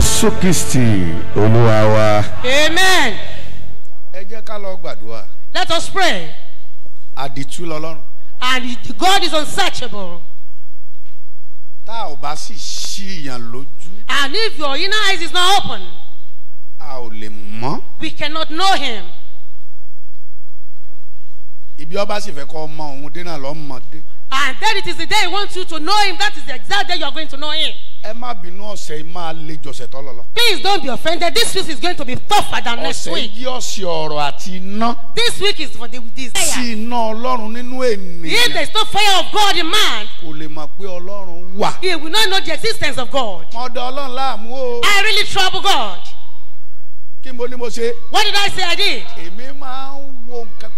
jésù kristi olúwa wa. amen. ẹ jẹ́ ká lọ gbàdúrà. let us pray. àdìtú lọ́lọ́run. and God is unsearchable. tá ò bá sì ṣí ìyàn lójú. and if your inner eyes is not open. a ò lè mọ́. we cannot know him. ibi ọba sì fẹ́ kọ́ ọmọ òun dé náà lọ́mọdé. and then it is the day he wants you to know him that is the exact day you are going to know him ẹ má bínú ọ̀sẹ̀ yìí máa le jọ̀sẹ̀ tọ́ lọ please don't be offended this week is going to be tougher than next week. ọ̀sẹ̀ yìí ọ̀sẹ̀ ọ̀rọ̀ àti iná. this week is for the desire. sí iná ọlọ́run nínú ènìyàn. if there is no fire of God in man. kò lè mọ̀ pé ọlọ́run wà. he will not know the existence of God. mo dọ̀ ọlọ́run láàmú o. I really trouble God. kí mo ní mo ṣe. what did I say I did? èmi máa ń wo nǹkan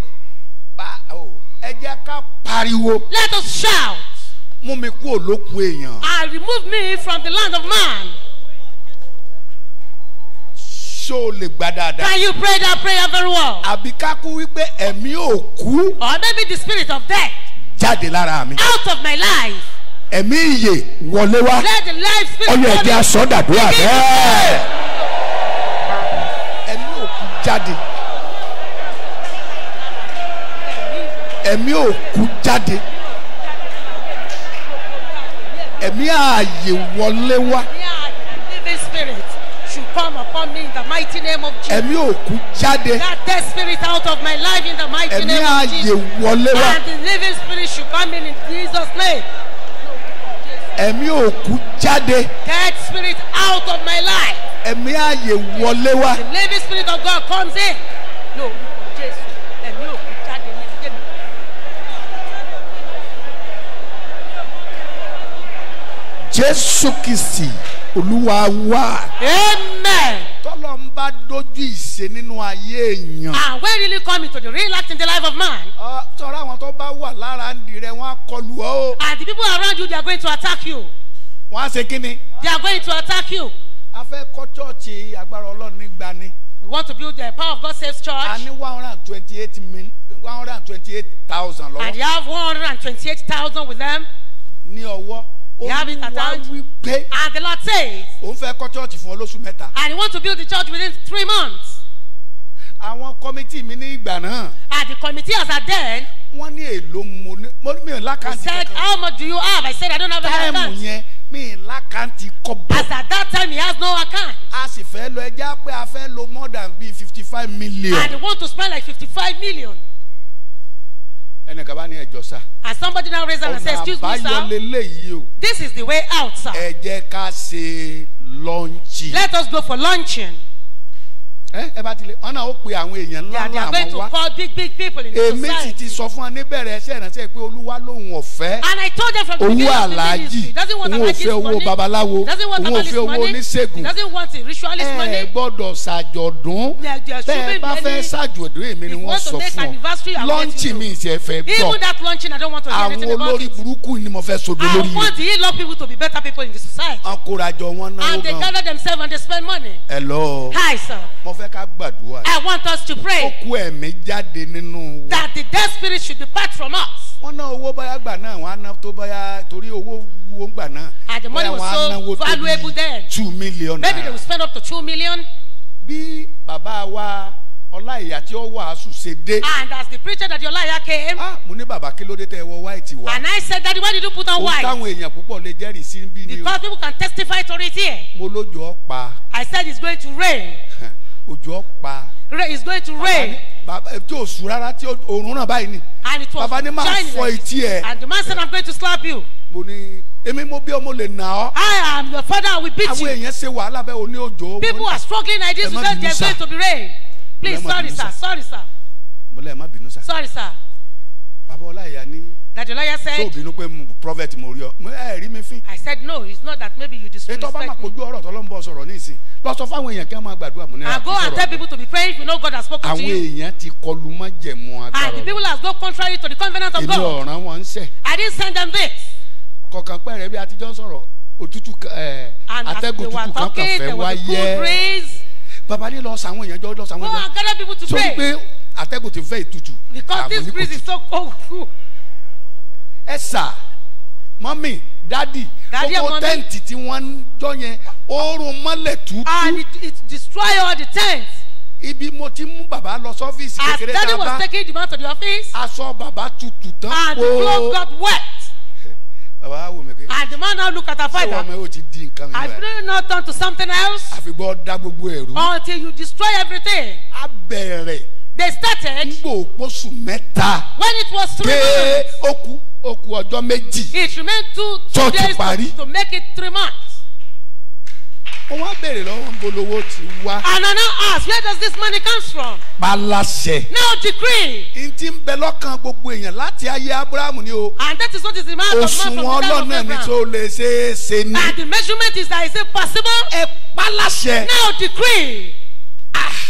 pé ẹ jẹ́ ká pariwo. let us shout mú mi kúrò lókun èèyàn. I remove me from the land of man. Ṣé o lè gbà dáadáa? Can you pray that prayer very well? Àbí ká kú wípé ẹ̀mí ò kú. Or maybe the spirit of death. Jáde lára mi. Out of my life. Ẹ̀mí ìyè wọlé wá. Let the life spirit come in. Ọyọ ẹ̀jẹ̀ aṣọ dàdúrà bẹ́ẹ̀. Ẹ̀mí ò kú jáde. Ẹ̀mí ò kú jáde ẹ̀mí ààyè wọlé wá. Should come upon me in the mighty name of Jesus. Ẹ̀mí òkú jáde. That spirit out of my life in the mighty name of Jesus. Ẹ̀mí ààyè wọlé wá. And the living spirit should come in in Jesus' name. Ẹ̀mí òkú jáde. spirit out of my life. Ẹ̀mí ààyè wọlé wá. The living spirit of God comes in. No. jésù kìsì olúwa wá. amen. tọ́lọ̀ ń bá dojú ìṣe nínú ayé èèyàn. and ah, when really come into the real in the life of man. Ah, tọ́ra àwọn tó bá wà lára ń di rẹ̀ wọ́n á kọlù ọ́. and ah, the people around you they are going to attack you. wọ́n á ṣe kí they are going to attack you. a fẹ́ kọ́ chọ́ọ̀chì agbára ọlọ́run nígbà ni. we want to build the power of God saves church. a ní one hundred and twenty-eight million one hundred and twenty-eight thousand lọ́wọ́. and you have one hundred and twenty-eight thousand with them. ní ọwọ́ having it And the Lord says, òun fẹ́ kọ́ church fún ọ lóṣù And he wants to build the church within three months. Àwọn kọ́mítì mi ní ìgbà náà. And the committee as at then. Wọ́n ní èlò mo ní lákàntì kankan. He said how much do you have? I said I don't have any account. Táìmù yẹn mi lákàntì kọ́bọ̀. As at that time he has no account. A sì fẹ́ lọ ẹja pé a fẹ́ lo more than bíi fifty five million. And he want to spend like fifty five million ẹnìkan bá ní ẹjọ́ sá. and somebody now raise hand and say excuse me sir. ọ̀nà àbáyọ lélẹ́yìí o. this is the way out sir. ẹ jẹ́ ká ṣe lọ́ńchì. let us go for luncheon ẹ bá ti lè ọ̀nà ó pe àwọn èèyàn ńlá ńlá àwọn wá èmi sì ti sọ fún ọ níbẹ̀rẹ̀ ẹsẹ̀ ìránṣẹ́ pé olúwa lòun ọ̀fẹ́ owó aláàjì òun ò fẹ́ owó babaláwo òun ò fẹ́ owó oníṣègùn ẹ gbọ́dọ̀ ṣàjọ̀dún bẹ́ẹ̀ bá fẹ́ ṣàjọ̀dún èmi ni wọ́n sọ fún ọ lọ́ńchì mi ìṣe fẹ́ gbọ́ àwọn olórí burúkú ni mo fẹ́ sodo lórí yẹn ọkùnrin àjọ wọn náà ó gan ẹ lọ mo fẹ́ fẹ́ ká gbàdúrà. I want us to pray. Ó ẹ̀mí jáde nínú wa. That the dead spirit should depart from us. Wọ́n ná owó báyà gbà náà, wọ́n á ná tó báyà torí owó wo ń gbà náà. And the money was so valuable then. Two million naira. Maybe they will spend up to two million. Bí bàbá wa ọláìyá tí ó wàásù ṣe dé. and as the preacher that your liar came. ah mo ní bàbá kí ló dé tẹ ẹ wọ white wá. and I said daddy why did you put on white. ohun táwọn èèyàn púpọ̀ lè jẹ́rìí sí bí ni o. because people can testify to it here. mo lójú ọ I said it's going to rain. òjò pa. rain is going to rain. bàbá tí o sùn rárá tí òórùn náà báyìí ni. and it was bàbá ni máa fọ etí ẹ. and the man said i'm going to slap you. mo ní èmi mo bí ọmọ lè nà ọ́. i am your father We beat you. àwọn èèyàn ṣe wàhálà bẹ́ẹ̀ oní òjò. people are struggling like this because there is going to be rain. please sorry sir sorry sir. mo lẹ́ẹ̀ má bínú sir. sorry sir. bàbá ọláìyá ní that the lawyer said. ṣó bínú pé prophet mo rí ọ ẹ rí mi fín. I said no it's not that maybe you disrespect me. ètò ọba máa kojú ọ̀rọ̀ tó ló ń bọ̀ sọ̀rọ̀ nísìn lọ sọ fáwọn èèyàn kí wọ́n máa gbàdúrà mú náírà. I go and tell people to be praying if you know God has spoken to you. àwọn èèyàn ti kọlu májẹ̀mú agbára. and the people has go contrary to the covenant of God. èmi ọ̀ràn wọn ń sẹ̀. I didn't send them this. kọ̀ọ̀kan pẹ̀rẹ̀ bí atijọ́ sọ̀rọ̀ òtútù eh, atẹ́gùn tútù kan kàn fẹ́ wáyé babalẹ lọ sàwọn èèyàn jọ lọ sàwọn èèyàn. go and gather people to pray. sọ pé atẹ́gùn ti fẹ́ ìtutù. because this breeze is so cold. ẹ sà mọ́mì dádì gbogbo tẹ́ǹtì tí wọ́n ń jọ yẹn oorun mọ́lẹ̀ tútù. and it it destroy all the tents. ibi mo ti mú bàbá lọ sọ́fíìsì kékeré tá bá. as daddy was taking the man to the office. aṣọ bàbá tutù tán kó. and the clothes got wet. bàbá wò mí pé. and the man now look at her father. sọ wọn mi ti di nǹkan mi. have you not turned to something else. àfi gbọ́ dá gbogbo ẹ̀rú. until you destroy everything. a bẹ̀rẹ̀. they started. n gbòòpó sùn mẹ́ta. when it was three months. pé ó ó ku ọjọ́ méjì. it remain two two days to, make it three months. ó wá béèrè lọ́wọ́ ń bolówó ti wá. and I now ask where does this money come from. palasẹ. now decree. n ti ń bẹ lọ́kàn gbogbo èèyàn láti ayé abrahamu ni o. and that is what is the man of man from the time of abraham. òṣùwọ̀n ọlọ́nà ni tó lè ṣe é ṣe ni. and the measurement is that is it possible. ẹ palasẹ. now decree. ah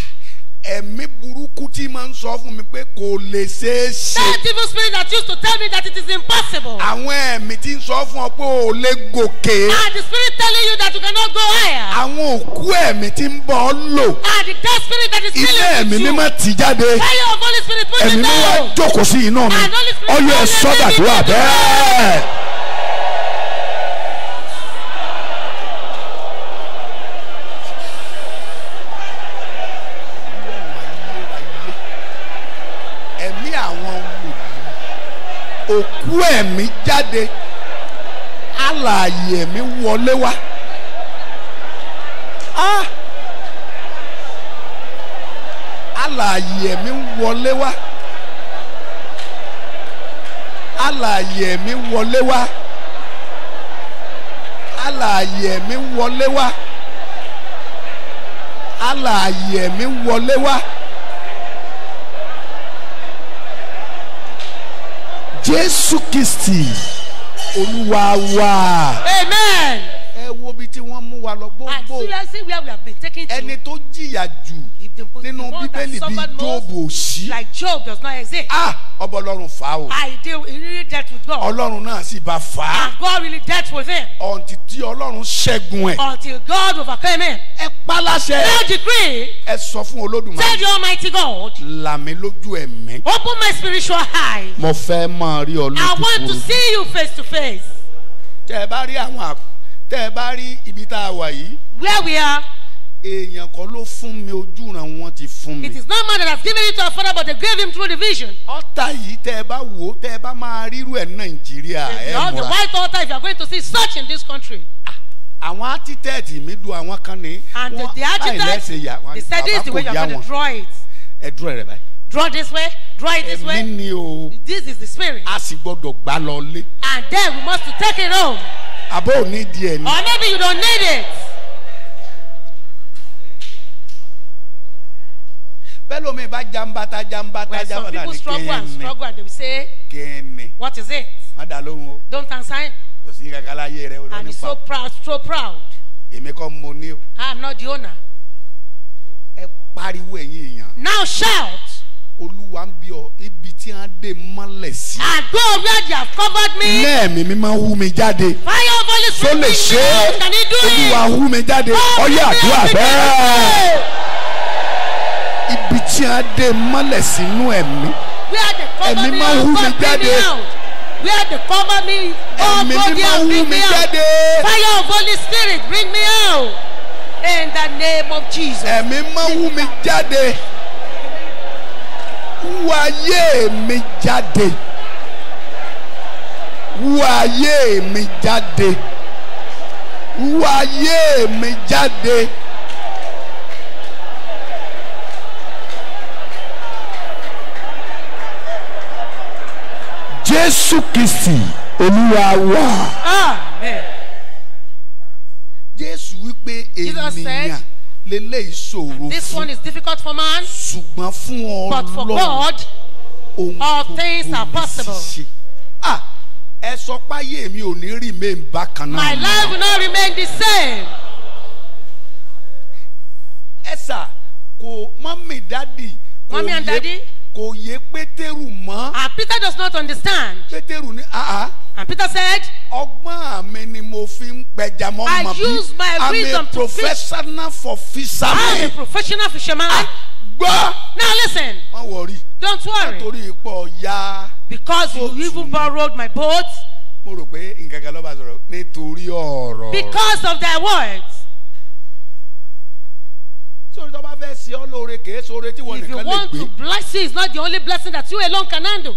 ẹ̀mí burúkú tí máa ń sọ fún mi pé kò lè ṣeé ṣe. that evil spirit that used to tell me that it is impossible. àwọn ẹ̀mí tí ń sọ fún ọ pé ò lè gòkè. ah the spirit telling you that you cannot go higher. àwọn òkú ẹ̀mí tí ń bọ̀ ọ́ lò. ah the dead spirit that is dealing with you. ilé ẹ̀mí mímọ́ ti jáde. fire of holy spirit put me down. ẹ̀mí mímọ́ jókòó sí inú mi. and holy spirit tell me that you cannot go higher. ọyọ ẹ̀ sọ́dà tó wà bẹ́ẹ̀. bú ẹ̀mí jáde alààyè ẹ̀mí wọlé wá. Ah! alààyè ẹ̀mí wọlé wá alààyè ẹ̀mí wọlé wá alààyè ẹ̀mí wọlé wá alààyè ẹ̀mí wọlé wá. jésù kristi olúwa wa. amen. ẹ wo ibi tí wọ́n mú wa lọ gbogbo. where we have been taken to. ẹni tó jìyà jù nínú bíbélì bíi jóòbù òsì ah I ọba ọlọ́run fà á God ọlọ́run náà sì bá fà á ọ̀ǹtí tí ọlọ́run ṣẹ́gun ẹ̀ ẹ paláṣẹ ẹ sọ fún olódùmarè là mí lójú ẹ̀mí mo fẹ́ máa rí ọ lójúkúrú tẹ́ ẹ bá rí àwọn tẹ́ ẹ bá rí ibi tá a wà yìí. where we are èèyàn kọ́ ló fún mi ojú ràn wọ́n ti fún mi. it is not man that has given it to our father but they gave him through the vision. ọ̀tá yìí tẹ́ ẹ bá wò ó tẹ́ ẹ bá máa ríru ẹ̀ nàìjíríà ẹ múra. the white altar if you are going to see such in this country. Ah, àwọn architect mi du àwọn kan ni. and the, architect they said this the way you are going to draw it. ẹ dúró rẹ báyìí. draw this way draw it this way. èmi ni o. this is the spirit. a sì gbọdọ̀ gbá lọ lé. and then we must take it home. àbó ò ní di ẹ̀ ni. or maybe you don't need it. bẹ́ẹ̀ mi bá jambata jambata jambata ni kẹ́ni. where some people struggle and struggle they will say. what is it. má dà lóhùn o. don't answer him. kò sí kankan láyé rẹ olórí pa. and he's so proud so proud. èmi kọ́ mo ní o. I not the owner. ẹ pariwo ẹ̀yin èèyàn. now shout. olúwa ń bí ọ ibi tí wọ́n dé mọ́lẹ̀ sí. and go where have covered me. lẹ́ẹ̀mí mi máa hú mi jáde. fire of holy spirit. tó lè ṣe é olúwa hú mi jáde ọyẹ àdúrà bẹ́ẹ̀ ibi tí a dé mọ́lẹ̀ sínú ẹ̀mí ẹ̀mí máa wú mi jáde where the former me oh God help bring me out fire of holy spirit bring me out in the name of Jesus. ẹ̀mí máa wú mi jáde wú ayé mi jáde wú ayé mi jáde wú ayé mi jáde. jésù kristi olúwa wa. jésù wípé ènìyàn lélẹ́yìí ṣòro fún ṣùgbọ́n fún ọlọ́run ohun tó kù sí ṣe. Ah, ẹ sọ páyé mi ò ní remain bákan náà. my life will not remain the same. ẹ sà kò mọ́mì dádì. mọ́mì and dádì kò yé pétérù mọ́. and peter does not understand. pétérù ní àá. and peter said. ọgbọ́n mi ni mo fi ń pẹja mọ́ màbí. I use my wisdom to fish. I'm a professional for fisherman. I'm a professional fisherman. Ah, gbọ́. now listen. má wọrí. don't worry. nítorí ipò ya. because you even borrowed my boat. mo rò pé nǹkan kan lọ́ba sọ̀rọ̀ nítorí ọ̀rọ̀. because of their words nítorí tó bá fẹ́ ṣe ọ́ lóore kìí ṣe oore tí wọ́n nìkan lè gbé. if you want to bless you it's not the only blessing that you alone can handle.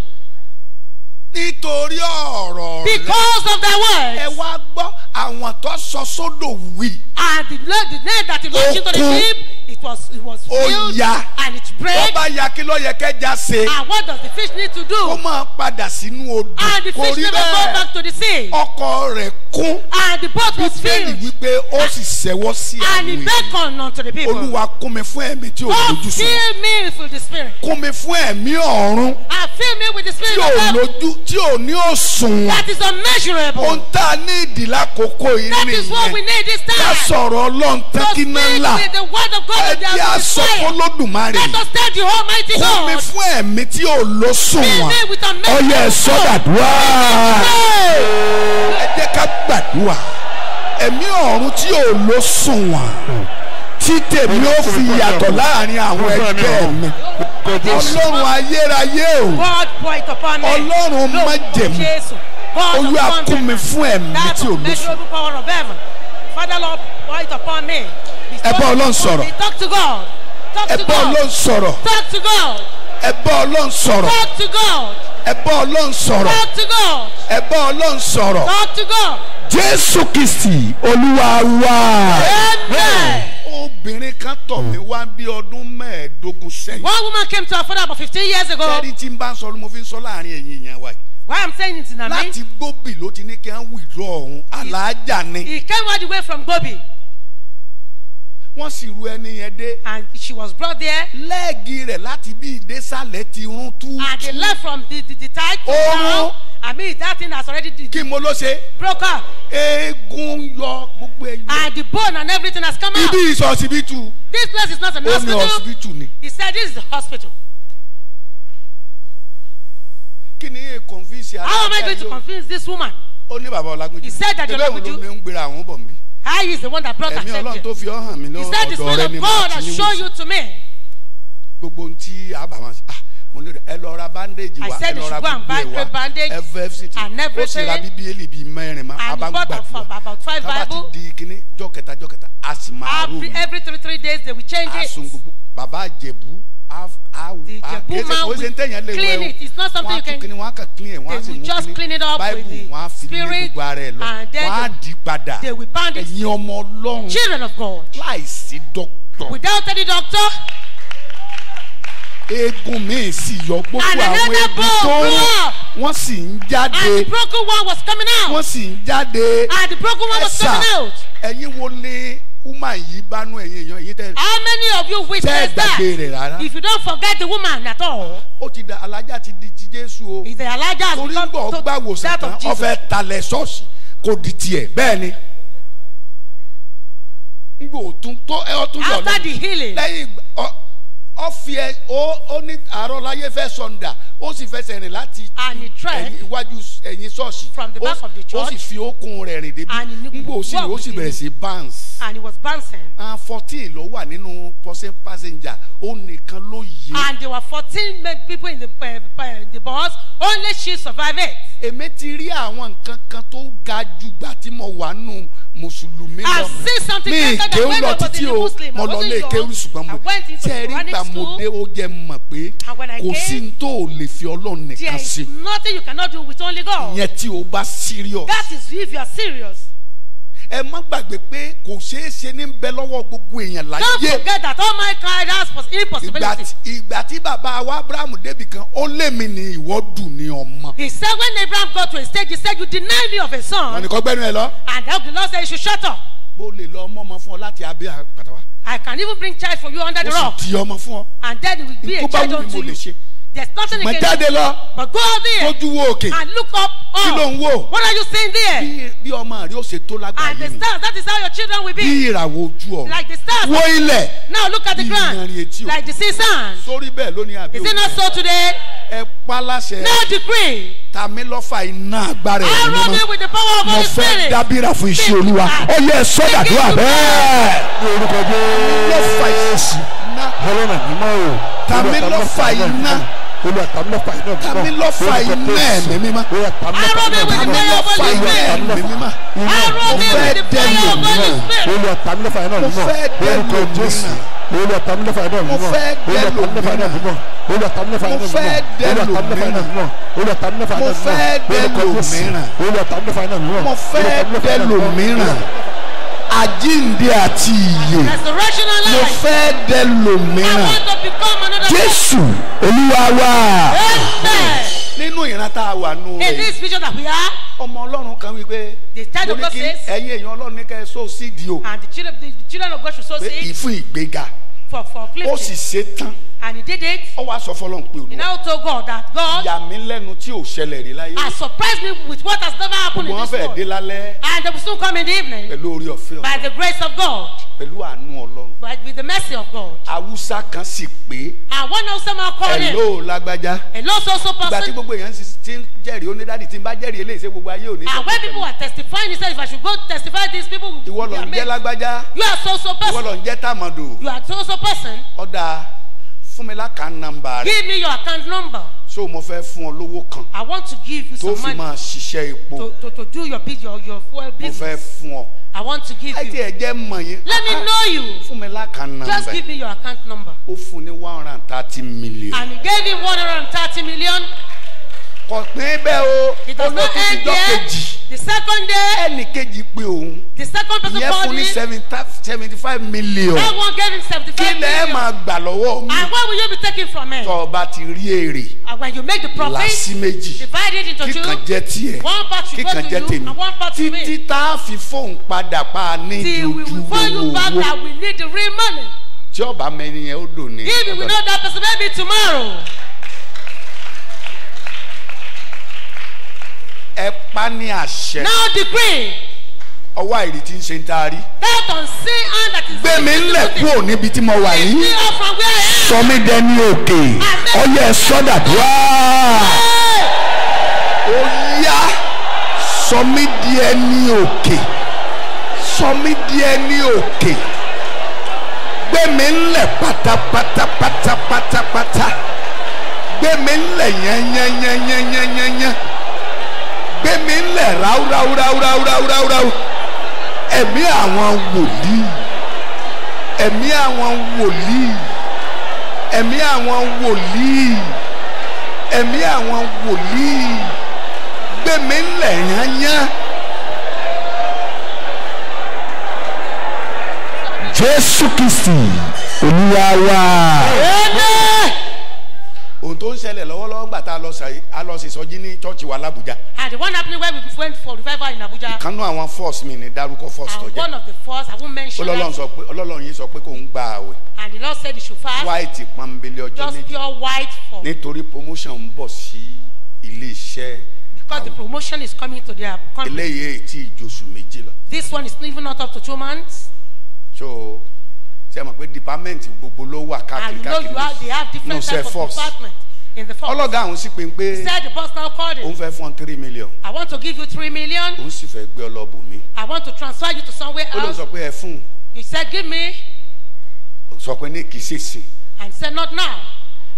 nítorí ọ̀rọ̀ rẹ. because of the words. ẹ wá gbọ́ àwọn tó sọ sódò wí. and the lord the name that he lord give to the deep it was it was filled and it break. wọ́n bá ya kí ló yẹ kẹ́ja ṣe. and what does the fish need to do. ó máa padà sínú odò. and the fish never go back to the sea. ọkọ rẹ̀ kún. and the boat was filled. bíbélì wípé ó sì ṣẹ́wọ́ sí àwọn èèyàn. and he beckoned unto the people. olúwa kún mi fún ẹ̀mí tí ò lójú sọ. God fill me with the spirit. kún mi fún ẹ̀mí ọ̀run. and fill me with the spirit of God. tí ò lójú tí ò ní òṣùwọ̀n. that is unmeasurable. ohun tá a ní ìdílá àkókò yìí nìyẹn ká sọ̀rọ̀ ọlọ́run tẹ́kínná ńlá ẹ jẹ́ àsọ̀kọ́ lódùmarè kún mi fún ẹ̀mí tí ò lóṣùwọ̀n ọyẹ ẹ̀sọ́ gbàdúrà ẹ jẹ́ ká gbàdúrà ẹ̀mí ọ̀run tí ò lóṣùwọ̀n tí tèmi ó fi yàtọ̀ láàrin àwọn ẹgbẹ́ mi ọlọ́run ayérayé o ọlọ́run májẹ̀mú. Olúwa kún mi fún ẹ̀mí tí o lóṣù. Father Lord, pour upon me. Ẹ bá Ọlọ́run Talk to God. Talk to God. Ẹ bá Talk to God. Ẹ bá Ọlọ́run Talk to God. Ẹ bá Ọlọ́run Talk to God. Ẹ bá Ọlọ́run Talk to God. Jésù Kristì Olúwa wa. Amen. Obìnrin kan tọ̀ mí wá bí ọdún mẹ́ẹ̀ẹ́dógún sẹ́yìn. One woman came to her father about fifteen years ago. Kẹ́rin tí n bá ń sọ ló mo fi ń sọ láàrin ẹ̀yin ìyẹn wa why i'm saying it na me. láti gbóbì ló ti ní kí wọ́n withdraw ọ̀hún aláàjà ni. he came all the way from gbobi. wọ́n sì ru ẹni yẹn dé. and she was brought there. lẹ́ẹ̀gì rẹ̀ láti bí ìdésàlẹ̀ ti run tú. and they left from the the the tie to I mean that thing has already. kí mo ló ṣe. broke eegun yọ gbogbo ẹyọ. and the bone and everything has come out. ibi ìsọsibítù. this place is not a hospital. ó ọsibítù ni. he said this is a hospital kí ni convince ara. how am I going to convince this woman. ó ní bàbá ọlágúnjú. he said that ọlágúnjú. ìbéèrè ló ń gbéra àwọn bọ̀ mí. I is the one that brought her here. ẹ̀mí ọlọ́run tó fi ọ́ hàn mí lọ́dọ̀ rẹ ni mo ti ní wò. he said the spirit of God has shown you to me. gbogbo ohun tí àbámọ̀ ah mo ní ẹ lọ ra bandage wa ẹ lọ ra gbogbo wa ffct ó sì ra bíbélì bíi mẹ́rin ma a bá ń gbàdúrà tábà ti di kíní jọ́kẹta jọ́kẹta a sì máa rò ó. every three three days they will change it. a sùn gbogbo bàbá àjẹ̀bú Bookman clean it. It's not something you can. They will just clean it up with the spirit, and then the, they will bound it. Children of God. Without any doctor. eegun míì sì yọ gbogbo àwọn eegun tó wọ́n sì ń jáde wọ́n sì ń jáde ẹ̀sà ẹ̀yin wo ni woman yìí bá nú ẹ̀yin èèyàn èyí tẹ́. how many of you witness that if you don't forget the woman at all. ó ti da alájà ti di ti jésù o. ìdè alájà has become to torí ń bọ̀ gbà wòsàn ọ̀fẹ́ talẹ̀ ṣọ́ọ̀ṣì kò di tiẹ̀ bẹ́ẹ̀ ni ngbò tún tó ẹ ọtún yọ lọ lẹ́yìn ọfi ẹ ó ní àárọ̀ láyé fẹ́ sọ̀ndà ó sì fẹsẹ̀ rìn láti iwájú ẹ̀yìn ṣọ́ọ̀ṣì ó sì fi okùn rẹ̀ rìn débi ngbò sí ó sì bẹ̀rẹ̀ sí bounce. and he was bouncing. and fourteen ló wà nínú passenger ó nìkan ló yé. and there were fourteen people in the, uh, uh the bus only she survived it. èmi ti rí àwọn nǹkan kan tó ga jù gbà tí mo wà nù mùsùlùmí lọ mi kéwù lọ títí o mo lọ lé kéwù ṣùgbọ́n mo tẹ́rí gbà mo dé ó jẹ mọ̀ pé kò sí ní tó lè fi ọlọ́run nìkan ṣe. there is nothing you cannot do with only God. ìyẹn tí o bá serious. that is if you are serious. ẹ má gbàgbé pé kò ṣeé ṣe ní bẹ lọ́wọ́ gbogbo èèyàn láyé. don't forget that all my kind has impossibility. ìgbà tí bàbá wa abraham débì kan ó lé mi ní ìwọ́ dùn ní ọmọ. he said when abraham got to a stage he said you deny me of a son. wọn ni kò gbẹnu ẹ lọ. and then the lord said you should shut up. mo lè lọ ọmọ ọmọ fún ọ láti abẹ́ àpàtàwà. I can even bring child for you under the rock. Ó sì di ọmọ fún ọ. And then it will be a child unto you. Ìkó wù mí mo lè ṣe there is nothing against you. mọ̀ but go out there. Don't wo òkè. and look up up. kí ló ń what are you saying there. Be, be ọmọ rẹ ó ṣe tó lágbàáyé mi. and the stars that is how your children will be. bí like the stars. wo ilẹ̀. now look at the ground. like the sea sand. Sorry, bẹ́ẹ̀ lónìí àbí òkè. is it not so today. ẹ pa láṣẹ. no degree. tàmí lọ́fà iná agbára ẹ̀ ní mọ́. mo fẹ́ dábìrà fún iṣẹ́ olúwa ó yẹ sọ́dàdúrà bẹ́ẹ̀. lọ́fà iná tàmí lọ́fà iná tami lọ́fà iná ẹ̀mí mímá. arọ́bí wí ní ọ̀bọ̀lì ẹ̀mí mímá. arọ́bí wí ní ọ̀bọ̀lì ẹ̀mí mímá. mo fẹ́ dẹ́nu mímá olùwà tàmí lẹ́fà ẹ̀dọ̀ mímọ́ olùwà tàmí lẹ́fà ẹ̀dọ̀ mímọ́ olùwà tàmí lẹ́fà ẹ̀dọ̀ mímọ́ olùwà tàmí lẹ́fà ẹ̀dọ̀ mímọ́ olùwà tàmí lẹ́fà ẹ̀dọ̀ mímọ́ olùwà tàmí lẹ́fà ẹ̀dọ̀ mímọ́ olùwà tàmí lẹ́fà ẹ̀dọ̀ mímọ́ olùwà tàmí lẹ́fà ẹ̀dọ̀ mímọ́ olùwà tàmí lẹ́fà ẹ̀dọ̀ mímọ́ olùwà tàmí lẹ́fà ẹ̀dọ̀ mímọ́ mímọ́ olùwà tàmí lẹ́fà ẹ̀dọ̀ mímọ́ mímọ́ olùwà tàmí lẹ́fà ẹ̀dọ̀ mímọ́ mímọ́ olùwà tàmí lẹ́fà ẹ̀dọ̀ mímọ́ mímọ́ olùwà tàmí lẹ́fà ẹ̀dọ̀ mímọ́ mímọ́ olùwà tàmí lẹ́fà ẹ̀dọ̀ mímọ́ mímọ́ olùwà tàmí lẹ́fà ẹ̀dọ̀ mímọ́ mímọ́ àjíǹde àti ìyè mo fẹ́ dẹ lòmíràn Jésù Olúwa wa. nínú ìran tá a wà nù rẹ̀ ọmọ Ọlọ́run kan wípé mo ní kí ẹ̀yin èèyàn Ọlọ́run ní kẹ́ ẹ sóò sídìí o pé ìfún ìgbéga for forklift. ó sì ṣe tán. and he did it. ó wá sọ fọlọ́n pé olúwa. he now told God that God. yà mí lẹ́nu tí ò ṣẹlẹ̀ rí láyé. has surprised me with what has never happened in this world. gbogbo wọn dé lálẹ́. and the will soon come in the evening. pẹ̀lú orí ọ̀fẹ́ ọ̀fẹ́. by the grace of God pẹ̀lú àánú ọlọ́run. but with the mercy of God. awusa kan sì pé. and one hausa man called him. hello lágbájá. hello so so person. ìgbà tí gbogbo èèyàn ti ń jẹ́rìí ó ní dáàdi tí ń bá jẹ́rìí eléyìí ṣe gbogbo ayé òní. and when people are testifying he said if I should go testify these people. ìwọ lọ ń jẹ́ lágbájá. you are so so person. ìwọ lọ ń jẹ́ tàmọ̀dò. you are so so person. ọ̀dà fún mi lákàn nọ́mbà rẹ. give me your account number so mo fẹ́ fún ọ lówó kan. I want to give you some money. tó fi máa ṣiṣẹ́ epo. to to do your business, your your fuel business. mo fẹ́ fún ọ. I want to give you. Àìtí ẹ̀jẹ̀ mọ̀ yín. Let me know you. Fún mi lákàn nọmbà. Just give me your account number. Ó fún ní one hundred and thirty million. And he gave him one hundred and thirty million kò pín bẹ́ẹ̀ o olóòtú ti jọ kejì the second day. ẹnì kejì pé òun. the second person called him. ìyẹn fún ní seventy five million. that one gave seventy five million. máa gbà lọ́wọ́ mi. and what will you be taking from me. tọ́ ọ bá ti rí èrè. and when you make the profit. làásì méjì. into two. kíkan jẹ tiẹ̀. one part you go to you tèmi. and one part to me. títí tá a fi fóun padà pa ní dúdú owó. till we will phone back that we need the real money. tí ọba mẹni yẹn ó dùn ní. if we know that person maybe tomorrow. ẹ ní àṣẹ. now decree. ọwọ́ àìrètí ń ṣe ń taari. bet on sin hand that is. gbé mi ńlẹ̀ kúrò níbi tí mo wà yìí. sọ mi dẹni òkè ọyẹ sọdà dùá. ó yá sọ mi di ẹni òkè sọ mi di ẹni òkè gbé mi ńlẹ̀ pátápátá pátápátá gbé mi ńlẹ̀ yẹn yẹn yẹn yẹn yẹn yẹn lẹ̀ ráúráúráúráúráú ẹ̀mí àwọn wòlíì ẹ̀mí àwọn wòlíì ẹ̀mí àwọn wòlíì ẹ̀mí àwọn wòlíì gbẹ̀mí ńlẹ̀ yányán. jésù kristi olúwa wa. Hey! ohun tó ń ṣẹlẹ̀ lọ́wọ́lọ́wọ́ gbà tá a lọ sèṣọ́jí ní chọ́ọ̀chì wa l'Abuja. and ah, the one happening where we went for revival in Abuja. ìkànnú àwọn force mi ni dárúkọ force tó ah, jẹ. and one of the force I won't mention. ọlọ́lọ́run sọ pé ọlọ́lọ́run yìí sọ pé kò ń gba àwẹ̀. and the Lord said you should fast. white pọ́nbélé ọjọ́ méjì. just pure white for. nítorí promotion ń bọ̀ sí ilé iṣẹ́. because the promotion is coming to their company. eléyìí ti ìjọsùn méjì lọ. this one is even not up to two months. so ṣe mọ̀ pé department gbogbo ló wà káàkiri káàkiri no sẹ́ force ọlọ́gá àwọn sì pé pé òun fẹ́ fún three million I want to give you three million òun sì fẹ́ gbé ọlọ́bù mi I want to transfer you to somewhere else ó pé ẹ fún un you said give me sọ pé ní kì í ṣe sìn and said not now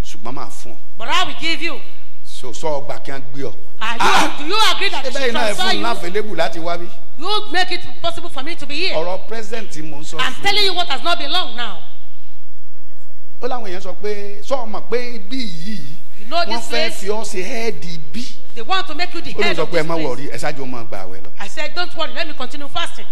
ṣùgbọ́n máa fún ọ but I will give you so sọ ọgbà kí n gbé ọ. Ah! do you agree that they should transfer you. ebe iná ẹ fún un láfẹ̀lẹ́bù láti wá bí. You make it possible for me to be here. ọ̀rọ̀ present mò ń I'm telling you what has not been long now. You know this place. they want to make you the head of this place. I said don't worry let me continue fasting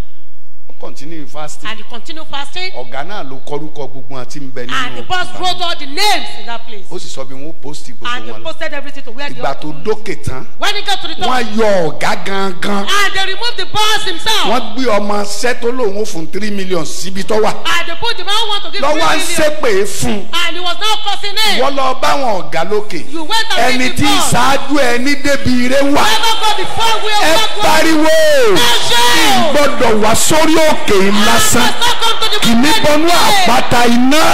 continue fasting. and he continued fasting. ọ̀gá náà ló kọ́rúkọ gbogbo àti ń bẹ nínú òkúta. and the boss wrote all the names in that place. ó sì sọ bí wọ́n post gbogbo wọn lọ. and they posted everything to where the. ìgbà tó dókè tán. when he got to the top. wọ́n yọ ọ̀gá gangan. and they removed the boss himself. wọ́n gbé ọmọ sẹ́tó lòun ó fún three million síbi tó wà. and they put the man want to give three million. lọ́wọ́ ń sépè fún. and he was now cursing him. wọ́n lọ bá wọn ọ̀gá lókè. you went and ẹni tí ìṣáájú ẹni débi ire wà. go before will work well. ẹ pariwo. ẹ ṣe o. ìgbọ́dọ̀ wá sórí ò òkè lásán kì í bọnú àpáta iná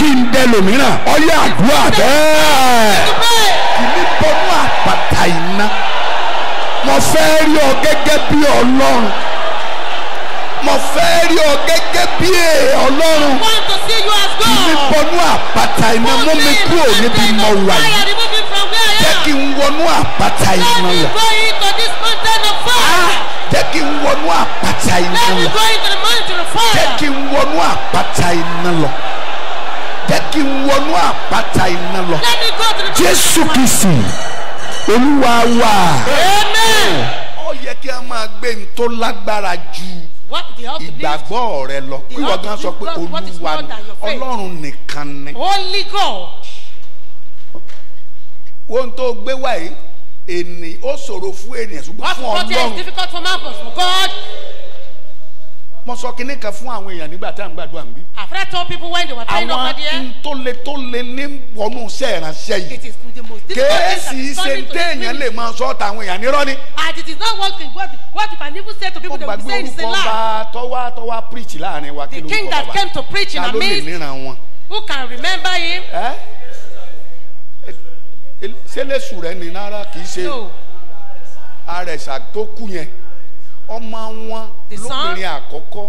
kí n dẹ lòmíràn ọyẹ àdúrà bẹ́ẹ̀ kì í bọnú àpáta iná mo fẹ́ rí ọ gẹ́gẹ́ bí ọlọ́run mo fẹ́ rí ọ gẹ́gẹ́ bí ọlọ́run ìní bọnú àpáta iná mú mi kúrò níbi mo wà yìí jẹ́ kí n wọnú àpáta iná lọ. Ah! jẹ́ kí n wọnú àpáta iná lọ jẹ́ kí n wọnú àpáta iná lọ jẹ́ kí n wọnú àpáta iná lọ Jésù Kristi Olúwa wa ó yẹ kí a máa gbé n tó lágbára ju. ìgbàgbọ́ rẹ lọ kí wọ́n gan sọ pé olúwa ọlọ́run nìkan ni. Holy God. ohun tó gbé wá ènì ó ṣòro fún ènìyàn ṣùgbọ́n fún ọlọ́run. difficult for man but God. mo sọ kinní kan fún àwọn èèyàn nígbà tá à ń gbàdúrà ń bí. àfẹ́rẹ́ tó people when they were trying over there. àwọn tó le tó ní wọnú iṣẹ́ yìí. it is the most difficult to this ministry. lè máa sọ tàwọn èèyàn nírọ́ ni. and it is not what the word what you can even say to people they will say it's a lie. tọ́wá tọ́wá preach láàrin wa kí ló ń kọ́ ọba. the king that came to preach in our midst who can remember him. Eh? sẹlẹsù rẹ ni rárá kì í ṣe àrẹsà tó kú yẹn ọmọ wọn lóbìnrin àkọ́kọ́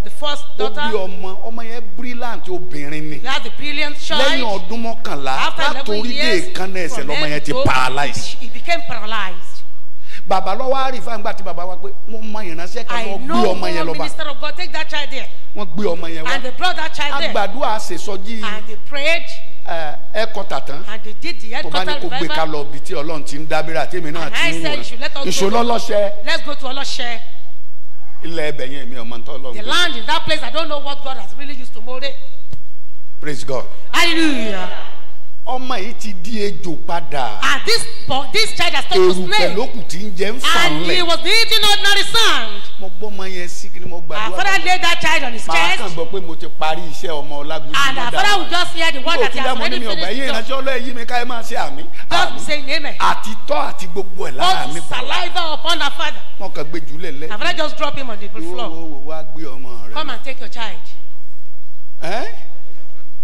ó bí ọmọ ọmọ yẹn brilliant obìnrin ni lẹ́yìn ọdún mọ́kànlá látòrí dé ìkànnì ẹsẹ̀ lọ́mọ yẹn ti paralyzed. he became paralyzed àrífà ńgbà tí bàbá wa pé mo mọ ìránṣẹ́ kan lọ gbé ọmọ yẹn lọ́ba. I know gbé ọmọ yẹn wá. and they brought child there. and they prayed ẹkọta tán tó bá ní kó gbé ká lọ bí tí Ọlọ́run ti ń dábìrà tèmi náà ti ń wọ̀ ìṣòlọ́lọ́ṣẹ́. let's go to ọlọ́ṣẹ́. ilẹ̀ ẹbẹ̀ yẹn mi ò mọ ntọ́ lọ́gbọ́n. the land in that place I don't know what God has really used to mold it. praise God. hallelujah ọmọ yìí ti di ejò padà. and this boy this child has turned to snake. erùpẹ̀ ló kù ń jẹ ń fà lẹ̀. and he was eating ordinary sand. mo gbọ́ ọmọ yẹn sí kí ni mo gbàdúrà. our father laid that child on his chest. màá kàn gbọ́ pé mo ti parí iṣẹ́ ọmọ ọlágbèsè. and our father would just hear the word that he has already finished. mo ti dá mo ní mi ọgbà yín ìránṣẹ́ ọlọ́ọ̀ yí mi káyọ̀ máa ṣe àmì. just be saying amen. àti tọ́ àti gbogbo ẹ̀ lára mi. both saliva upon her father. wọn kàn gbé jùlẹ̀ lẹ́. our father just drop him on the floor. wo wo wá gbé ọmọ rẹ. come and take your child. Eh?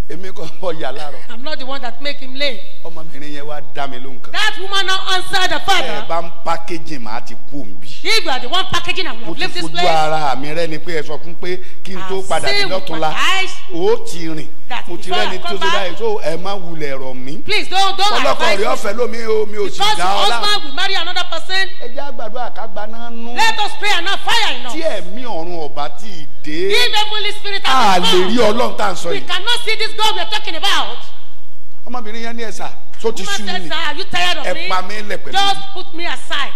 èmi kò mọ yà láàárọ̀. I'm not the one that make him late. ọmọbìnrin yẹn wá dá mi lóhùn kan. that woman now answer the father. ẹ bá ń packaging màá ti kú òǹbí. if you the one packaging We will have this place. mo ti fojú ara mi rẹ ni pé ẹ sọ fún pé kí n tó padà sí lọ́túnla ó ti rìn mo ti rẹ ni tó báyìí so ẹ má wulẹ̀ rọ̀ mí. please don't don't advise me. ọlọ́kọ̀ rẹ̀ ọ̀fẹ́ lómi o mi dá ọ láàmú. because husband will marry another person. ẹ jẹ́ àgbàdo àkágbá náà nú. let us pray and not fire enough. tí ẹ̀mí ọ̀run ọ̀bá tí dé. if heavenly spirit has come. a lè rí ọlọ́run tá à ń sọ yìí. we cannot see this God we are talking about. ọmọbìnrin yẹn ní ẹ̀sà tó ti sú mi ẹ̀ pa mí lẹ̀ pẹ̀lú. just put me aside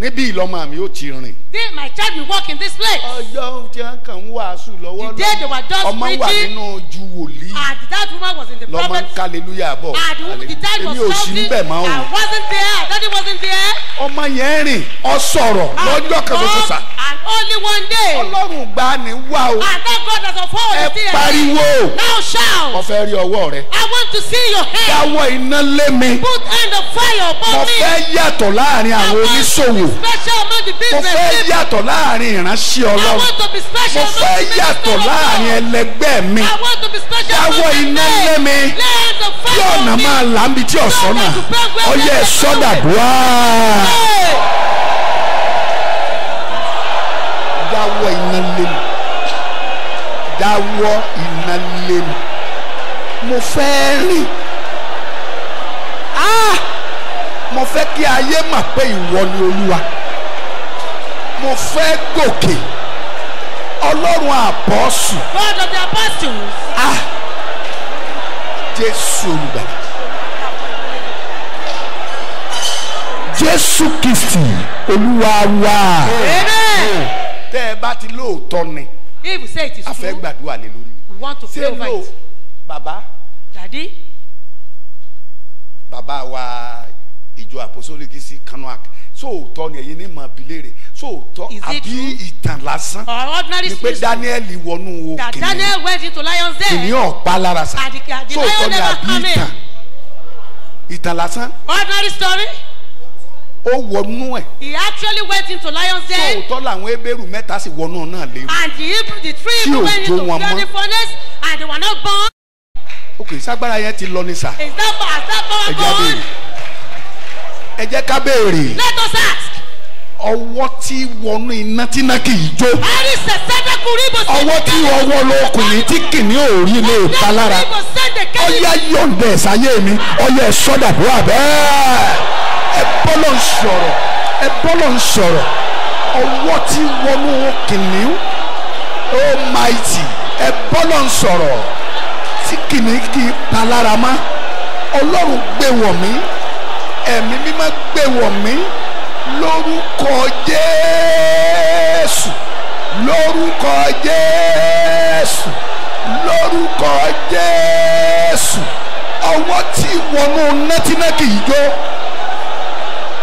níbí ìlọmọ mi ó ti rìn. there my child will walk in this place. ọjọ́ tí wọ́n kàn ń wàásù lọ́wọ́ lọ́wọ́ the day they were just ọmọ wà nínú ju wòlíì. and that woman was in the prophet. lọ́mọ kàlélúyà bọ̀ and the time was something èmi I wasn't there daddy wasn't there. ọmọ yẹn rìn ọ sọ̀rọ̀ lọ́jọ́ kan ṣoṣo sà. and only one day. ọlọ́run gbà ní wá o. and that God has unfold the fear. ẹ pariwo. now shout. mo fẹ́ rí ọwọ́ rẹ. I want to see your hand. dáwọ́ iná lé mi. put end of fire upon me. mo fẹ́ yàtọ̀ láàrin àwọn oníṣòwò mo fẹ́ yàtọ̀ láàrin ìránṣẹ́ ọlọ́run mo fẹ́ yàtọ̀ láàrin ẹlẹgbẹ́ mi dáwọ́ iná lé mi bí ọ̀nà máa là ń bi tí ọ̀sán náà ọyẹ sọ́dà dùá. dáwọ́ iná lé mi dáwọ́ iná lé mi mo fẹ́ rìn. mo fẹ́ kí ayé mọ̀ pé ìwọ ni olúwa mo fẹ́ gòkè ọlọ́run àbọ́sù. God the apostles. ah jésù olùgbàlà jésù kìsì olúwa wa. amen. tẹ́ ẹ bá ti lóòótọ́ ni. if you say it is true. a fẹ́ gbàdúrà lé lórí. we want to pray over it. ṣé lo bàbá. bàbá wa ìjọ apostolic sí kanuak sóòótọ́ ni ẹ̀yin ní mọ̀ bílẹ̀ rẹ̀ sóòótọ́ àbí ìtàn lásán ni pé Daniel wọnú òkè kìnìún ọ̀pá lára sa sóòótọ́ ni àbí ìtàn ìtàn lásán. ordinary story. ó wọnú ẹ. he actually went into lion's den. sóòótọ́ làwọn ebéèrú mẹ́ta sì wọnú náà léwu. and the hebrew the three hebrew went into burning furnace and they were not born. ok sagbara yẹn ti lọ ni sa. is that for as that for born. ẹ jáde yìí ẹ jẹ́ ká béèrè. let us ask. ọwọ́ tí wọnú iná tí iná kì í jó. ari sẹsẹ bẹ kuri bó sẹ. ọwọ́ tí ọwọ́ lọkùnrin tí kìnìún ò rí lè ta lára. ọyá yọ̀ǹdẹ̀ sáyé mi ọyá ẹ̀ sọ́dà bó àbẹ́ẹ̀. ẹ bọ́lọ̀ ń sọ̀rọ̀ ẹ bọ́lọ̀ ń sọ̀rọ̀ ọwọ́ tí wọnú kìnìún oh mighty ẹ bọ́lọ̀ ń sọ̀rọ̀ tí kìnìún kì í ta lára mọ́ ọlọ́run gbé wọ̀ mí ẹ̀mí mímọ́ gbé wọ̀ mí lórúkọ Jésù lórúkọ Jésù lórúkọ Jésù ọwọ́ tí wọnú nátínákì yìí jó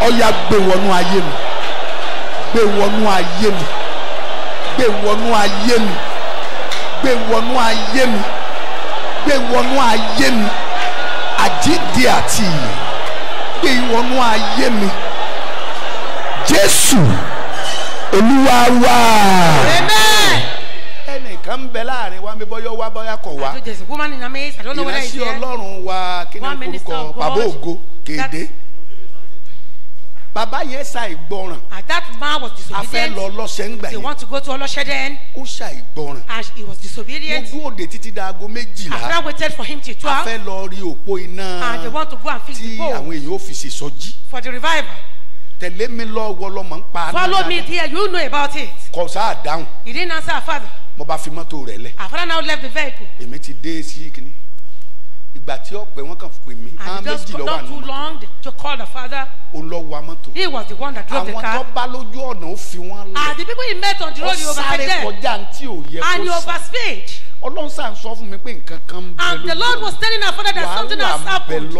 ọ̀yà gbé wọnú ayé mi gbé wọnú ayé mi gbé wọnú ayé mi gbé wọnú ayé mi gbé wọnú ayé mi àjíǹde àti ìyè gbé ìwọ̀nú ayé mi jésù olúwa wá. ẹnìkan ń bẹ láàrin wa mi bọ́yọ́ wá bọ́yá kọ̀ wá ìránṣẹ́ ọlọ́run wa kí ni orúkọ bàbá ògo kéde bàbá yẹn ṣàìgbọràn. and that man was disobedient. a lọ ọlọ́ṣẹ́ ńgbà yẹn. they want to go to ọlọ́ṣẹ́ then. ó ṣàìgbọràn. and he was disobedient. mo dúró de títí daago méjìlá. and waited for him till twelve. a lọ rí òpó iná. and they want to go and fix the pole. tí àwọn èèyàn ó fi ṣe sọjí. for the revival tẹ̀lé mi lọ́wọ́ lọ́mọ ń pa. follow me there you know about it. kò sáà dáhùn. he didn't answer her father. mo bá fi mọ́tò rẹ̀ lẹ̀. her father now left the vehicle. èmi ti dé sí kìnnì ìgbà tí ó pẹ́ wọ́n kàn pè mí. and just not too long to call the father. ó lọ he was the one that drove the car. àwọn tó bá lójú ọ̀nà ó fi wọ́n lọ. and the people he met on the road he overtaken. them. sáré kọjá ní ò yẹ kó sá. and he overspeed ọlọ́run sọ fún mi pé nǹkan kan bẹ lọ́nà. and the lord was telling her father that something has happened.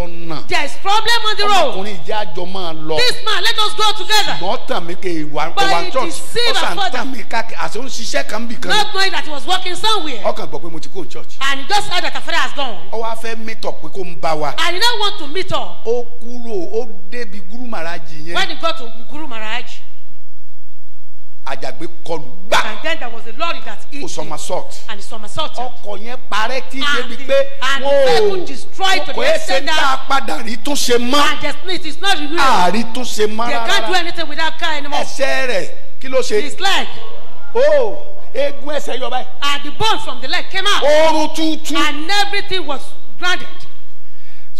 there is problem on the road. ọmọkùnrin ìjà àjọ máa lọ. this man let us go together. ṣùgbọ́n tàn mí kè wá wá church. but he deceived her father. ọ̀sán tàn mí káàkiri àti òun ṣiṣẹ́ kan bì kan. not knowing that he was working somewhere. ọkàn gbọ́ pé mo ti kó church. and he just heard that her father has gone. ó wá fẹ́ meet up pé kó ń bá wa. and he now want to meet up. ó kúrò ó débi guru maraji yẹn. when he got to guru maraji àjàgbé kọlù gbà. and then there was a lorry that hit him. o somersault. and he somersaulted. ọkọ̀ yẹn parẹ́ tí débi pé. and the and vehicle destroyed to the extent that. ọkọ̀ yẹn ṣe ń tá padà rí mọ́. and the split is not real. àárí tún mọ́ rárá. they can't do anything without car anymore. ẹsẹ̀ rẹ̀ kí ló ṣe. his leg. oh eegun ẹsẹ̀ yọ báyìí. and the bone from the leg came out. ooru tuntun. and everything was grounded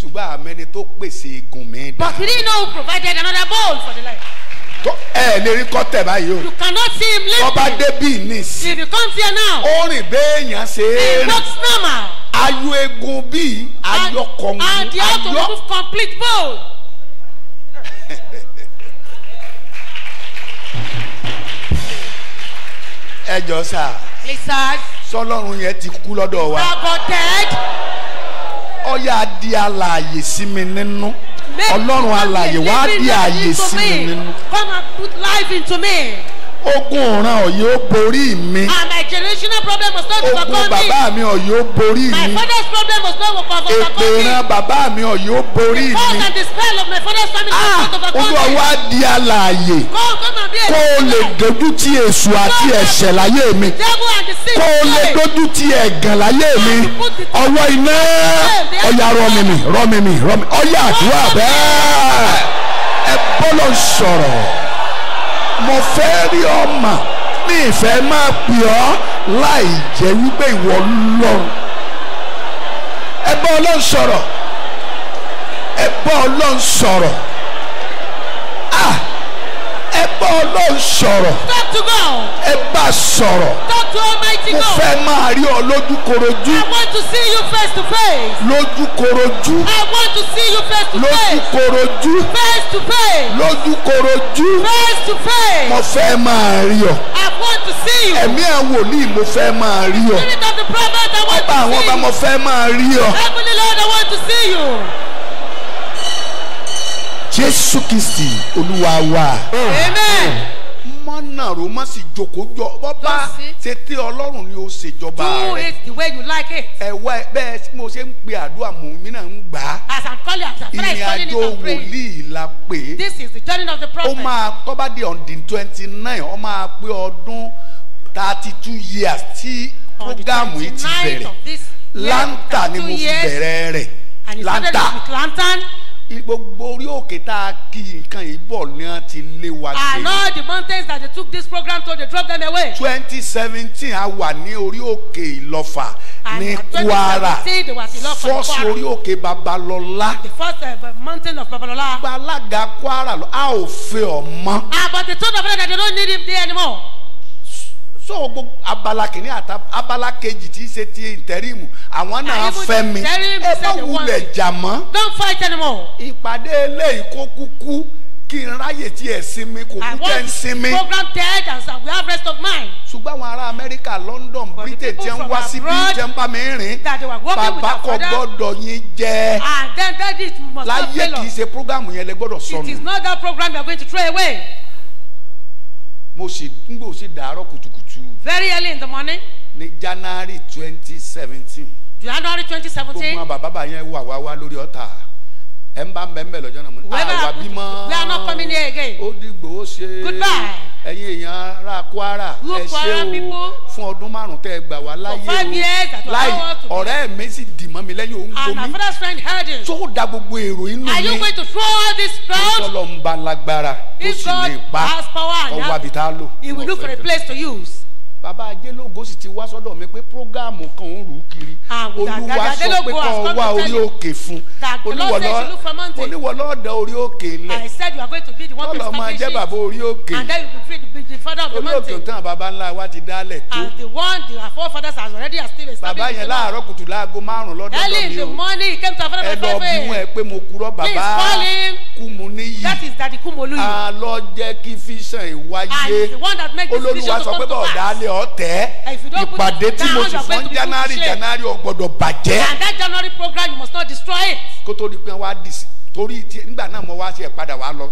ṣùgbọ́n àmẹ́ni tó pèsè egun mi dá. but he didn't know who provided another bone for the leg ẹ lè rí kọ́tẹ̀ báyìí o. you cannot see him lately. ọba débì ní sí. if you come here now. ó rìn béèyàn ṣe é he walks normal. ayọ̀ egun bíi ayọ̀ kọ̀ọ̀mù ayọ̀. and the auto move complete bowl. ẹ jọ sá. please sir. sọlọ́run yẹn ti kú lọ́dọ̀ wa. aborted. dead. yá di alààyè sí mi nínú. No? ọlọ́run alààyè wá di ààyè sí mi come and put life into me ogun ọ̀ràn ọ̀yẹ́ ó borí mi. and my generational problem was not overcome me. ogun bàbá mi ọ̀yẹ́ ó borí mi. my father's problem was not overcome me. ètò ìran bàbá mi ọ̀yẹ́ ó borí mi. the cause and the spell of my father's family ah, was not ah! overcome me. olúwa wá di alààyè. kó kó lè dojú ti èṣù àti ẹ̀ṣẹ̀ láyé mi. kó lè dojú ti ẹ̀gàn láyé mi. ọwọ́ iná ọ̀yà rọmi mi rọmi mi rọmi ọ̀yà àdúrà bẹ́ẹ̀ ẹ bọ́lọ̀ sọ̀rọ̀ mo fẹ́ rí ọmọ ní ìfẹ́ máa pè ọ́ láì jẹ́ wípé ìwọ lọ́rùn ẹ bá ọlọ́run sọ̀rọ̀ ẹ bá ọlọ́run sọ̀rọ̀ bá ọlọ́run sọ̀rọ̀. talk to God. ẹ bá sọ̀rọ̀. talk to almighty God. mo fẹ́ máa rí ọ lójúkorojú. I want to see you face to face. lójúkorojú. I want to see you face to face. lójúkorojú. face to face. lójúkorojú. face to face. mo fẹ́ máa rí ọ. I want to see you. ẹ̀mí àwọn wòlíì mo fẹ́ máa rí ọ. spirit of the prophet I want to see you. ọba àwọn ọba mo fẹ́ máa rí ọ. heavenly Lord I want to see you jésù kristi olúwa wa. amen. mọ́nà ro mọ́ sí joko, jọ bọ́bá ṣe tí ọlọ́run ni ó ṣèjọba rẹ̀. do it the way you like it. ẹ̀wá bẹ́ẹ̀ mo ṣe ń pe àdúrà mò ń mìíràn ń gbà á. as i'm calling as i'm calling calling you to pray. ìrìn àjò wòlíì la pé. this is the journey of the prophet. ó máa tó di on twenty nine ó máa pé ọdún thirty two years tí programu yìí ti bẹ̀rẹ̀ lanta ni mo fi bẹ̀rẹ̀ rẹ̀ lanta gbogbo orí òkè tá a kí nǹkan yìí bọ̀ ni wọ́n ti lé wa dé. and all the mountains that they took this program to they drop them away. twenty seventeen a wà ní orí òkè ìlọ́fà ní kwara fọ́ọ̀sì orí òkè babalọ́lá. the first uh, mountain of babalọ́lá. gbalaga kwara lọ a ò fẹ́ ọ mọ́. ah but the told babalọ́lá that they don't need him there anymore so gbogbo abala kìíní àtà abala kejì tí í ṣe ti ìtẹ́rìmù àwọn náà fẹ́ mi ẹ bá wulẹ̀ jà mọ́ ìpàdé eléyìí kó kúkú kí n ráyè tí ẹ sinmi kò kú tẹ́ ń sinmi. I want program dead and we have rest of mind. ṣùgbọ́n àwọn ará Amẹ́ríkà London Britain ti ń wá síbí jẹ́ ń bá mi rìn bàbá kò gbọ́dọ̀ yín jẹ́ láyé kì í ṣe program yẹn lẹ gbọ́dọ̀ sọnù. It is not that program you are going to throw away mo sì ń gbò sí dàárọ̀ kùtùkùtù. very early in the morning. ní january twenty seventeen. january twenty seventeen. gbogbo àwọn bàbá bàbá yẹn wà wá wá lórí ọ̀tà ẹ ń bá ń bẹ ń bẹ lọ́jọ́ náà mo ní àwa bímọ ó dìgbò ó ṣe ẹ̀yin èèyàn ará Kwara ẹ ṣé o fún ọdún márùn tẹ́ ẹ gbà wá láyé o láì ọ̀rẹ́ mi sì dì mọ́ mi lẹ́yìn òun gomi tó da gbogbo èrò inú mi ìtọ́lọ̀ ń sì lè pa ọwọ́ àbí tá a lò. He will look for a place to use bàbá ajélógo sì ti wá sọ́dọ̀ mi pé prógáàmù kan ń rù ú kiri ah, olúwa sọ pé kàn wá orí òkè fún oníwọlọ́ọ̀dọ̀ orí òkè lẹ̀ tọ́lọ̀ máa jẹ́ bàbá orí òkè orí òkè tán bàbá ńlá wa ti dálẹ̀ tó bàbá yẹn láàárọ̀ kùtù láago márùn lọ́dọ̀ mi o ẹ lọ bí wọn ẹ pé mo kúrọ́ bàbá kùmù níyì alọ́ jẹ́ kí fíṣàn ìwáyé olólùwà sọ pé bọ̀ dálẹ̀ ọ ọ tẹ ìpàdé tí mo sì fún january january ò gbọdọ̀ bàjẹ́. and that january program you must not destroy it. kó tó di pé wá dì sí torí nígbà náà mo wá sí ẹ̀ padà wá lọ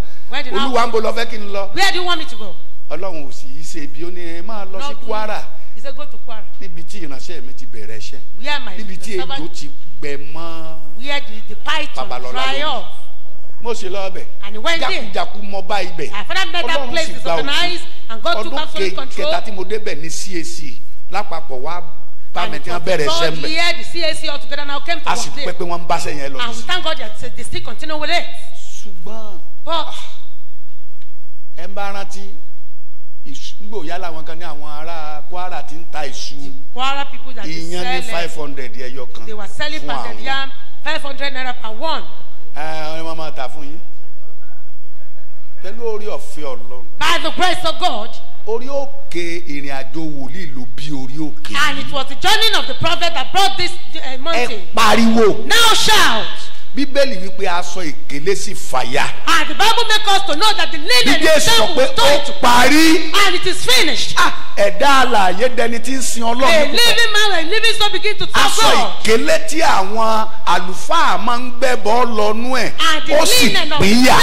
olúwa ń bo lọ fẹ́ kí n lọ. where do you want me to go. ọlọ́run ò sì í ṣe ibi ó ní ẹ máa lọ sí kwara níbi tí ìránṣẹ́ mi ti bẹ̀rẹ̀ iṣẹ́ níbi tí èdò ti gbẹ mọ́ babalọ́lá lónìí mo sì lọ ọbẹ̀ jákujáku mọ́ bá ibẹ̀ ọlọ́run sì gba òkú. And God took ọdún kẹta tí mo débẹ̀ ní CAC lápapọ̀ wá pàmì tí wọ́n bẹ̀rẹ̀ iṣẹ́ mbẹ̀ a sì pẹ́ pé wọ́n ń bá sẹ́yìn ẹ lọ sí. ṣùgbọ́n ah, ẹ ń bá rántí nígbò yálà wọn kan ní àwọn ará Kwara tí ń ta iṣu ìyẹn ní five hundred ẹyọ kan fún àwọn five hundred naira per one. ẹ ẹ wọ́n máa ta fún yín pẹ̀lú orí ọ̀fẹ́ Ọlọ́run. by the grace of God. orí òkè ìrìn àjò wòlíì ló bí orí òkè. and it was the journey of the prophet that brought this uh, mountain. ẹ pariwo. now shout bíbélì wípé aṣọ ìkélé sì fàya. and the bible make us to know that the name of the devil was told. bíbélì parí. and it is finished. ah ẹ̀dá alààyè dẹni tí ń sin ọlọ́run. a living man and living soul begin to talk God. aṣọ ìkélé tí àwọn àlùfáà máa ń gbẹ́bọ̀ lọ́nú ẹ̀ ó sì pínyà.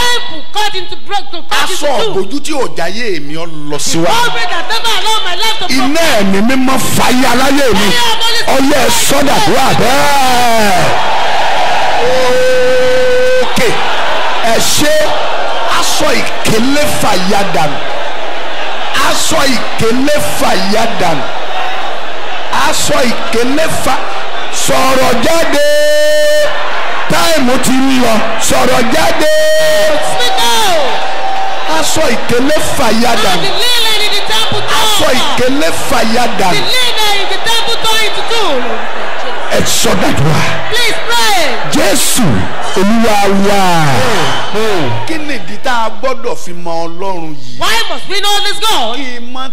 aṣọ ògbójú tí ò jáyé èmi ọ lọ síwájú. iná ẹ̀mí mímọ́ fàya láyé mi ọyẹ sọ́dà tó wà bẹ́ẹ̀ sókè ẹ ṣe aṣọ ìkélé fàyà dànù aṣọ ìkélé fàyà dànù aṣọ ìkélé fà sọ̀rọ̀ jáde táìmù ti ń lọ sọ̀rọ̀ jáde aṣọ ìkélé fàyà aṣọ ìkélé fàyà dànù dàdúrà jésù olúwa wa. kí ni tá a gbọ́dọ̀ fi mọ ọlọ́run yìí. why must we know this God? kí n má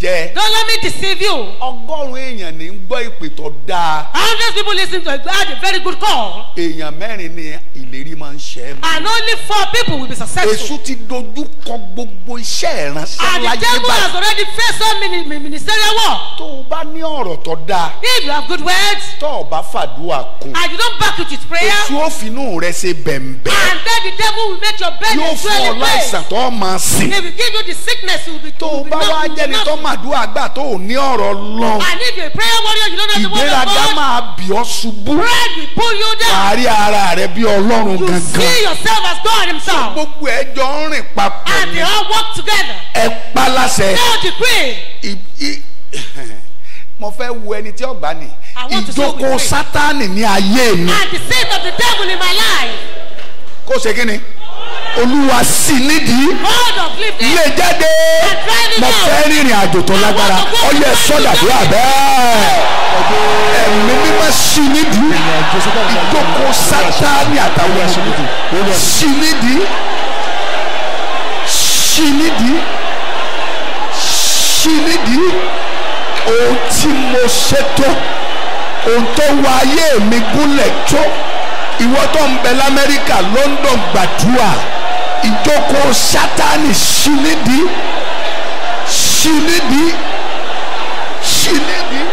jẹ. don't let me deceive you. ọgọ́rùn-ún èèyàn ní gbọ́ ìpè tó dáa. hundred people listen to a very good call. èèyàn mẹ́rin ni ìlérí máa ń ṣe é. and only four people will be successful. èṣù ti dojú kọ gbogbo iṣẹ́ ìránṣẹ́ láyé báyìí. and the devil has already faced all ministerial work. tó o bá ní ọ̀rọ̀ tó dáa. if you have good words. tó o bá fàdúrà kún. and you don't back it with prayer. èṣù òfinú rẹ ṣe bẹ̀m̀bẹ̀. and then the devil will make your bed yóò fún ọ láìsàn tó máa sìn. they give you the sickness you will be. tó o bá wá jẹ́ni tó máa dùn àgbà tó o ní ọ̀rọ̀ lọ. and if prayer warrior you don't know the word of God. ìgbéraga máa bì ọ́ ṣubú. pride will pull you down. ara rẹ bí ọlọ́run gangan. you see yourself as God himself. so gbogbo ẹ jọ ń rìn papọ̀. and they all work together. ẹ pa láṣẹ. tell the queen mo fẹ́ wo ẹni tí ọgbà ni ìjókòó sátánì ni ayé mi. and the sin of the devil in my life. kó ṣe kí ni olúwa sì nídìí lè jáde mo fẹ́ rìnrìn àjò tó lágbára ọyẹ sọ́dàdúrà bẹ́ẹ̀ ẹ̀mí mímọ́ sì nídìí ìjókòó sátani àtàwọn ẹ̀sìn sì nídìí sì nídìí sì nídìí ohun tí mo ṣètò ohun tó wá mi gúnlẹ̀ tó ìwọ tó ń bẹ lamẹ́ríkà London gbàdúrà ìjókòó sátani ṣínídìí ṣínídìí ṣínídìí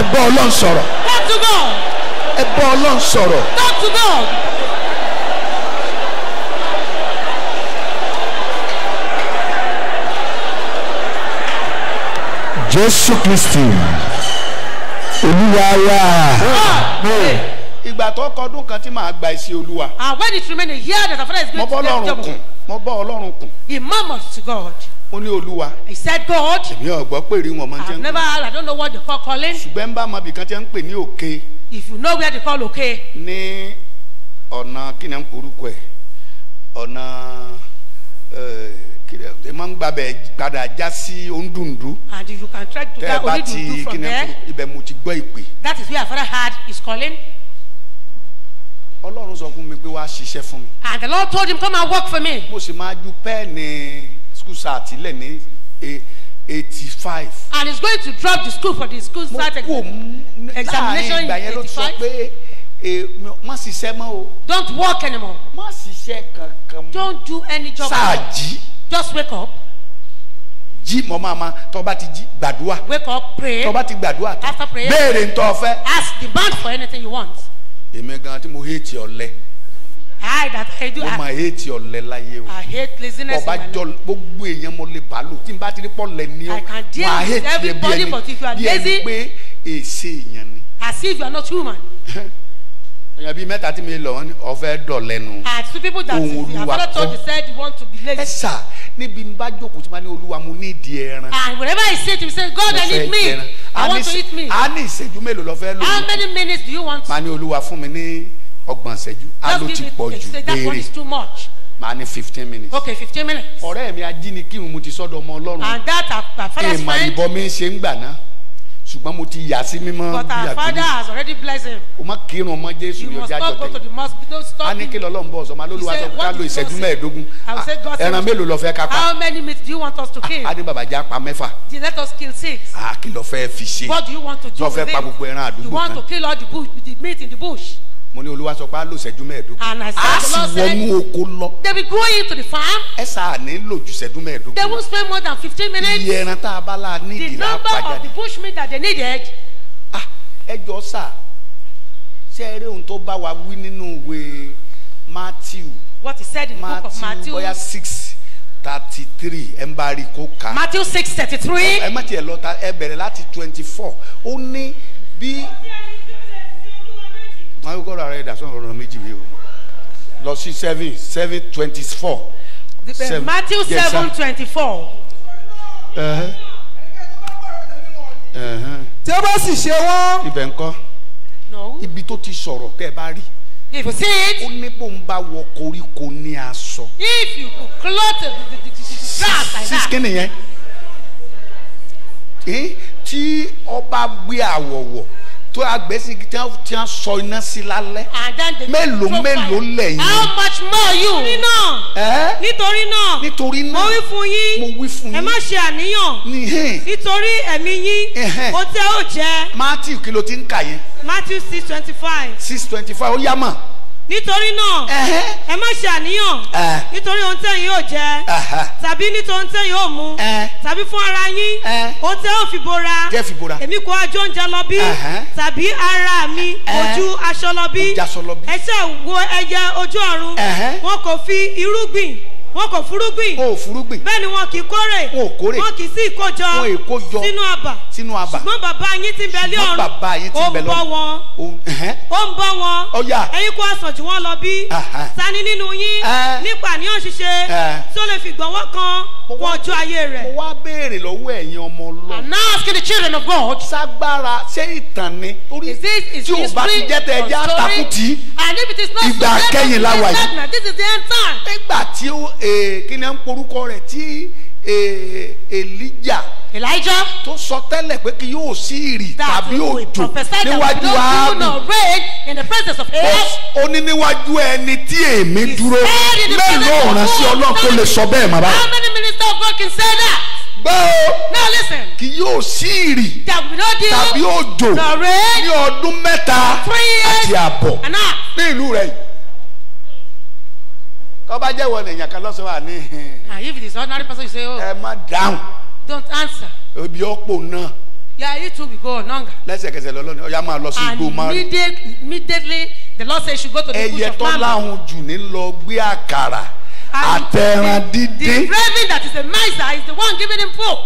ẹ̀bọ́ ọlọ́run sọ̀rọ̀ ẹ̀bọ́ ọlọ́run sọ̀rọ̀. Jésù Kristi olúwa wa ah, hmm. eh, ìgbà tó kọdún kan tí màá gba ìsìn olúwa. and ah, when it remain a year that the father is going mo to job. mo bọ́ ọlọ́run kùn mo bọ́ God. ó ní olúwa. he said God. èmi ò gbọ́ rí wọn máa ń I never I don't know what they call calling. ṣùgbọ́n bá mọbi kan tí wọ́n ń pè ní òkè. if you know where they call òkè. ní ọ̀nà kí ni à ń porúkọ ẹ̀ ọ̀nà. Uh, ẹ máa ń gba padà já sí ondundu. and you can try to that ondundu from there. ibẹ̀ mo ti gbọ́ ìpè. that is where our father heard his calling. ọlọ́run sọ fún mi pé wàá ṣiṣẹ́ fún mi. and the lord told him come and work for me. mo sì máa ju pẹ́ẹ́nì school sat ilẹ̀ ní e, eighty five. and he is going to drop the school for the school sat examination in eighty five. mo kò ṣiṣẹ́ mọ́ o. don't work anymore. má ṣiṣẹ́ kankan mọ́. don't do any job. sáàjì just wake up. jí mọ máa ma tó bá ti jí gbàdúrà. wake up pray. tó bá ti gbàdúrà tó. after prayer béèrè ntọ́ fẹ́. ask demand for anything you want. èmi gan tí mo hate ọ̀lẹ. I that I do. Mo ma hate ọ̀lẹ láyé o. I hate laziness. Ọba jọ gbogbo èèyàn mo lè bá tí n bá ti rí pọ̀lẹ̀ ní o. I can deal with everybody but if you are lazy. Bí ẹni pé èsè èèyàn ni. As if you are not human. Èèyàn bíi mẹ́ta tí mi lọ ọ̀fẹ́ dọ̀lẹ́nu. And two people that Ohun Olúwa kọ́. Àfọlọ́tọ̀ they said you want to be lazy. Ẹ sà níbi bá jókòó tí ma ní olúwa mo ní ìdí ẹran. and ah, whenever I say to say God I need meat I want to eat meat. a ní ìṣẹ́jú mélòó lọ fẹ́ lò. how many minutes do you want. ma ní olúwa fún mi ní ọgbọ̀n ìṣẹ́jú a ló ti pọ̀ jù béèrè màá ní fifteen minutes. okay fifteen minutes. ọ̀rẹ́ mi ajínigbé mo ti sọ́dọ̀ ọmọ ọlọ́run. and that I, I find as fine. èèmọ̀ ìbọn mi ń ṣe ń gbà náà ṣùgbọ́n mo ti yà sí mímọ́ but our father has already blessed him. o ma kírun ọmọ jésù yóò jẹ́ àjọ tẹ̀lé a ní kí lọ́lọ́ ń bọ̀ ọ̀sán ma lólu wa sọ ká lo ìṣẹ́jú mẹ́ẹ̀ẹ́dógún ah, ẹran mélòó lọ fẹ́ ká pa how many meat do you want us to ah, kill. bàbá jẹ́ apá mẹ́fà. let us kill six. a ah, kí lọ fẹ́ fi ṣe. what do you want to do with pa gbogbo ẹran àdúgbò kan. you want to kill all the meat in the bush mo ní olúwa sọ pé a lò ṣẹ́jú mẹ́ẹ̀ẹ́dógún. and I said ah, the sì wọnú oko lọ. they will go into the farm. ẹ sà ní lò ju ṣẹ́jú mẹ́ẹ̀ẹ́dógún. they will spend more than fifteen minutes. iye ẹran tá a bá la ní ìdílé apájáde. the number of the bushmeat that they needed. Eh? ah ẹ jọ sà ṣé ẹ rí ohun tó bá wa wí nínú ìwé Matthew. what he said in the book of Matthew. Matthew bóyá six thirty three ẹ ń bá rí kó kà. Matthew six thirty three. ẹ má tiẹ̀ lọ ta ẹ bẹ̀rẹ̀ láti twenty four ó ní bí máa kọ́kọ́ rà rẹ̀ dà sọ́nà méjì mi o lọ sí seven seven twenty four. Matthew seven twenty four. tí ó bá sì ṣe wọ́n. ibẹ̀ ńkọ́ ibi tó ti sọ̀rọ̀ tẹ́ ẹ bá rí. If you see it. ó ní bó ń bá wọ koríko ní aṣọ. If you clothe the the the grass like that. sísí kí nìyẹn tí ọba gbé àwọ̀ tó agbèsí tí wọ́n ti sọ iná sí lálẹ́ mélòó mélòó lẹ́yìn. how much more you. nítorí náà nítorí náà nítorí náà mo wí fún yín mo wí fún yín ẹ má ṣe àníyàn nítorí ẹ̀mí yín ó tẹ́ ò jẹ́. matthew kí ló ti ń kà yẹn. matthew six twenty five. six twenty five ó yá mọ̀ nítorí náà ẹ má ṣe àníyàn nítorí ohun tẹ́yìn yóò jẹ tàbí nítorí ohun tẹ́yìn yóò mu tàbí fún ara yín ohun tẹ́ ò fi bora èmi kò ajo oúnjẹ lọ bí tàbí ara mi ojú aṣọ lọ bí ẹ wo ẹyẹ ojú ọ̀run wọn kò fi irúgbìn wọn kò furugbìn. wọn ò furugbìn. bẹ́ẹ̀ ni wọn kì í kórè. wọn ò kórè. wọn kì í sí ìkójọ. wọn ì kójọ sínú abà. sínú abà. ṣùgbọ́n bàbá yín ti ń ọ̀run. ṣùgbọ́n bàbá yín ti ń bẹ lọ́run. ń bọ́ wọn. ó ń bọ́ wọn. ó yà. kó aṣọ tí wọ́n lọ bí. sani nínú yín nípa àníyàn ṣíṣe tó lè fi gbọ̀nwọ́ kan fún ayé rẹ̀. mo wá béèrè lọ́wọ́ ẹ̀yin ọmọ Ọlọ́run. I'm now asking the children of God. sagbára ṣé ìtàn ni. orí tí o bá ti jẹ́ tẹ ẹja àtàkùtì. and if it is not so then it is this is the end time. nígbà tí ó eh, kí ni à ń porúkọ rẹ̀ tí Èlíjà. Eh, Elijah tó sọ tẹ́lẹ̀ pé kí yóò sí ìrì tàbí òjò níwájú ààrùn ó ní níwájú ẹni tí èmi dúró mélòó ọ̀ràn sí ọlọ́run tó lè sọ bẹ́ẹ̀ màbá. How many ministers of God can say that? gbọ́ kì yóò sí ìrì tàbí òjò ní ọdún mẹ́ta àti àbọ̀ ní ìlú rẹ̀ yìí kọ́ bá jẹ́ wọlé èèyàn kan lọ́sọ̀ọ́ àní. Ah, if it is ordinary person you say oh. ẹ má dáhùn don't answer. ebi ọ̀pọ̀ náà. yeah you too will go on hunger. lẹ́sẹ̀kẹsẹ̀ lọ́lọ́ ni ọ̀ya máa lọ sí igbó máa. and immediately the lord said she go to the bush of mama. ẹyẹ tó láhùn jù ní lọ gbé àkàrà àtẹ̀ràn dídín. the raven that is a miser is the one giving him food.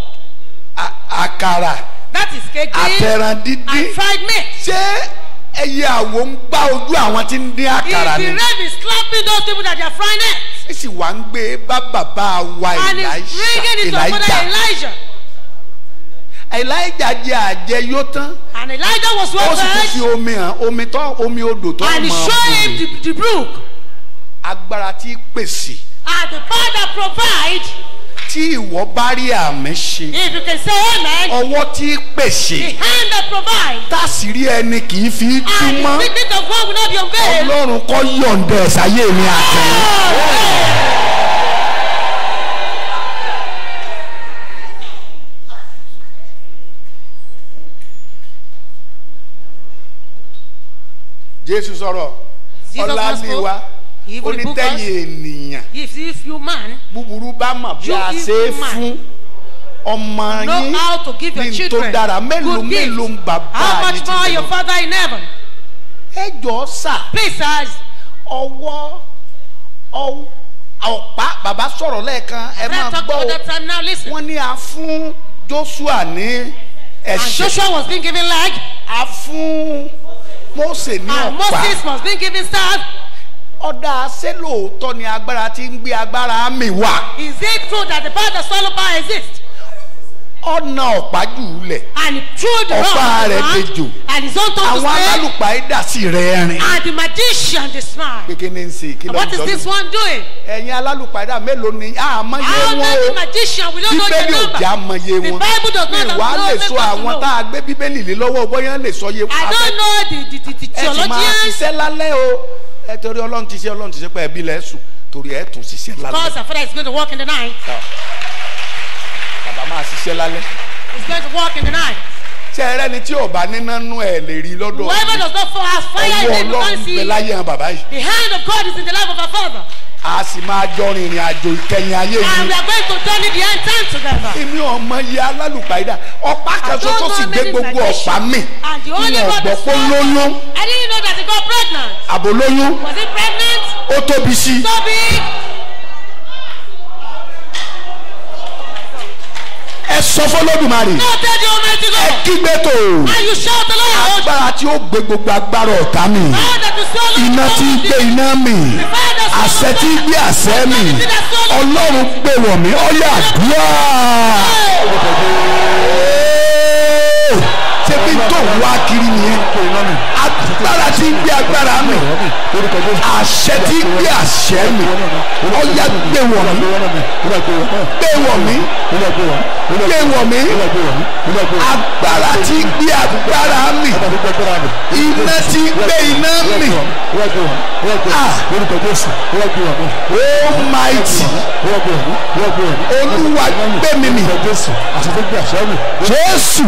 àkàrà àtẹ̀ràn dídín and fried meat. ṣé ẹyẹ àwo ń gbá ojú àwọn tí ń dín àkàrà ni. if the raven is clapping those people that they are frying it ẹ sì wá ń gbé bá bàbá wa Elijah Elijah jẹ àjẹ yóò tán ó sì tún fi omi hàn omi tó omi odò tó mọ omi agbára tí pèsè. and the father provide tí ìwọ bá rí àmì ṣe. if you can say oh, amen. ọwọ́ tí pèsè. the hand that provides. tàṣírí ẹni kì í fi tú mọ́. and the secret of God will not be unveiled. ọlọ́run kọ́ yọ̀ǹda ẹ̀sáyé mi àtẹ̀yìn. jésù sọ̀rọ̀ ọlá ni wa ó ní tẹ́yìn ènìyàn búburú bá mọ̀ bí a ṣe é fún ọmọ yín ní tó dára mélòó mélòó ń bàbá yín ti dára ẹ jọ sà ọwọ́ ọ̀pá bàbá sọ̀rọ̀ lẹ́ẹ̀kan ẹ máa gbọ́ wọn ní a fún Joshua ní ẹ̀ṣẹ̀ a fún Mose ní ọ̀pá ọ̀dà ṣé lóòótọ́ ni agbára ti ń gbé agbára mi wá. is it true that the power that swallow power exists. ọ̀nà ọ̀pá jù lẹ̀. and through the power ọ̀pá rẹ̀ dejò. and his own tongue to say. àwọn alálùpà ìdásí rẹ̀ rìn. and the magician dey smile. kékeré ní sè kí ló ń jọ lọ. what is this one doing. ẹ̀yin alálùpà ìdá mélòó ni a mọ iye wọn o. how many magician we don't know their number. bíbélì ò já mọ iye wọn. the bible does not know the number. ìwà lè sọ àwọn tá a gbé bíbélì lé lọ́wọ́ bóyá lè sọ iye wọn. i don't know the the the the ẹ ti máa ṣiṣẹ́ lálẹ́ o ẹ torí ọlọ́run ti ṣe ọlọ́run ti ṣe pé ẹbí lẹ torí ẹ tún ṣiṣẹ́ lálẹ́. because the father is going to work in the night. Ah. bàbá máa ṣiṣẹ́ lálẹ́. he is going to work in the night. ṣé ẹ rẹ́ni tí ò bá níná nú ẹ̀ lè rí lọ́dọ̀ ọ̀hún. whoever does not fall as fire in the night. ọwọ́ ọlọ́run bẹ láyé hàn bàbá yìí. the hand of God is in the life of our father a sì máa jọ rìnrìn àjò ìkẹyìn ayé yìí. and we are going to turn the end time together. èmi ọmọ yẹ alálùpàdé ọ̀pá kan ṣoṣo sì gbé gbogbo ọ̀pá mi. and the only lóyún. I didn't know that he got pregnant. àbò lóyún. was he pregnant. ó tóbi sí. so big. ẹ sọ fọlọ́dùmarè ẹ kígbe tó agbára tí ó gbé gbogbo agbára ọ̀tá mi iná tí ń gbé iná mi àṣẹ tí ń gbé àṣẹ mi ọlọ́run gbé wọ̀ mí ọyà àdúrà ṣé bí tó wá kiri nìyẹn agbára tí ń gbé agbára mi àṣẹ tí ń gbé àṣẹ mi ọ̀yà gbé wọ̀ mí gbé wọ̀ mí gbé wọ̀ mí agbára tí ń gbé agbára mi iná tí ń gbé iná mi ah oh mighty olúwa gbé mi mi jésù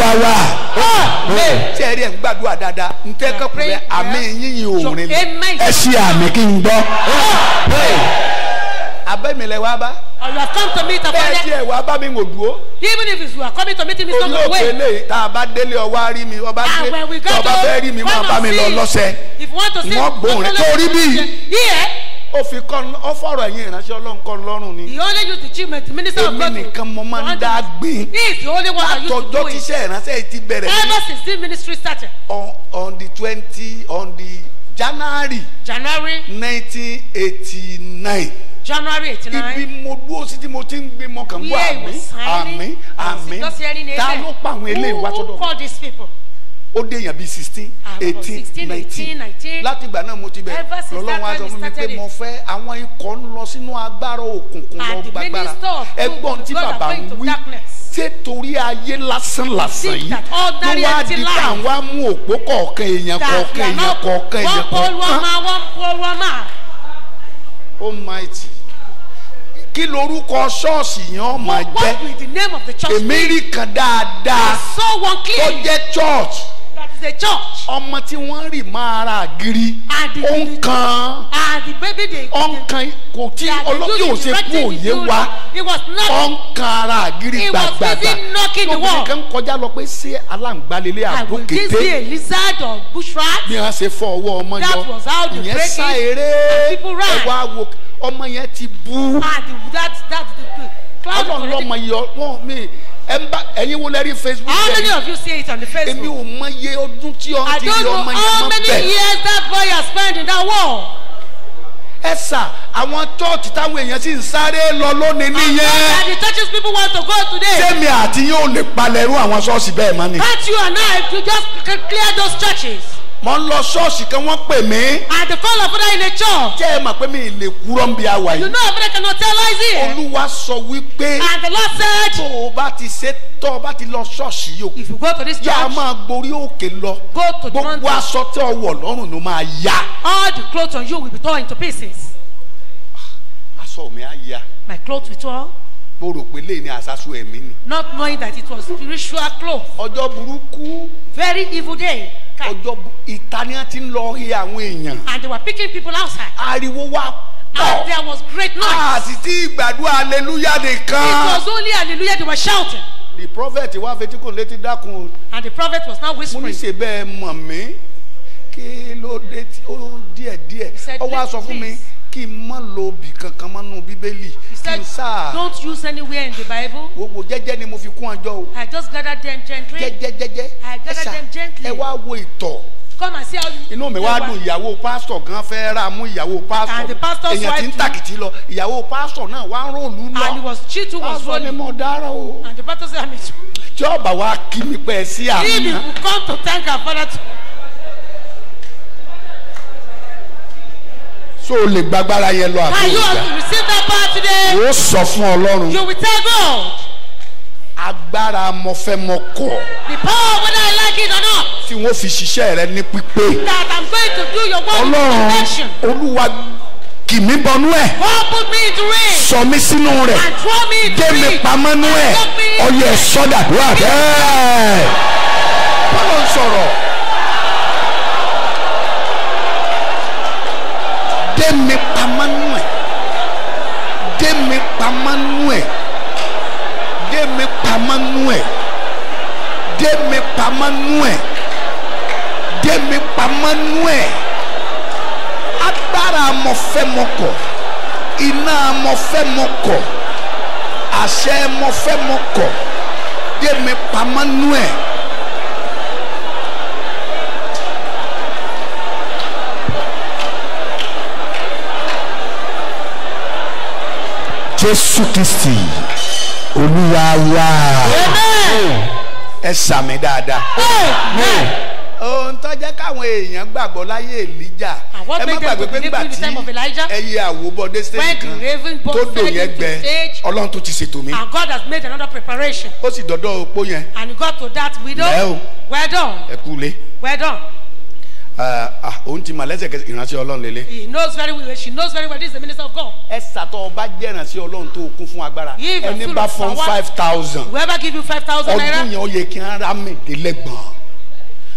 olúwa ah, wa. Eh. ṣé ẹ rí ẹ gbàdúrà dáadáa n tẹ kọkùnrin rẹ àmì yíyìn òórìn ẹ ṣe àmì kí n gbọ́. Ah, abẹ́milẹ̀ wa bá. ọ̀yọ̀ oh, come to meet abọ́lẹ̀. bẹ́ẹ̀ tiẹ̀ wá bá mi wò dúró. even if you are coming to meet me some way. olóògbé lè tá a bá délé ọwọ́ rí mi ọba dé ọba bẹ́ẹ̀ rí mi máa bá mi lọ lọ́sẹ̀. if you want to see. wọ́n gbóhùn rẹ̀ torí bí. yíyẹ ó fi kọ́ ọ fọ̀rọ̀ ẹ̀yìn ìránṣẹ́ ọlọ́run lọ́rùn ni. the only youth achievement minister of God. èmi nìkan mo máa ń dá gbìn. he is the only one that used to do it. látọjọ́ tíṣẹ́ ìránṣẹ́ yìí ti bẹ̀rẹ̀. ever since the ministry started. on on the twenty on the january. january. nineteen eighty nine. January eighty nine. Ibi mo dúró sí tí mo ti ń gbé mọkàn gbọ́ àmì àmì àmì ta ló pa àwọn eléyìí wá sọ́dọ̀. Who called these people? ó dé èèyàn bíi ah, sixteen eighteen nineteen láti ìgbà náà mo ti bẹ̀ lọ́lọ́run á sọ fún mi pé mo fẹ́ àwọn ikọ̀ ń lọ sínú agbára òkùnkùn lọ gbàgbára ẹgbọ́n tí bàbá ń wí ṣé torí ayé lásán lásán yìí tó wá di pé àwọn á mú òpó kọ̀ọ̀kan èèyàn kọ̀ọ̀kan èèyàn kọ̀ọ̀kan èèyàn kọ̀ọ̀kan. ó máa tì kí lorúkọ ṣọ́ọ̀ṣì yẹn ó máa jẹ́ èmi rí kan dáadáa tó jẹ́ church the church. ọmọ tí wọ́n rì máa ra àgírí. ó ń kan ó ń kan kò tí ọlọ́bí ò ṣe kú òye wa ó ń kan ara àgírí gbàgbàgbà lóbìnrin kan kọjá lọ pé ṣé aláǹgbálélé àbókété bí wọ́n ṣe fọ ọwọ́ ọmọ yọ ìyẹn sá eré ẹwà wo ọmọ yẹn ti bú ah, ọlọ́run lọ́mọ yọ wọ́n mi ẹ ń wo lẹ rí facebook. how many of you see it on the facebook. èmi ò mọ iye ọdún tí ọ̀hún ti rí ọmọ yẹn mọ́ bẹ́ẹ̀. I don't know how many years that boy has spent in that war ẹ̀sà àwọn chọ́ọ̀tì táwọn èèyàn sì ń sáré lọ lónìí nìyẹn. and the churches people want to go today. sẹ́mi àti yóò lè palẹ̀rú àwọn ṣọ́ọ̀ṣì bẹ́ẹ̀ mọ́ ni. can't you and I to just clear those churches mo ń lọ ṣọ́ọ̀ṣì kan wọ́n pè mí. at the call of father in a church. jẹ́ ẹ mọ̀ pé mi ì lè kúrọ́ ń bi àwa you know a father cannot tell lies here. olúwa sọ wípé. and the lord said. tó o bá ti ṣe tọ́ ọ bá ti lọ ṣọ́ọ̀ṣì yìí if you go to this church. yà á máa gborí òkè lọ. go to the mountain. gbogbo aṣọ tí o wọ̀ lọ́rùn ló máa yá. all the clothes on you will be torn into pieces. Ah, aṣọ mi á ya. my clothes will torn mo rò pé léyìn ní àsásù ẹ̀mí ni. not knowing that it was spiritual cloth. ọjọ́ burúkú. very evil day ọjọ́ ìta ni ti ń lọ he àwọn èèyàn. and they were picking people outside. ariwo wa pọ̀. and there was great noise. a sì ti gbàdúrà hallelujah nìkan. it was only hallelujah they were shouting. the prophet wá fetí kò létí dákun. and the prophet was now whispering. mo ní ṣe bẹ́ẹ̀ mọ̀ mí kí ló dé tí ó díẹ̀ díẹ̀ ó wá sọ fún mi kí n má lo obì kankan mọ́nú bíbélì kí n sá. don't use anywhere in the bible. gbogbo jẹ́jẹ́ ni mo fi kún ọjọ́ o. I just gathered them gently. jẹ́jẹ́ jẹ́jẹ́. I gathered them gently. ẹ wá wo ìtọ̀ come and see how you. inú mi wá dùn ìyàwó pásítọ̀ gan fẹ́ ra mú ìyàwó pásítọ̀ and the pastor's wife èèyàn ti ń tàkìtì lọ ìyàwó pásítọ̀ náà wá ń ròlú lọ and he was she too was rolling pásítọ̀ ni mo dára o and the pastor said "I'm. mean. tí ọba wa kí mi pẹ́ sí àná. he will come to thank our father too. so o lè gbàgbára yẹn lọ àbí ìgbà. you receive that power today. o sọ fún ọlọ́run. you will tell God. agbára mo fẹ́ mo kọ̀. the power whether I like it or not. tí wọ́n fi ṣiṣẹ́ rẹ ní pípé. that I'm going to do your work ọlọ́run, with perfection. ọlọ́run olúwa kì mí bọnú ẹ. put me into rain. sọ mi sínú rẹ̀. and me into rain. dé mi pamọ́ nú ẹ̀. ọyẹ sọ́dà dúrà bẹ́ẹ̀. bọ́lá ń sọ̀rọ̀. pamọ́ nú ẹ̀ dé mi iná mọ̀fẹ́mọkọ̀ àṣẹ mọ̀fẹ́mọkọ̀ dé mi pamọ́ Kristi Olúwa wa. Amen ẹ sàmì dáadáa. ohun tó jẹ́ káwọn èèyàn gbàgbọ́ láyé èlíjà ah, ẹ má gbàgbé pé nígbà tí ẹyẹ àwòbọ̀dé stage kan tó dò yẹn gbẹ ọlọ́run tó ti ṣètò mi. and God has made another preparation. ó sì dọ́dọ̀ opó yẹn. and he to that widow. lẹ́ẹ̀ o ẹ kú lé. well done òun ti mà lẹ́sẹ̀kẹsẹ̀ ìránṣẹ́ ọlọ́run lélẹ̀. he knows very well she knows very well this is the minister of God. ẹ̀sà tó o bá jẹ́ ìránṣẹ́ tó kún fún agbára ẹni bá fún five thousand whoever give you five thousand naira ọdún yẹn ó yẹ kí n rà mí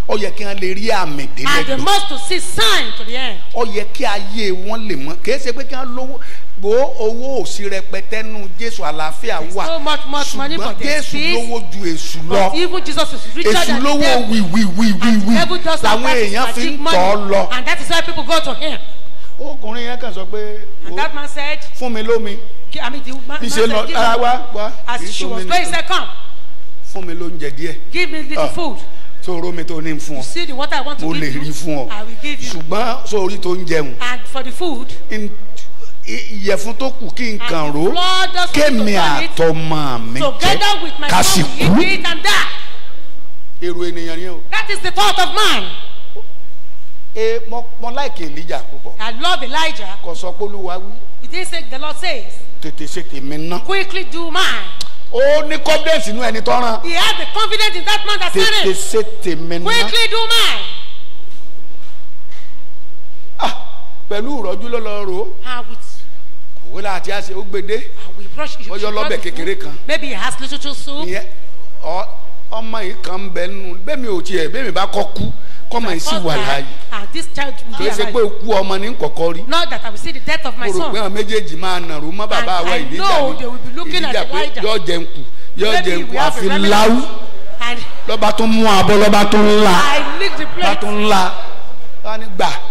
ó yẹ kí wọn lè rí àmì délé gbò. and they must to see sign to the end. ó yẹ kí ayé wọn lè mọ kì í ṣe pé kí wọn lówó wo owó òsì rẹpẹtẹ nù jésù àlàáfíà wà ṣùgbọ́n jésù lówó ju èṣù lọ èṣù lówó wìwìwìwìwì làwọn èèyàn fi ń tọ́ lọ. and that is why people go to him. ọkùnrin yẹn kàn sọ pé fún mi lómi ìṣe lọ ara wa wa kì í sómi nìkan fún mi lóúnjẹ díẹ̀. give me little ah, food tó oró mi tó ní fún ọ mo lè rí fún ọ ṣùgbọ́n sórí tó ń jẹun. and for the food ìyẹ̀fun tó kù kí n kàn ró kémi àtọmọ mi jẹ ká sì kú. èrò ènìyàn ni o. that is the thought of man. e mo mo like Elijah púpọ̀. I love Elijah. kò sọ pé Olúwa wí. he did the Lord says. tètè ṣe tèmi ná. quickly do mine ó ní confidence inú ẹni tó rán. he had the confidence in that man that sent him. tètè ṣe tèmi ná. quickly do mine. ah pẹ̀lú ìrọ̀jú ló lọ rò ó. ah with wò láti àṣẹ ó gbede ó yọ lọ́bẹ̀ kékeré kan. maybe he has little too soon. ìyẹn ọmọ yìí kan ń bẹ nù bẹ́ẹ̀ mi ò tiẹ̀ bẹ́ẹ̀ mi bá kọ́ kú kọ́mọ yìí sì wà láàyè. kì í ṣe pé ikú ọmọ ní kọ̀kọ́ rí. not that I will see the death of my son. mo rò pé àwọn méjèèjì máa nàró mọ́ bàbá àwa ìdíjà ni ìdíjà pé yọ jẹun kù yọ jẹun kù àfi láwù lọ́ba tó mú abọ́ lọ́ba tó ńlá lọ́ba tó ńlá wọ́n ní gbà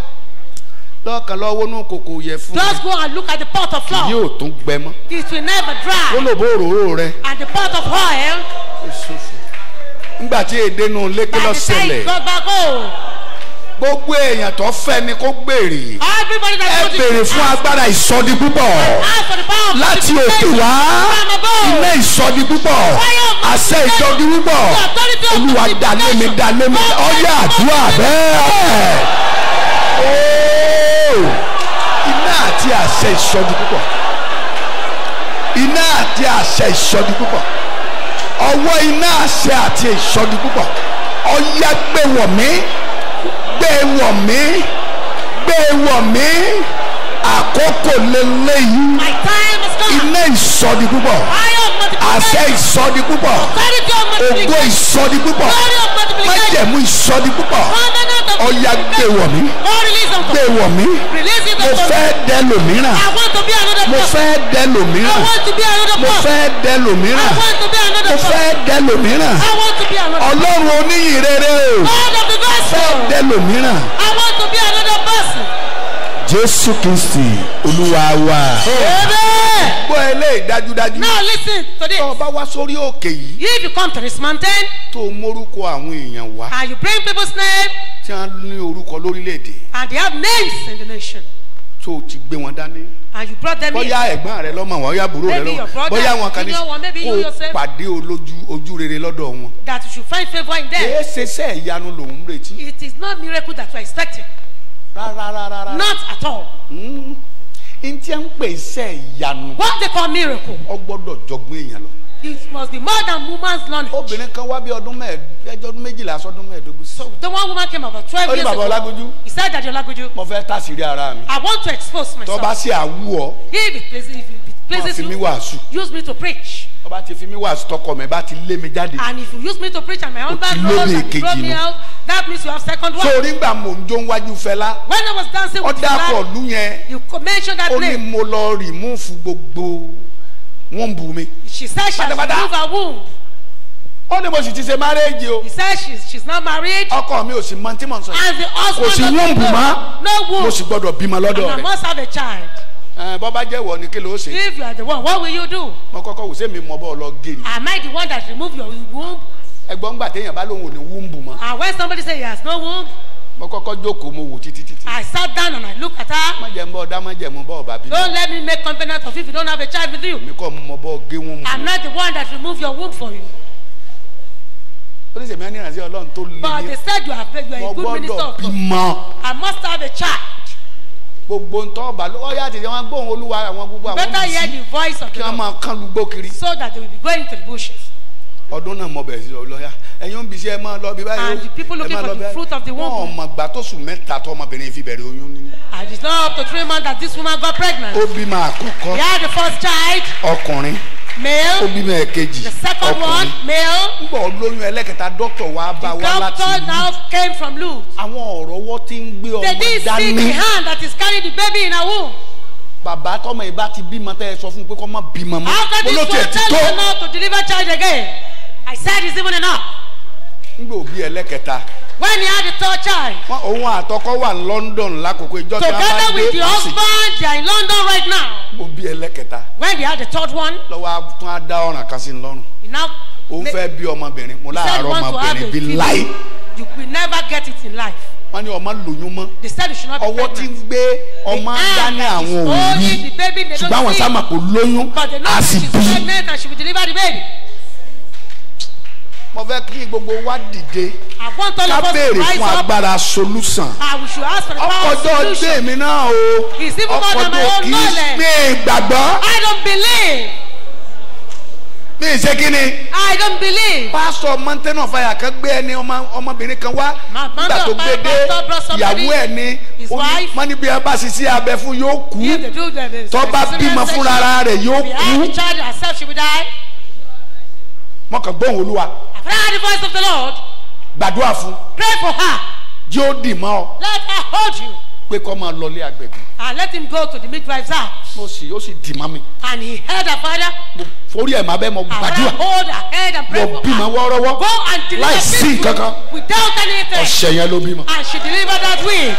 lọ́ọ̀kan lọ wọnú kòkò yẹ fún mi. just go and look at the pot of flour. yóò tún gbẹ mọ́. it will never dry. ó lò bó òróró rẹ. and the pot of oil. nígbà tí èdè nù lékè lọ sẹlẹ̀. by the time God back home gbogbo èèyàn tó fẹ́ ni kó béèrè ẹ béèrè fún agbára ìsọdi púpọ̀ láti òkè wá ilé ìsọdi púpọ̀ àṣẹ ìsọdi púpọ̀ olúwa dalé mi ọyẹ àdúrà bẹ́ẹ̀ o iná àti àṣẹ ìsọdí púpọ̀ iná àti àṣẹ ìsọdí púpọ̀ ọwọ́ iná àṣẹ àti ìsọdí púpọ̀ ọyá gbé wọ̀ mí gbé wọ̀ mí gbé wọ̀ mí àkókò lélẹ́yìí iná ìsọdi púpọ̀ àṣẹ ìsọdi púpọ̀ ògo ìsọdi púpọ̀ májẹ̀mú ìsọdi púpọ̀ ọ̀ya gbé wọ̀ mí gbé wọ̀ mí mo fẹ́ dẹ lòmíràn mo fẹ́ dẹ lòmíràn mo fẹ́ dẹ lòmíràn mo fẹ́ dẹ lòmíràn ọlọ́run oníyìn rere o fẹ́ dẹ lòmíràn. Jésù Kristi Olúwa wa. Amen gbọ́ eléyìí dájúdájú. now listen to this. tó o sórí òkè yìí. if you come to this mountain. tó o àwọn èèyàn wá. and you bring people's name. tí wọ́n ní orúkọ lórílẹ̀‐èdè. and they have names in the nation. tó o ti gbé wọn dání. and you brought them in. bóyá ẹ̀gbọ́n rẹ lọ́mọ wọn bóyá àbúrò rẹ lọ́mọ bóyá wọn kan kó pàdé olójú ojú rere lọ́dọ̀ wọn. that you should find favour in them. kì ṣe iṣẹ́ ìyanu lòún retí. it is not miracle that you are expecting. rárá rárá rárá. not at all. Mm n tí ń pè iṣẹ́ ìyanu. what they call miracle. ó gbọ́dọ̀ jọgbọ́n èèyàn lọ. it must be more than woman's knowledge. obìnrin kan wá bí ọdún mẹ́ẹ̀ẹ́dẹ́jọ́ ọdún méjìlá sọ́dún mẹ́ẹ̀ẹ́dógún. so the one woman came about twelve years ago. ó ní bàbá Ọlágójú. he said Daddy Ọlágójú. mo fẹ́ tàṣírí ara mi. I want to expose myself. tó bá ṣe àwú ọ. if it please if it places you use me to preach. ọba ti fi mi wàásù tọkọ mi bá ti lé mi jáde. and if you use me to preach and my husband knows that he brought me out that means you have second wife. sori ngba mo n jo n wájú Fẹlá. when I was dancing with Fẹlá. ọ̀dà àpọ̀lù yẹn. you mention that name. ó ní mo lọ rìmúfù gbogbo wọ́n bù mí. she says she has removed her womb ó ní mo sì ti ṣe marriage o. he says she she's not married. ọkọ mi ò sì mọ tí mò sọ as the husband of the girl no womb mo sì gbọ́dọ̀ bímọ lọ́dọ̀ rẹ̀. and I must have a child. Eh, bọ́ jẹ́ wọ ni kí ló ṣe. if you are the one what will you do. mo kọ́kọ́ wò sẹ́mi mọ́ bọ́ ọ lọ gé ni. am I the one that remove your womb. ẹgbọ́n gbà téèyàn bá lóun ò ní wúmbù mọ́. and when somebody say he has no womb. mo kọ́kọ́ jókòó mo wò títí títí. I sat down and I look at her. má jẹ́ n bọ́ ọ̀dá má jẹ́ mo bọ́ ọ̀bà don't let me make covenant of if you don't have a child with you. mi kọ́ mo bọ́ gé wọ́n mu. I'm not the one that remove your womb for you. oníṣègùn ẹni ìrànṣẹ́ ọlọ́run tó lé ní. but they said you are, you a good minister mo gbọ́dọ̀ bímọ. I must have a child gbogbo ntọ́ ọba ló ọ̀yà àti àwọn gbóhùn olúwa àwọn gbogbo àwọn mùsí. better hear the voice of the kí wọ́n máa kán lùgbó kiri. so that they will be going to the bushes. ọdún náà mo bẹ̀rẹ̀ sí lọ lọ́yà ẹ̀yin ń ẹ máa lọ bí báyìí. and the people looking for the fruit of the womb. wọn ọmọ gbà tó sùn mẹ́ta tó ọmọbìnrin fi bẹ̀rẹ̀ oyún ni. and it's not up to three months that this woman got pregnant. ó bímọ àkọ́kọ́. he had the first child. ọkùnrin male. ó bímọ ẹ̀kejì ọkùnrin. the second one male. olóyún ẹlẹ́kẹta doctor wá bá wá láti. the doctor now came from Luke. àwọn ọ̀rọ̀ wọ́n ti ń gbé ọmọ dání. they did see the hand that is carrying the baby in her womb bàbá tọmọ ìbá ti bímọ tẹ ẹ sọ fún pé kọ mọ bímọ mọ. after this one tell you not to deliver child again I said it's even enough ngbè òbí ẹlẹ́kẹta. when he had the third child. wọn òun àtọkọ wà ní London lákòókò ìjọ tí a bá dé pàṣẹ. together with the husband they are in London right now. òbí ẹlẹ́kẹta. when he had the third one. lọ́wọ́ tún á dá ọ̀ràn kan sí lọ́rùn. now. òun fẹ́ bí ọmọbìnrin mo láàárọ̀ ọmọbìnrin bí láì. you will never get it in life wọ́n ní ọmọ lóyún mọ́ ọwọ́ tí ń gbé ọmọ dání àwọn òbí ṣùgbọ́n àwọn sábà kò lóyún á sì bí mo fẹ́ kí gbogbo wa dìde ká béèrè fún agbára solution ọkọjọ dé mi náà o ọkọjọ kì í mi gbàgbọ́ mi ṣe kí ni. I don't believe. pásọ mountain of fire kan gbé ẹni ọmọbìnrin kan wá nígbà tó gbé dé ìyàwó ẹ ni wọ́n ní bí ẹ bá ṣiṣẹ́ abẹ fún yóò kú tó bá bímọ fúnra rẹ̀ yóò kú mo gbóhùn olúwa. I heard the voice of the Lord. gbàdúrà fún. pray for her. jí ó dì mọ́ ọ. let her hold you. pé kó máa lọlé agbẹ̀bí. and let him go to the midwife's house. mo sì ó sì dì mọ́ mi. and he held her father. mo forí ẹ̀ máa bẹ́ẹ̀ mo gbàdúrà. and hold her head and pray for her. mo bímọ wọ́ọ́rọ́wọ́. go and deliver like this woman kankan. without anything. ọ̀sẹ̀ yẹn ló bímọ. and she delivered that way.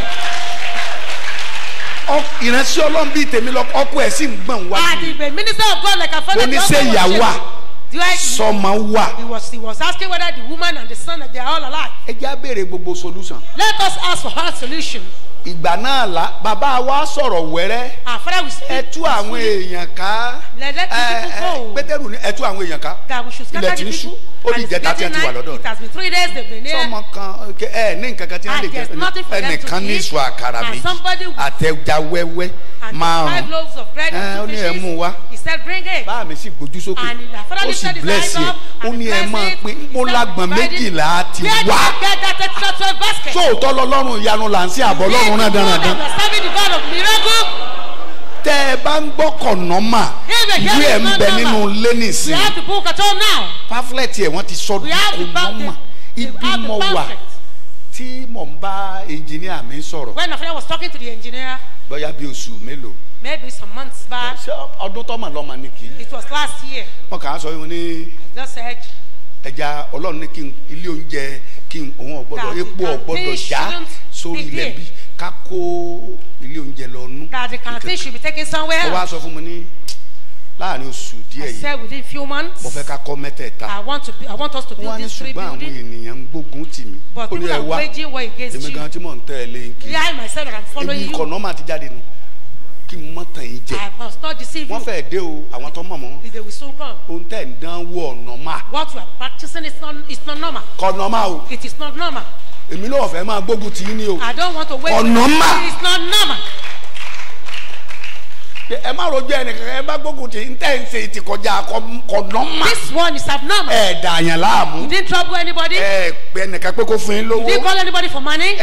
ìránṣẹ́ ọlọ́run bíi tèmi lọ ọkọ ẹ̀ sì ń gbọ̀n wá. and the minister of God like a father. oníṣẹ́ ìyàwó à sọmọ wà. he was he was asking whether the woman and the son they are all alive. ẹ jẹ́ á gbogbo solution. let us ask for her solution ìgbà náà la bàbá wa sọ̀rọ̀ wẹ́rẹ́ ẹ tú àwọn èèyàn ká pétérù ní ẹ tú àwọn èèyàn ká ilẹ̀ tí ń ṣú ó ní ìjẹta tí ẹ ti wà lọ́dọ̀ rẹ̀ sọmọ kan ẹ ní nǹkan kan tí wọ́n lè jẹ ẹnìkan ní ìṣù àkàrà méjì àtẹja wẹ́wẹ́ márùn ẹ ó ní ẹ mú wa báà mi sì gbójú sókè ó sì bless yẹ ó ní ẹ máa pín mo lágbọ̀n méjìlá ti wá sóòótọ́ lọ́lọ́run ìyanu là ń sí àbọ̀ lọ́run ọlọ́run náà dára dán. tẹ́ ẹ bá ń gbọ́ kọ̀nọ́mà ìwé ẹ̀ ń bẹ nínú lẹ́nìsì pamphlet ẹ̀ wọ́n ti sọ kọ̀nọ́mà ibi mo wà tí mò ń bá engineer mi sọ̀rọ̀. when my friend was talking to the engineer. bóyá bí oṣù mélòó. maybe some months back. ṣé ọdún tọ́mọ̀ lọ́mọ ni kì í. it was last year. wọn kà á sọ yín ní. I just said. ẹja ọlọ́run ní kí n ilé oúnjẹ kí n òun ọ̀gbọ́dọ̀ epo ọ̀gbọ́dọ̀ já sórí ilẹ̀ bí ká kó ilé oúnjẹ lọ nú. that the should be taken somewhere. ó wá sọ fún mi ní láàrin oṣù díẹ̀ yìí. I said within few months. mo fẹ́ ká kọ́ mẹ́tẹ̀ẹ̀ta. I want to be, I want us to build this three building. wọ́n á ní ṣùgbọ́n àwọn ènìyàn ń gbógun tì mí. but people are waging war against you. èmi gan tí mò ń tẹ̀lé n kí. yeah I myself am following you. èmi kọ̀nà máa ti jáde nù kí n mọ́ tàn yín jẹ. I must not deceive you. wọ́n fẹ́ dé o àwọn tó mọ̀ mọ́. they will soon come. ohun tẹ̀ ń dán wọ̀ normal. what you are practicing is not, is not normal. kọ̀ normal o. it is not normal èmi náà fẹ́ máa gbógun tì í ní o ọ̀nà mà ẹ má rojọ́ ẹnìkan ẹ má gbógun tì í ń ń ṣe ti kọjá mà this one is abnormal ẹ dààyàn láàmú you didn't trouble anybody pé kó fún yín lówó you didn't call anybody for money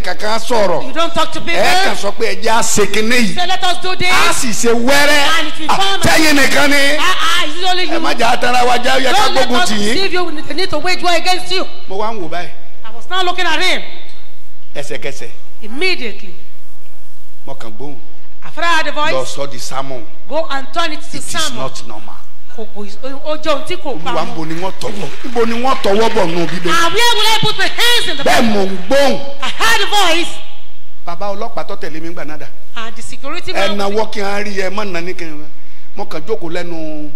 kankan sọ̀rọ̀ you don't talk to people ẹ kàn sọ pé ẹ jẹ́ àṣekínní yìí so let us do this a sì ṣe wẹ́rẹ́ àtẹ̀yìn ah, nìkan ni ah, ah, ẹ má jà á tara wa ẹ yẹ ká gbógun tì í don't let us give you need to wage war against you. mo wá ń wò báyìí. Start looking at him. Ẹsẹ̀kẹsẹ̀. Immediately. Mo kàn gbóhùn. After I heard the voice. Lọ sọ di salmon. Go and turn it to salmon. It is not normal. Ojo ohun tí kò pa mọ́. Olúwa níbo ni wọ́n tọwọ́ níbo ni wọ́n tọwọ́ bọ̀ nù bíbélì. And where will I put my hands in the Bible? Bẹ́ẹ̀ mo ń gbóhùn. I heard the voice. Bàbá ọlọ́pàá tó tẹ̀lé mi gbà náà dà. And the security man. Ẹ nawọ́ kí n rí ẹ mọ̀ nání kí mo kàn jókòó lẹ́nu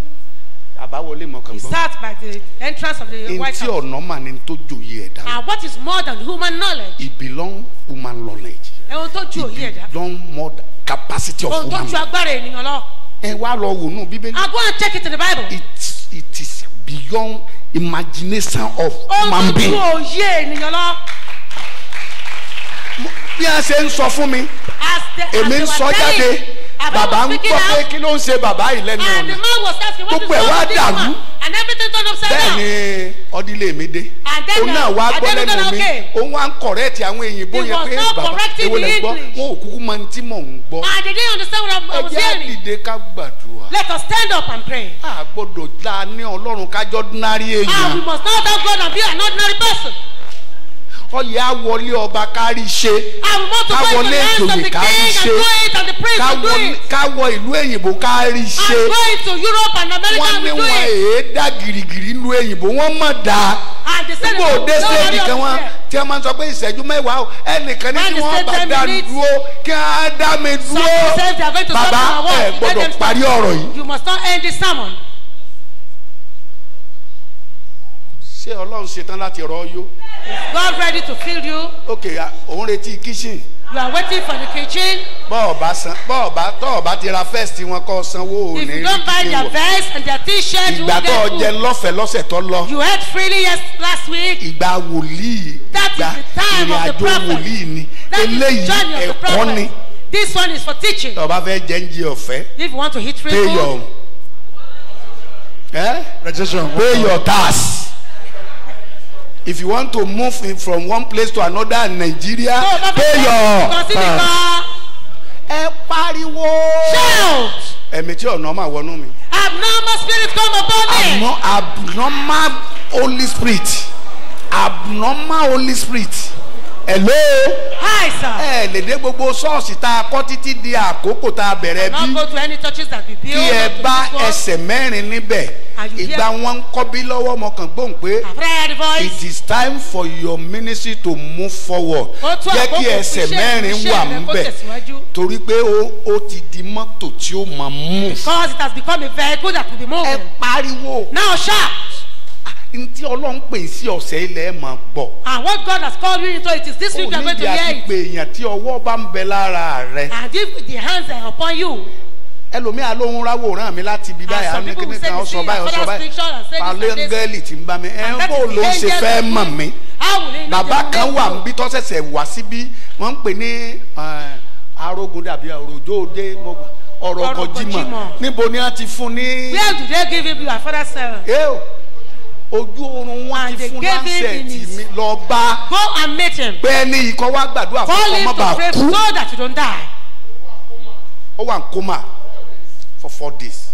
àbáwọlé mọ̀kàn gbọ́. he sat by the entrance of the white house. ntí ọ̀nà mà ni tó jòyè ẹ̀dá. and what is more than human knowledge. it belong human knowledge. ẹ̀hún tó ju ẹ̀dá. it belong more than capacity of human. ohun tó ju agbára ènìyàn lọ. ẹ wá lọ wò nù bíbélì. i go and check it in the bible. it it is beyond imagination of human being. ohun tó ju òye ènìyàn lọ bí a ṣe ń sọ fún mi èmi ń sọ jáde bàbá ń gbọ́ pé kí ló ń ṣe bàbá yìí lẹ́nu ọ̀nà gbogbo ẹ̀ wá dàrú bẹ́ẹ̀ ni ọdílé mi dé òun náà wá uh, gbọ́ lẹ́nu mi òun wá ń kọ̀rẹ́ẹ̀tì àwọn èyìnbó yẹn pé bàbá èwo lẹ gbọ́ wọn ò kúkú mọ tí mò ń gbọ́ ẹ jẹ́ àdìde ká gbàdúrà let us stand up and pray. a gbọ́dọ̀ la ní ọlọ́run kájọ́ ordinary èèyàn. ah we must not thank God and be an ordinary person kọ́yẹ àwọlé ọba kárí ṣe káwọlé ìjòyè kárí ṣe káwọ ìlú èyìnbó kárí ṣe wọ́n ní wọn èé dá gìrìgìrì ìlú èyìnbó wọ́n mọ̀ dá nígbà òde stage kan wọn tí a máa ń sọ pé ìṣẹ́jú mẹ́wàá o ẹnìkan ní kí wọ́n bá dá mi dúró kí wọ́n dá mi dúró bàbá ẹ gbọ́dọ̀ parí ọ̀rọ̀ yìí. ṣé ọlọ́run ṣetán láti rọ́ yó. Is God ready to fill you? Okay, òun retí kitchen. You are waiting for the kitchen. Bọ́ọ̀bá san bọ́ọ̀bá tọ́ọ̀bá ti ra vest wọn kọ́ sanwó òní. If you don't buy their vest and their t-shirt, you will get food. Ìgbà tó jẹ lọ́fẹ̀ẹ́ lọ́sẹ̀ tó lọ. You ate freely yes, last week. Ìgbà wòlíì. That is the time of the prophet. Ìrìn àjò ni. That is the journey of the prophet. This one is for teaching. Tọ́ba fẹ́ jẹ́ ń jẹ ọ̀fẹ́. If you want to hit free pay Pay your eh? registration. Pay your tax if you want to move from one place to another in Nigeria pay your tax. ẹ pariwo. shout. ẹ̀mí tí ọ̀nà máa wọnú mi. abnormal spirit come upon me. abnormal holy spirit abnormal holy spirit hello. hi sir. ẹ lè dé gbogbo ṣọ́ọ̀ṣì tá a kọ́ títí di àkókò tá a bẹ̀rẹ̀ bí. I no go to any churches that we build. kí ẹ bá ẹsẹ̀ mẹ́rin níbẹ̀ ìgbà wọn ń kọ́ bí lọ́wọ́ mo kan gbóhùn pé it is time for your ministry to move forward jẹ́ kí ẹsẹ̀ mẹ́rin wà níbẹ̀ torí pé ó ti di mọ́tò tí ó máa move. because it has become a vehicle that will be moving. ẹ pariwo. now sharp ntí ọlọ́run pè sí ọ̀sẹ̀ ilẹ̀ ẹ̀ máa gbọ́. and ah, what God has called you into it is this week you are going to hear it. o ní ìdí èèyàn tí ọwọ́ bá ń bẹ lára rẹ. and if the hands are upon you ẹlòmíà lóhun ráwòrán mi láti bí báyìí ah, àwọn kékeré kan ọsọ báyìí ọsọ báyìí palẹ́ngẹ́lì tí ń bá mi ẹ ń bò ló ń ṣe fẹ́ mọ̀ mí bàbá kan wà níbi tó ṣẹ̀ṣẹ̀ wá síbí wọ́n ń pè ní arógun dàbí òròjó ọ̀rọ̀ ọkọ̀ jimọ̀ níbo ni wọ́n ti fún ní. where do they give you your father seven ojú oorun wá ti fún lánsẹ̀tì mi lọ bá pé ní ikọ̀ wá gbàdúrà fún ọmọ bá kú ó wà ń kómà for four days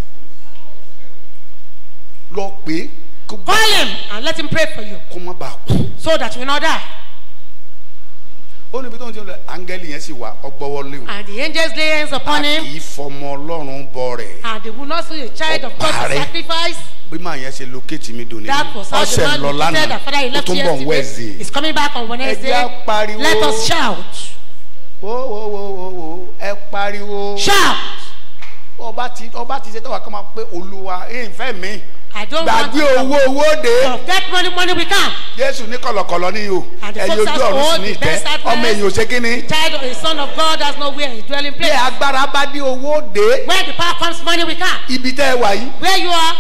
lọ pé kó bá call him and let him pray for you kó má bàa kú so that you no die. ó níbi tó ń jẹun lọ áńgẹ́lì yẹn sì wà ọgbọ́wọ́ léwu. and the angels lay hands upon him. a kì í fọmọ ọlọ́run bọ rẹ̀. and they will not see a child of God to sacrifice bí màá yẹn ṣe locate mi dòní ọ̀sẹ̀ lọ lánàá ó tún bọ̀ wẹ́ẹ̀sì. is coming back on Wednesday. ẹ já pariwo let us shout. wo wo wo wo wo ẹ pariwo. shout. ọba ti ọba ti ṣe tọ́wọ́ kọ́ máa pé olúwa ẹ̀ ń fẹ́ mi gbàgbé owó owó de. get money money we can. Jésù ní kọ̀lọ̀kọ̀lọ̀ ni o. ẹ̀yin ojú ọ̀run sì ní ìtẹ́ ọmọ èyàn ò ṣe kí ni. child of the son of God has no where his dwelling place. bí agbára bá dé owó de. where the power comes money we can. ibi tẹ́ ẹ wà yìí. where you are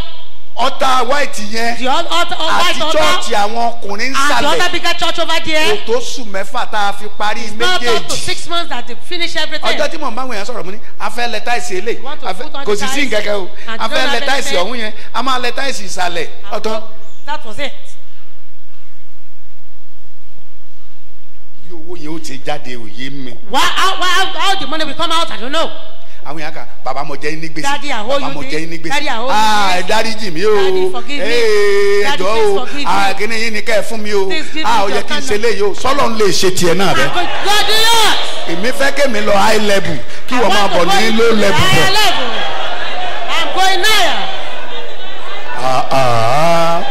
ọ̀tá white yẹn àti church àwọn ọkùnrin sàlẹ̀ kò tó sù mẹ́fà tá a fi parí méjèèjì ọjọ́ tí mò ń bá àwọn èèyàn sọ̀rọ̀ mu ní afẹ́ lẹ táìsì eléyìí kò sì sí nǹkan kan o afẹ́ lẹ táìsì ọ̀hún yẹn a máa lẹ táìsì ìsàlẹ̀ ọ̀tọ̀. that was it. bí owó yẹn ó ti jáde òye mi. why how, why how the money will come out I don't know àwọn yàn kà bàbá mo jẹ́ ní gbèsè bàbá mo jẹ́ ní gbèsè ah dáríjì mi o ẹ jọ o ah kíni yín ni kẹ́ ẹ fún mi o ah ó yẹ kí n ṣe léyìí o sọ́lọ́ ń lè ṣe tiẹ̀ náà rẹ èmi fẹ́ kémi lọ high level kí wọ́n máa bọ̀ ní low level bọ̀. Ah, ah.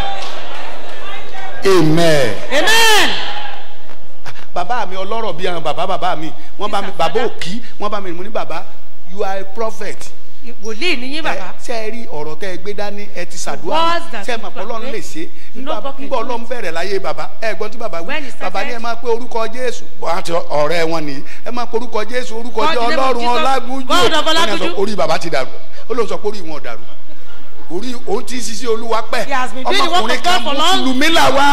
amen. amen bàbá mi ọlọ́rọ̀ bíi àwọn bàbá bàbá mi wọ́n bá mi bàbá òkí wọ́n bá mi mú ní bàbá you are a prophet wòlíì ni yín bàbá. ṣe rí ọ̀rọ̀ tẹ́ ẹ gbé dání ẹ ti ṣàdúrà ṣe é mọ̀ lè ṣe nígbà ọlọ́run bẹ̀rẹ̀ láyé bàbá ẹ gbọ́n tí bàbá wí bàbá ní ẹ máa pé orúkọ jésù ọ̀rẹ́ wọn nìyí ẹ máa pé orúkọ jésù orúkọ jẹ́ ọlọ́run ọlágúnjú orí bàbá ti dàrú ó sọ pé orí wọn dàrú orí òun ti ṣiṣẹ́ olúwa pẹ́ ọmọkùnrin kan mùsùlùmí là wá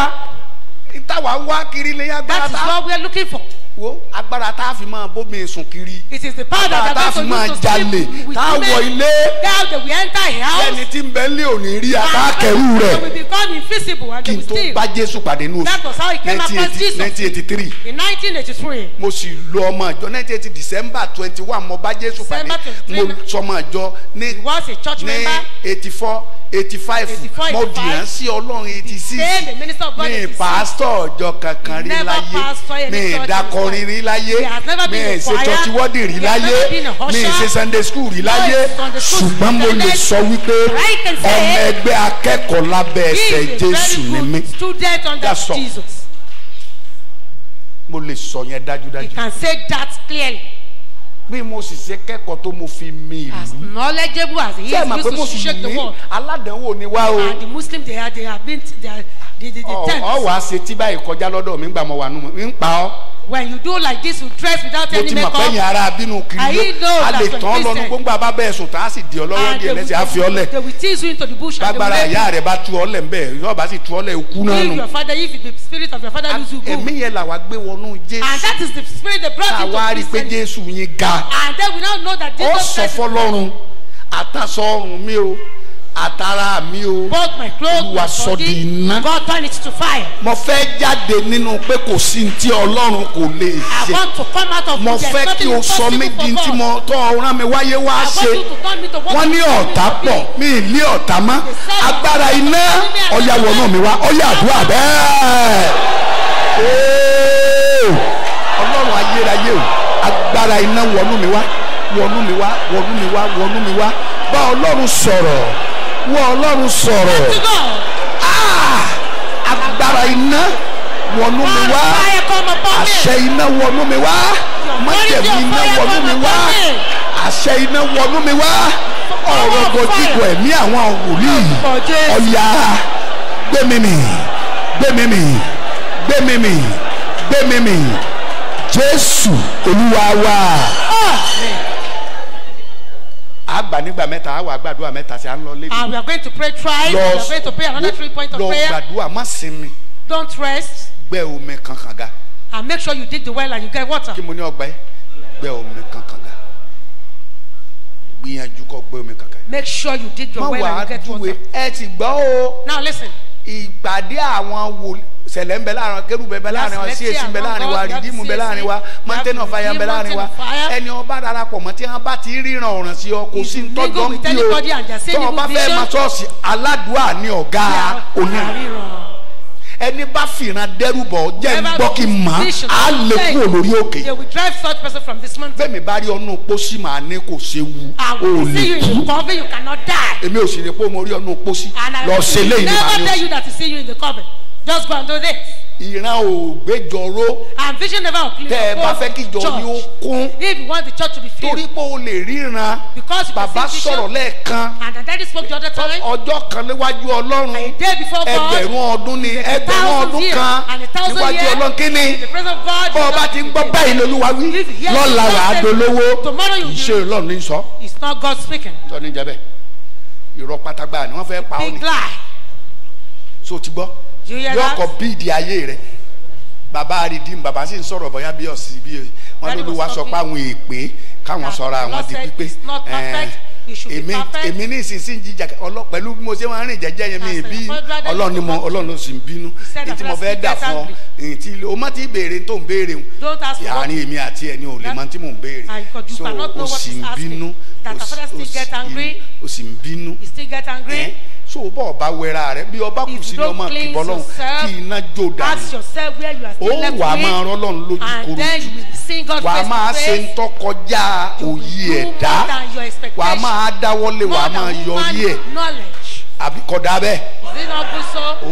táwa wá kiri wo agbára tá a fi máa bómi sùn kiri. it is the power that allows us to sleep with women. tá a wọ ilé. that we enter a house. ẹni tí ń bẹ nílé ò ní rí ata kẹrù rẹ. we become invisible and we still. kí n tó bá Jésù pàdé nù. that was how he came across Jesus. nineteen eighty three. in nineteen eighty three. mo sì lọ ọmọ ìjọ nineteen eighty december twenty one mo bá Jésù pàdé mo sọmọ ìjọ ní ní eighty four eighty five mo dìyàn sí ọlọ́run eighty six ní pásítọ̀ ọjọ́ kankan rí láyé ní ìdákọ́ kọrin rí láyé mi ì ṣe church wọ́ọ̀dì rí láyé mi ì ṣe sunday school rí láyé ṣùgbọ́n mo lè sọ wípé ọmọ ẹgbẹ́ akẹ́kọ̀ọ́ lábẹ́ ẹsẹ̀ jésù ni mí yàtọ̀ mo lè sọ yẹn dájúdájú. you can say that clearly bí mo sì ṣe kẹ́kọ̀ọ́ tó mo fi mi ìlú. as knowledgeable as he is used to shake the world. aládàáwò ni wá o. and the muslims they are they are been they are they they they tend. ọ̀ ọ̀ wá ṣe tí báyìí kọjá lọ́dọ̀ mi ń gbà mọ́ wà nù mí ń pa ọ́ when you do like this you dress without any makeup. Are you mọ̀ that yín ara bínú kiri ló a lè tán lọ́nu ah, gbóngbà they will tease you into the bush. bágbára ìyá rẹ̀ bá tu ọlẹ̀ if your father if the spirit of your father ah, lose you go. and that is the spirit they brought into prison. àwa and then we now know that jesus Christ. ó sọ fọlọ́run mi o àtàrà mi o. both my clothes my body God turn it to fire. mo fẹ́ jáde nínú pé kò sí ti ọlọ́run kò lè ṣe. I want to come out of mo fẹ́ kí o sọ mí di tí mo tọ́ ọ̀ràn mi wáyé wá ṣe. wọ́n ní ọ̀tá pọ̀ mi ì lé ọ̀tá mọ́ agbára iná ọ̀yà wọ̀nà mi wá ọ̀yà bẹ́ẹ̀. ọlọ́run ayérayé o agbára iná wọ̀nú mi wá wọ̀nú mi wá wọ̀nú mi wá wọ̀nú mi wá bá ọlọ́run sọ̀rọ̀ wọ ọlọ́run sọ̀rọ̀ ah, agbára iná wọnú mi wá àṣẹ iná wọnú mi wá májẹ̀mú iná wọnú mi wá àṣẹ iná wọnú mi wá ọ̀rọ̀ gòjìgò ẹ̀mí àwọn wòlíì ọ̀yà gbẹ̀mìmì gbẹ̀mìmì gbẹ̀mìmì gbẹ̀mìmì jésù olúwa wa. Oh, àgbà nígbà mẹ́ta àwọ̀ àgbàdua mẹ́ta sí à ń lọ lé mi. and we are going to pray twice Lord, we are going to pray another three points of Lord, prayer. lọ gbàdúrà má sinmi. don't rest. gbẹ́ omi kankan and make sure you dig the well and you get water. kí mo ní ọgbà yìí omi kankan gbìyànjú kó gbẹ́ omi kankan. make sure you dig your well and you get water. má wàá dùn ẹ ti gbọ́ o. now listen. ìpàdé àwọn wòlíì sẹlẹ ń bẹ láàrin wa kérúbù bẹ láàrin wa csc bẹ láàrin wa rìdíìmù bẹ láàrin wa mountain of fire bẹ láàrin wa ẹni ọba darapọ̀ mọ́ tí wọ́n bá ti ríran ọ̀ràn sí ọ kò sí tọ́jọ́ ń bí o tọ́ ọba fẹ́ ma ṣọ́ọ̀ṣì aládùúà ní ọ̀gá onírin ẹni bá fìran dẹ́rùbọ̀ jẹ́ ń gbọ́ kí n mọ̀ á lè kú olórí òkè. bẹ́ẹ̀ni bá rí ọ̀nà pósí màá ní kò séwu o lè kú èmi ò sì ní pé mo rí ọ̀nà pósí lọ sílé ìlú màá ní o just go and do this. ìran ò gbẹjọró. and vision never clear. tẹ ẹ bá fẹ́ kí ìjọ ni ó kún. if you want the church to be filled. torí pé o lè ríran. because you can see vision. bàbá sọ̀rọ̀ lẹ́ẹ̀kan. and the daddy spoke the other time. ọjọ́ kan níwájú ọlọ́run. a day before God. ẹgbẹ̀rún ọdún ni ẹgbẹ̀rún ọdún kan. and a thousand years. níwájú ọlọ́run kí ni. the presence of God. bọ́ bá ti ń gbọ́ báyìí lolúwa wí. lọ́la wà á dolówó. tomorrow you ìṣe ọlọ́run ní sọ. it's not God speaking. sọ ní jẹ bẹ́ẹ̀ ìrọ̀ pátágbá ni wọ́n fẹ́ big lie. so ti yóò kọ bíìdì ayé rẹ bàbá rìdíìmù bàbá sì ń sọ̀rọ̀ bóyá bí ọ̀sìn bí wọ́n lóluwà sọ pé àwọn èèpè káwọn sọ̀rọ̀ àwọn di pípé èmi èmi ní ìsinsìnyí jíjà pẹ̀lú bí mo ṣe máa ń rìn jẹ́jẹ́ yẹn mi bí ọlọ́run ni mo sì ń bínú ní mo fẹ́ dà fún ọ ní o má ti béèrè tó ń béèrè o àárín èmi àti ẹni ò lè mọ tí mò ń béèrè so o sì ń bínú o sì ń bínú ẹ so bọ́ ọba wẹra rẹ bí ọba kù sí ọmọ kìbọ́ lọ́hùn kí iná jó dànù ó wà á máa rán lọ́hùn lójú koro wà á máa ṣe ń tọkọjá òye ẹ̀dá wà á máa dáwọ́lé wà á máa yọrí ẹ̀ àbí kódà bẹ́ẹ̀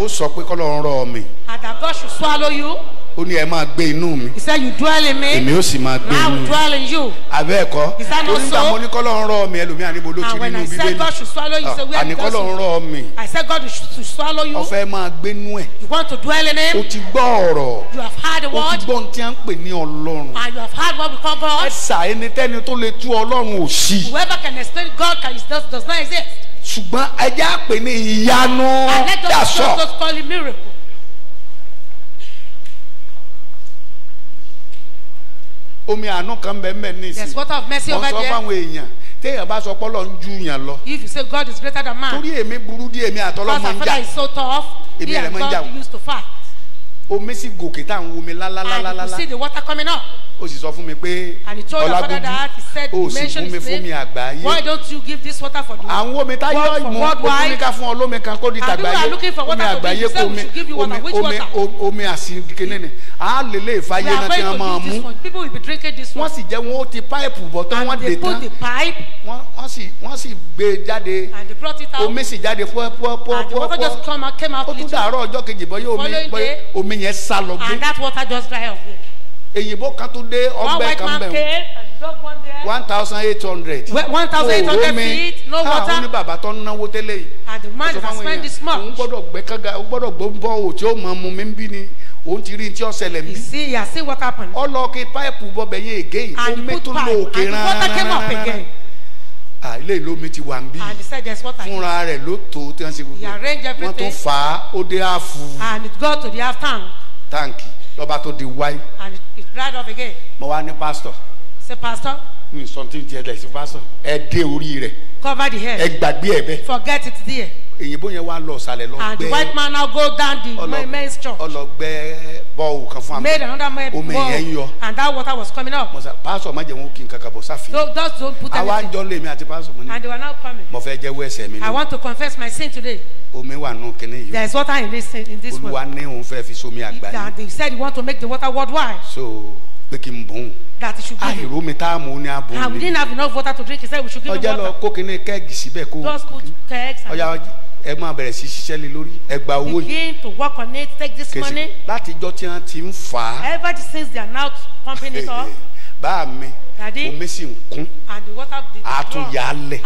ó sọ pé kọ́lọ́run rọ̀ mi. àdàgọ́sù swallow you ó ní ẹ máa gbé inú mi. he said you dwell in me. èmi ó sì máa gbé inú mi. I will dwell in you. abẹ́ ẹ̀kọ́. is that mo ní kọ́lọ́ ń mi ẹlòmíà níbo ló ti rí inú bíbélì. and when I said God should swallow you so where did God swallow you. mi. I said God should swallow you. ọ̀fẹ́ máa gbé inú ẹ̀. you want to dwell in him. o ti gbọ́ ọ̀rọ̀. you have heard the word. o ti gbọ́ ohun tí a ń pè ní ọlọ́run. and you have heard what we call God. ẹ̀sà ẹnitẹ́ni tó lè tú ọlọ́run ò sí. whoever can explain God can, does, does not exist. ṣùgbọ́n ẹja pè ní ìyanu. and let us call it miracle. omi àánú kan bẹ́ẹ̀ mẹ́ẹ̀ nísìnyí. there is water of mercy over there. wọ́n sọ fáwọn èèyàn téèyàn bá sọ pọ́lọ́ ń ju yàn lọ. if you say God is greater than man. torí èmi burú díẹ̀ èmi àtọ́lọ́ mọ̀ ń jà. because our father is so tough. èmi rẹ̀ mọ̀ ń jà o. God used to fight. omi sì gòkè tá à ń wo mi lálálálálá. and you see the water coming up ó sì sọ fún mi pé ọlágúndú ó sì fún mi fún mi àgbáyé àwọn omi tá yọ ìmọ̀ omi ká fún ọ lómi kan kó di tàgbáyé omi àgbáyé kó omi omi omi àsìkèlè ni a lè lè fàyè náà tí wọ́n máa mú wọ́n sì jẹ́ wọn ó ti páìpù bọ̀ tán wọ́n dè tán wọ́n sì wọ́n sì gbé e jáde omi sì jáde pọ́ pọ́ pọ́ pọ́ pọ́ ó tún dàárọ̀ ọjọ́ kejì bọ́ yóò omi yẹn sá lọ gbé èyìnbó kan tún dé ọgbẹ́ kan bẹ̀ wọ́n one thousand eight hundred. one thousand eight hundred feet no water. káà ó ní bàbá tó ń náwó tẹ́lẹ̀ yìí. and ah, the man has spent this much. òun gbọ́dọ̀ gbẹ́ kánga òun gbọ́dọ̀ gbọ́ bọ́ ò tí ó mọ mu mi ń bí ni òun ti rí tí ó ṣẹlẹ̀ mi. you see you see what happened. ọlọ́ọ̀kì páìpù bọ̀bẹ̀ yẹn ègé yìí. and put pipe and the water came up again ilé ìlómi ti wà nbí fúnra rẹ̀ ló tó tí wọ́n ṣe gbogbo wọ́n tún fà á ó dé àfù. and it go to the half tank. tanki lọ́ba tó di wáyé. and it dried up again. mo wá ní pastor. say pastor. mi sọ ti di ẹ̀ lẹ̀ sí pastor. ẹ dé orí rẹ̀. cover the head. ẹ gbàgbé ẹ bẹ́ẹ̀. forget it there èyìnbó yẹn wá lọ ọ̀sàlẹ̀ lọ gbẹ́ and the white man now go down the main church ọlọgbẹ́ bọ́ọ̀lù kan fún àmì made another man ball omi yẹn yọ and that water was coming up mọ̀sá pásọ̀ má jẹ́ kí n kankan bọ̀ sáfì so just don't put anything àwa jọ lé mi àti pásọ̀ mo ní and they were now coming mo fẹ́ jẹ́wọ́ ẹ̀ṣẹ̀ mi I want to confess my sin today omi wà nù kíní yìí there is water in this in this world olúwa ní òun fẹ́ fi sómi àgbáyé and he said he want to make the water worldwide so pé kí n bùn. àìró ah, mi tá a mú ní abo mi. and we didn't have enough water to drink he said we should give him water. ọjà lọ kó kẹ́ẹ̀gì síbẹ̀ kó. just put kẹ́ẹ̀gì. ọjà ọjà ẹ máa bẹ̀rẹ̀ sí ṣiṣẹ́ lé lórí ẹ gba owó yìí. begin to work on it take this Kesi. money. láti ijọ́ tí wọ́n ti ń fà á. ever since they are now pumping it up. bá a mi omi sì ń kún àtúnyàálẹ̀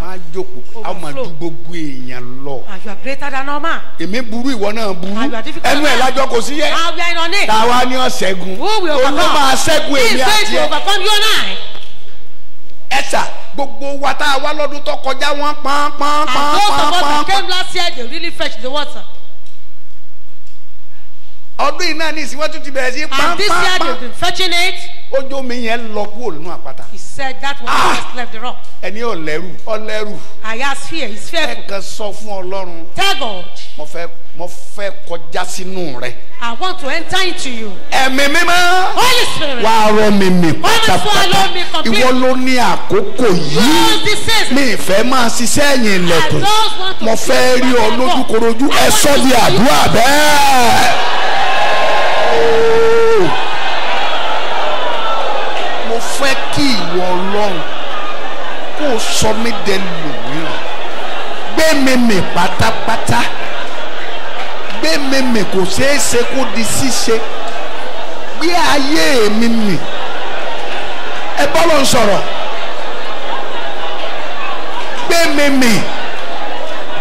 á jókòó á máa ju gbogbo èèyàn lọ. and you are greater than normal. èmi burú ìwọ náà burú ẹnu ẹ̀ lájọ kò sí yẹ. táwa ni ó ṣẹ́gun. who will overcome. òun ló máa ṣẹ́gun èmi àti ẹ. he is going to overcome you and I ẹ̀ta gbogbo wa tá a wá lọ́dún tó kọjá wọn pán pán pán pán pán. and those of us that came last year they really fetch the water ọdún yìí náà ní ìsìn wọ́n tún ti bẹ̀rẹ̀ sí pam pam pam. and this year they been fetching it. ojú omi yẹn lọ kúrò nínú àpáta. he said that one ah. just left the rock. ẹni ò lẹ́rù ọ I ask fear he is fearful. ẹ kàn sọ fún Ọlọ́run. tell God mo fẹ́ mo fẹ́ kọjá sínú rẹ. I want to enter into you. Ẹ̀mí mímọ́. Holy spirit. Wàá rọ mi mi pátápátá. Ìwọ ló ní àkókò yìí. Mi ìfẹ́ máa ṣiṣẹ́ ẹ̀yìn ilẹ̀kùn. Mo fẹ́ rí ọ lójúkorojú. Ẹ sọ́ di àdúrà bẹ́ẹ̀. Mo fẹ́ kí ìwọ Ọlọ́run kó sọ mí dẹnu mìíràn. Gbé mi mì pátápátá gbé mi mì kò ṣeé ṣe kó di ṣíṣe gbé ayé mi mì ẹ bọ́lọ̀ ń sọ̀rọ̀ gbé mi mì.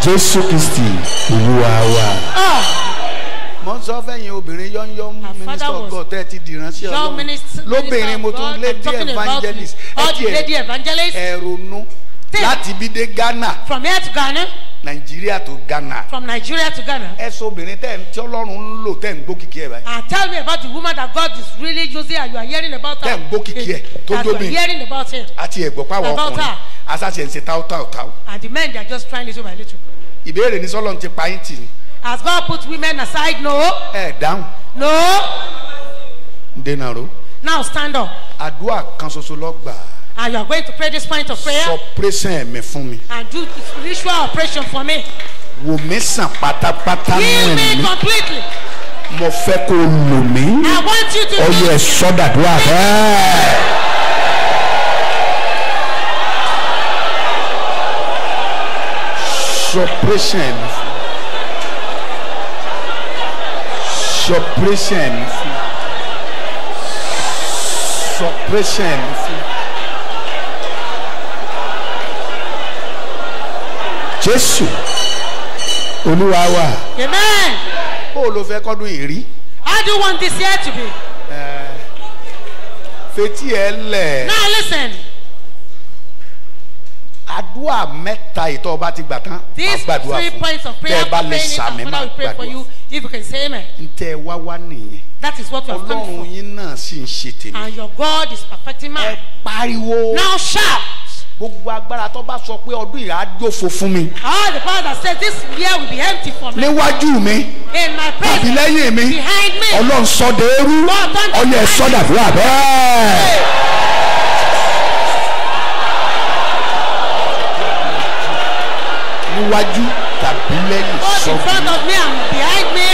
Jésù Kristi Olúwa wa. Ah! mo ń sọ fẹ́yìn obìnrin yọ́nyọ́ minister of God tẹ́ ẹ ti dìránṣẹ́ Ọlọ́run lóbìnrin mo tún lady evangelist ẹ tiẹ̀ ẹ ronú láti bí dé Ghana. from here to Ghana nàìjíríà to ghana. from nigeria to ghana. ẹ sọ obìnrin tẹ tí ọlọ́run ń lò tẹ̀ ń gbó kìkì ẹ̀ báyìí. ah tell me about the woman that God is really using and you are hearing about her. tẹ̀ ń gbó kìkì ẹ̀ tó jó mi. that you are hearing about her. àti ẹ̀gbọ́n pàwọ̀ ọkùnrin asáṣe ń and the men they are just trying little by little. ìbéèrè ní sọ́lọ́run ti pa yín tì ní. has God put women aside no. ẹ eh, dáhùn. no. ń now stand up. àdúrà kan ṣoṣo lọ gbàá And you are going to pray this point of prayer. Sọ pírẹ́sẹ̀ ẹ̀mí fún And do ritual operation for me. Wò mí sàn pátápátá nínú ẹ̀mí. Heal me completely. Mo fẹ́ kó o lò I want you to. Oh Oyè ẹ̀ sọ́dàdúrà bẹ́ẹ̀. suppression suppression suppression. jésù olúwa wa. amen. bó o lo fẹ́ kọ́dún yìí rí. how do you want this year to be. Eh, fetí ẹ lẹ̀. now listen. àdúrà mẹ́ta ìtọ́ ọba ti gbà tán. these three points of prayer for paying it and father we pray for you if you can say amen. n tẹ wá wá nìyẹn. that is what we are come for. ọlọ́run yín náà sì ń ṣe tèmi. and your God is perfecting man. ẹ pariwo. now shout gbogbo agbára tó bá sọ pé ọdún yìí á fún mi. all the powers say this year will be empty for me. níwájú mi. in my presence tàbí lẹ́yìn mi. behind me. ọlọ́run sọdẹ eru ọyẹ sọdẹ àdúrà bẹ́ẹ̀. níwájú tàbí lẹ́yìn sọ fún mi. both in front of me and behind me.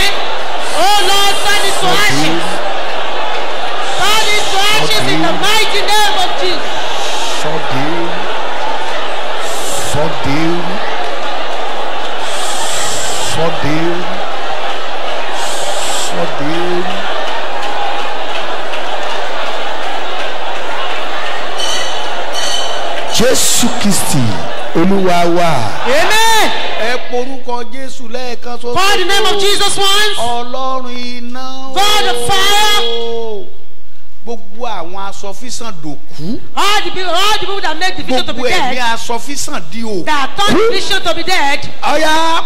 oh lord turn it to ashes. jésù kristi olúwa wa. ẹ porúkọ jésù lẹ́ẹ̀kan ṣoṣo. call the name of jesus once. ọlọ́run iná. god of fire gbogbo àwọn asọfisàn dòkú. all the people all the people that make the vision to be dead. gbogbo ẹ̀mí asọfisàn di òkú. that turn the vision to be dead. ọ̀ya. Oh, yeah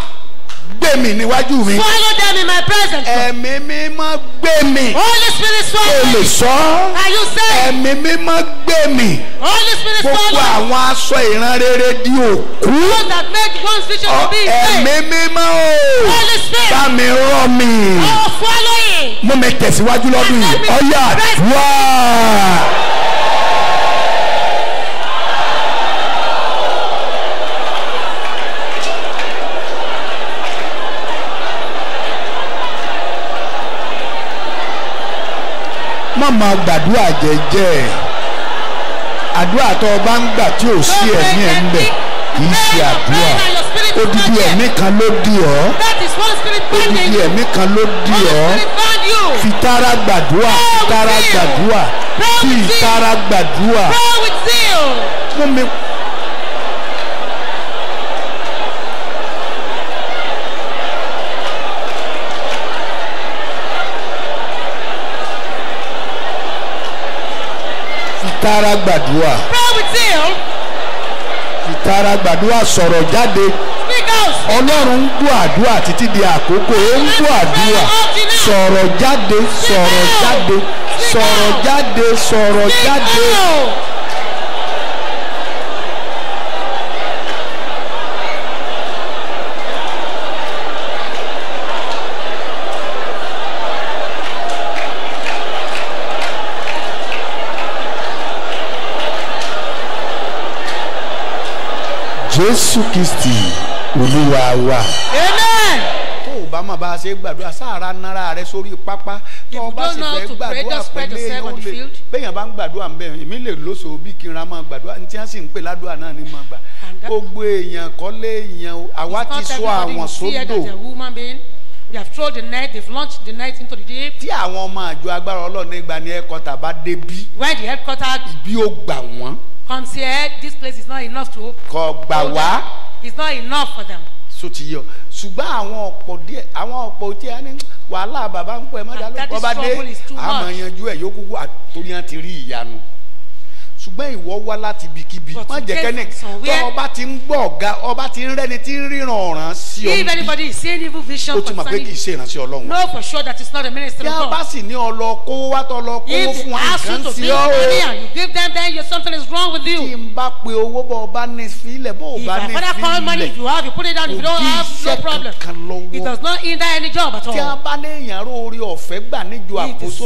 gbé mi níwájú mi. follow them in my presence. ẹ̀mí mímọ́ gbé mi. holy spirit sọ mi. olè sọ. are you saying. ẹ̀mí mímọ́ gbé mi. holy spirit sọ mi. gbogbo àwọn aṣọ ìran rere di òkú. those that make one vision to be in faith. ẹ̀mí mímọ́ o. holy spirit. bá mi rọ mi. oh follow him. mú mi tẹ̀síwájú lọ́dún yìí. ọ̀ya wá. má máa gbàdúrà jẹ́jẹ́ àdúrà tó o bá ń gbà tí ò sí ẹ̀mí ẹ̀ ń bẹ̀ kì í ṣe àdúrà odidi ẹ̀mí kan ló di ọ́ odidi ẹ̀mí kan ló dì ọ́ fi tara gbàdúrà fi tara gbàdúrà fi tara gbàdúrà fún mi. tara gbàdúrà. pray with him. fi tara gbàdúrà sọ̀rọ̀ jáde. speak out. ọlọ́run ń gbọ́ àdúrà títí di àkókò ó ń gbọ́ àdúrà sọ̀rọ̀ jáde sọ̀rọ̀ jáde sọ̀rọ̀ jáde sọ̀rọ̀ jáde. jésù kristi olúwa wa. amen. tó o bá máa bá a ṣe gbàdúrà sáàrà nara rẹ sórí pápá tó o bá sì fẹ́ gbàdúrà pẹ̀lú èèyàn ó lè bẹ́yàn bá ń gbàdúrà bẹ́ẹ̀ èmi lè lóṣòó bí kí máa gbàdúrà tí wọ́n sì ń pè ládùúrà náà ní máa gbà gbogbo èèyàn kọ́ èèyàn àwa ti sọ àwọn sódò. They have thrown the night. they've launched the night into the deep. Tí àwọn ọmọ àjọ agbára Ọlọ́run nígbà ní ẹ̀kọ́ta bá débí. When the headquarter. Ibi ó gbà wọ́n. comes here this place is not enough to hold. kò gbà wá. it's not enough for them. so ti yọ ṣùgbọ́n àwọn ọ̀pọ̀ díẹ̀ àwọn ọ̀pọ̀ tí a ní wàhálà bàbá ń pọ̀ ẹ̀ mọ́ta ló kọ́ bá dé àmọ̀ yanjú ẹ̀ yókù àtòyàn ti rí ìyanu ṣùgbọ́n ìwọ wá láti ibikíbi má jẹ́ kẹ́ni tó ọba ti ń gbọ́ ọ̀gá ọba ti ń rẹ́ni tí ń ríran ọ̀ràn sí ọ bí o ti mọ̀ pé kì í ṣe no for sure that is not a ministry of God. bí sì ní ọlọ kówó wá tọ lọ kówó fún wa nǹkan sí ọ o. if you to money give them then you, something is wrong with you. tí n bá pe owó bọ́ ọba ní sílẹ̀ bọ́ ọba ní sílẹ̀. if my father call money if you have you put it down if you don't have no problem. it does not hinder any job at all. tí a bá ní ìyàrá orí ọ̀fẹ́ gbà níjọ àkóso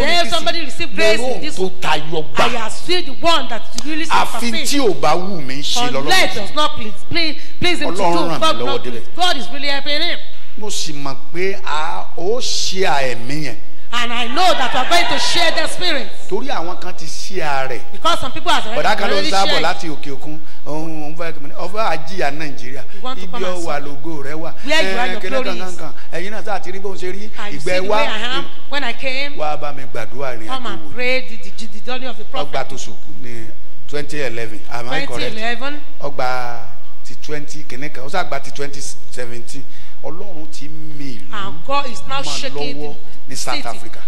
I have seen the one that release of tí ò bá wù mí ṣe lọ́lọ́run. unless does not please please please him to do God is really helping him. mo sì mọ̀ pé a ó ṣe àìmí yẹn And I know that we are going to share the spirit. Torí àwọn kan ti ṣí ààrẹ. Because some people have already, But already shared. Bọ̀dá kan ló ń sábọ̀ láti òkè òkun. Òun ọba àjíyà Nàìjíríà. Ibi ọwà lógo rẹ wà. Where you are eh, your glory is. Ẹyin náà sáà ti rí bóun ṣe rí. Ìgbẹ́ wá. When I came. Wá bá mi gbàdúrà ìrìn àjò wò. the the the journey of the prophet. Ọgbà tosù ní twenty eleven. Am I correct? Twenty eleven. Ọgbà ti twenty kìnnìkan. Ó sàgbà ti twenty seventeen. Ọlọ́run ti mí ìlú. And God is now shaking in South Africa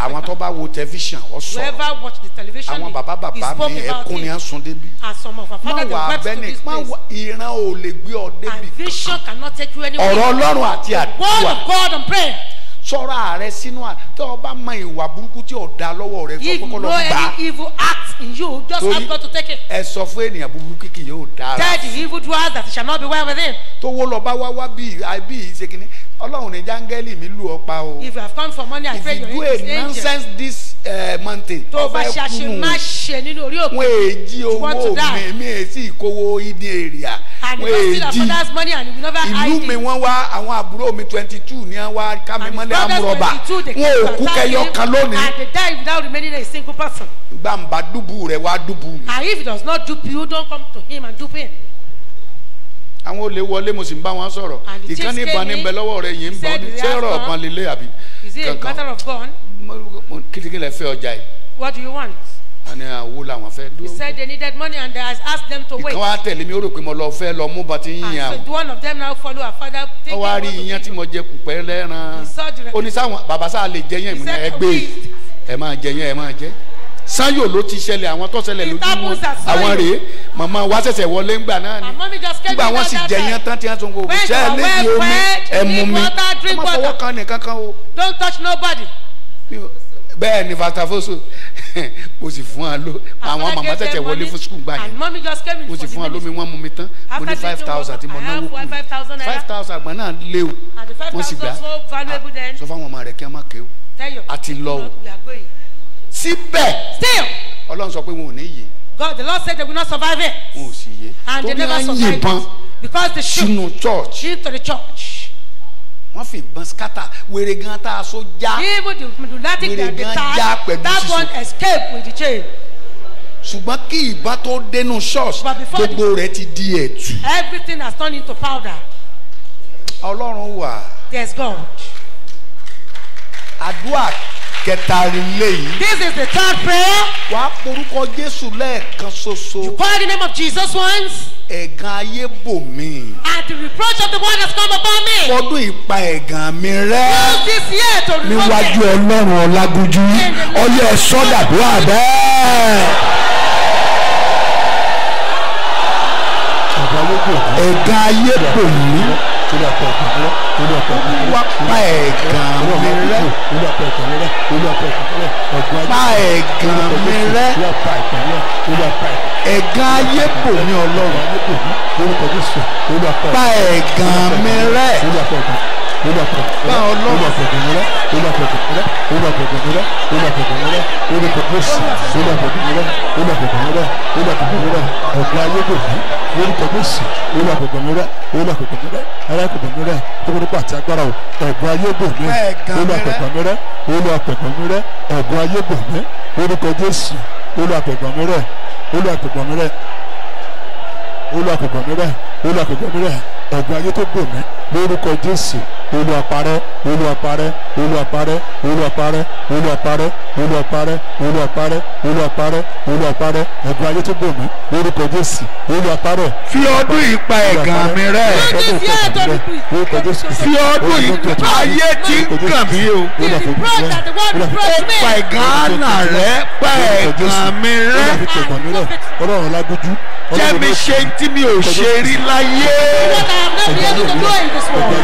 àwọn tó bá wo television ọ sọ watch television àwọn bàbá bàbá mi ẹkún ni a ń sun débi má wà abẹ́ni má wà ìran ò lè gbé ọ débi ọ̀rọ̀ Ọlọ́run àti àdúrà sọ̀rọ̀ ààrẹ sínú à tí o bá mọ ìwà burúkú tí o da lọ́wọ́ rẹ sọ kọ́kọ́ lọ gbà. if no any evil act in you just have God to take it. ẹ sọ fún ènìyàn burúkú kìkì yóò dára. tell the evil doers that it shall not be well within. him. tó wó lọ bá wá wá bíi àbí ìṣèkínní ọlọ́run ní jángẹ́lì mi lù ọ́ pa o. if you have come for money i pray your angel. if you do a nonsense this uh, mountain. tó o bá ṣe àṣe má ṣe nínú orí òkè. wọ́n èjì owó mi mi èsì ìkówó ìdí èrìà. wọ́n èjì ìlú mi wọ́n wá àwọn àbúrò mi twenty two ni wọ́n wá ká mi mọ́lẹ̀ àmúrọ̀bà wọ́n ò kú kẹyọ kan lónìí. and they die without remaining a single person. gbàǹbà dùbù rẹ̀ wá dùbù mi. and if he does not dupe you don't come to him and dupe him àwọn olè wọlé mo sì ń bá wọn sọ̀rọ̀ ìkànnì ìbọn ní bẹ lọ́wọ́ rẹ yìí ń bọ̀ ní sẹ́rọ̀ ọ̀gbọ́n lélẹ̀ àbí kankan kìtìkì lẹ fẹ́ ọjà yìí. what do you want. ani awo ah, làwọn fẹ́. he said they needed money and I asked them to wait. ìkan wa tẹ̀lé mi ó rò pé mo lọ fẹ́ lọ mú bá ti ń yàn. and so one of them now follow her father. ó wá rí iyán tí mo jẹ kùpẹ́ lẹ́ran. he saw the. oníṣàwọn bàbá sáà lè jẹ yẹn ìmúná ẹgbẹ́ ẹ máa jẹ yẹn ẹ máa jẹ sáyò ló ti ṣẹlẹ̀ àwọn tó ṣẹlẹ̀ lójúmọ́ àwọn rèé màmá wa ṣẹ̀ṣẹ̀ wọlé ńgbà náà ni nígbà wọn sì jẹ yẹn tán tí wọn tún kó ṣe é léyìí omi ẹmu mi ọmọ fọwọ́ kan nìkan kan o. don't touch nobody. bẹ́ẹ̀ ni fastafoso mo sì fún wa ló àwọn màmá ṣẹ̀ṣẹ̀ wọlé fún skul gbà yẹn mo sì fún wa lómi wọn mú mi tán mo ní five thousand tí mo náwó kù five thousand àgbà náà lé o wọ́n sì gbà ah, sọ fún àwọn ọmọ rẹ̀ kí wọ́n má kéwò àti lọ o síbẹ̀. still. ọlọ́run sọ pé wọn ò ní yè. God the Lord said they will not survive it. wọn ò sì yè. and they never survive it. because they shoot. sínú church. into the church. wọ́n fi ìbọn skata wèrè gan tá a so já. even the lunatic that they tie that one escape with the chain ṣùgbọ́n kí ìbá tó dénú ṣọ́ọ̀ṣì gbogbo rẹ̀ ti di ẹ̀tù. everything has turned into powder. ọlọ́run wà. there is God. àdúrà kẹta relé this is the third prayer. wà á porúkọ Jésù lẹ́ẹ̀kan ṣoṣo. you call the name of Jesus once. ẹ̀gàn ayé bò mí. and the reproach of the one that's come upon me. fọdún ìpa ẹ̀gàn mi rẹ́. use this year to reproach me. níwájú ọlọ́run ọlágójú ọyẹ sọ́dà bó àbẹ́. ẹ̀gàn ayé bò mí wá pa ẹ̀gàn mi rẹ́ pa ẹ̀gàn mi rẹ́ ẹ̀gàn ayé bò mí ọlọ́run pa ẹ̀gàn mi rẹ́ ó máa tẹ̀gùn mọ́lá ó máa tẹ̀gùn mọ́lá ó máa tẹ̀gùn mọ́lá ó máa tẹ̀gùn mọ́lá ó máa tẹ̀gùn mọ́lá ó ní kọ̀ọ̀kan sí ó máa tẹ̀gùn mọ́lá ó máa tẹ̀gùn mọ́lá ó máa tẹ̀gùn mọ́lá ọ̀gá ayédèbí lórí kọ̀ọ̀kan sí ó máa tẹ̀gùn mọ́lá ó máa tẹ̀gùn mọ́lá arákùnrin mọ́lá tó kọ́ nípa àti agbára o ọ̀gá ayédèbí ó máa tẹ̀gùn mọ́lá ó máa tẹ̀gùn mọ́lá ọ̀gá ayédèbí orúkọ Jésù olú ọ̀gbìn ayé tó gbò mí lórúkọ jésù Olúwa parẹ́ Olúwa parẹ́ Olúwa parẹ́ Olúwa parẹ́ Olúwa parẹ́ Olúwa parẹ́ Olúwa parẹ́ Olúwa parẹ́ Olúwa parẹ́ ọ̀gbìn ayé tó gbò mí lórúkọ jésù Olúwa parẹ́. fi ọdún yìí pa ẹ̀gàn mi rẹ́ fi ọdún yìí pa ayé tí ń kàn mí o ó pa ẹ̀gàn àná rẹ́ pa ẹ̀gàn mi rẹ́. ọlọ́run lágójú jẹ́ mi ṣe tí mi ò ṣe rí láyé.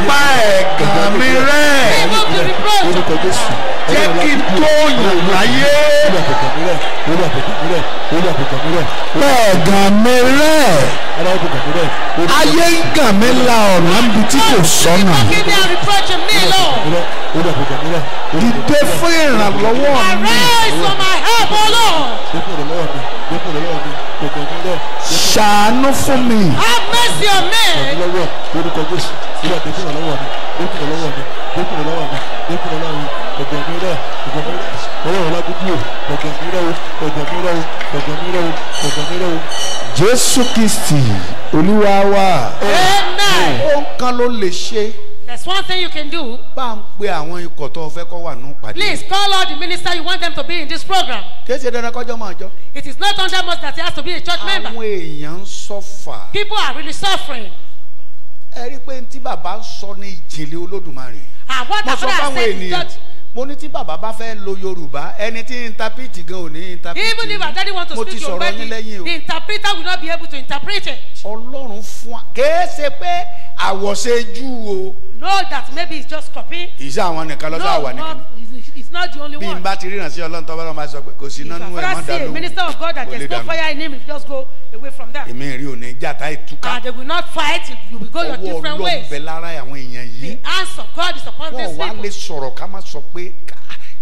pa ẹ̀gàn mi rẹ̀. jẹ́ kí n tó yàn láyé. pa ẹ̀gàn mi rẹ̀. ayé ń gàn mí la ọ̀nà níbi tí kò sọ́nà. dìde fún ìrànlọ́wọ́ mi ṣàánú fún mi. have mercy on me. lọ́wọ́ orúkọ jésù ìwà tó kúrò lọ́wọ́ mi ó kúrò lọ́wọ́ mi ó kúrò lọ́wọ́ mi ó kúrò lọ́wọ́ mi ọ̀gbọ̀n mi rẹ̀ ọ̀gbọ̀n mi rẹ̀ ọwọ́ ọ̀la gbogbo o ọ̀gbọ̀n mi o ọ̀gbọ̀n mi o ọ̀gbọ̀n mi o ọ̀gbọ̀n mi o. jésù kristi olúwa wa. amen. ó ń kan ló lè ṣe. There's one thing you can do. Bá ń pe àwọn ikọ̀ tó fẹ́ kọ́ wà nù pàdé. Please call all the minister you want them to be in this program. Kì í ṣe dandan kọjọ́ máa jọ. It is not under must that he has to be a church member. Àwọn èèyàn ń sọ́fà. People are really suffering. Ẹ rí i pé tí bàbá sọ ní ìjìnlẹ̀ Olódùmarè. Àwọn tàbí àṣẹ ìjọ mo ní tí bàbá bá fẹ́ lo yorùbá ẹni tí interpret gan ò ní interpret even if our daddy want to speak yorùbá the, the interpreter will not be able to interpret it. ọlọ́run fún wa kèé ṣe pé àwọ̀ṣe jù o know that maybe it's just copy. ìṣe àwọn nìkan lọ́dọ̀ àwa nìkan. no it's not the only one. bí n bá ti ríran sí ọlọ́run tó bá lọ́ọ́ máa sọ pé kò sí iná nínú ẹ̀ mọ́ dànù. if I see a minister of God that there is no fire in him if just go away from that. èmi rí òní jàtá ìtúkà. and they will not fight you go your different ways. owó ọlọ́ọ̀bẹ lára àwọn èèyàn yìí. the answer, God is upon this people. wọ́n wá lè sọ̀rọ̀ ká má sọ pé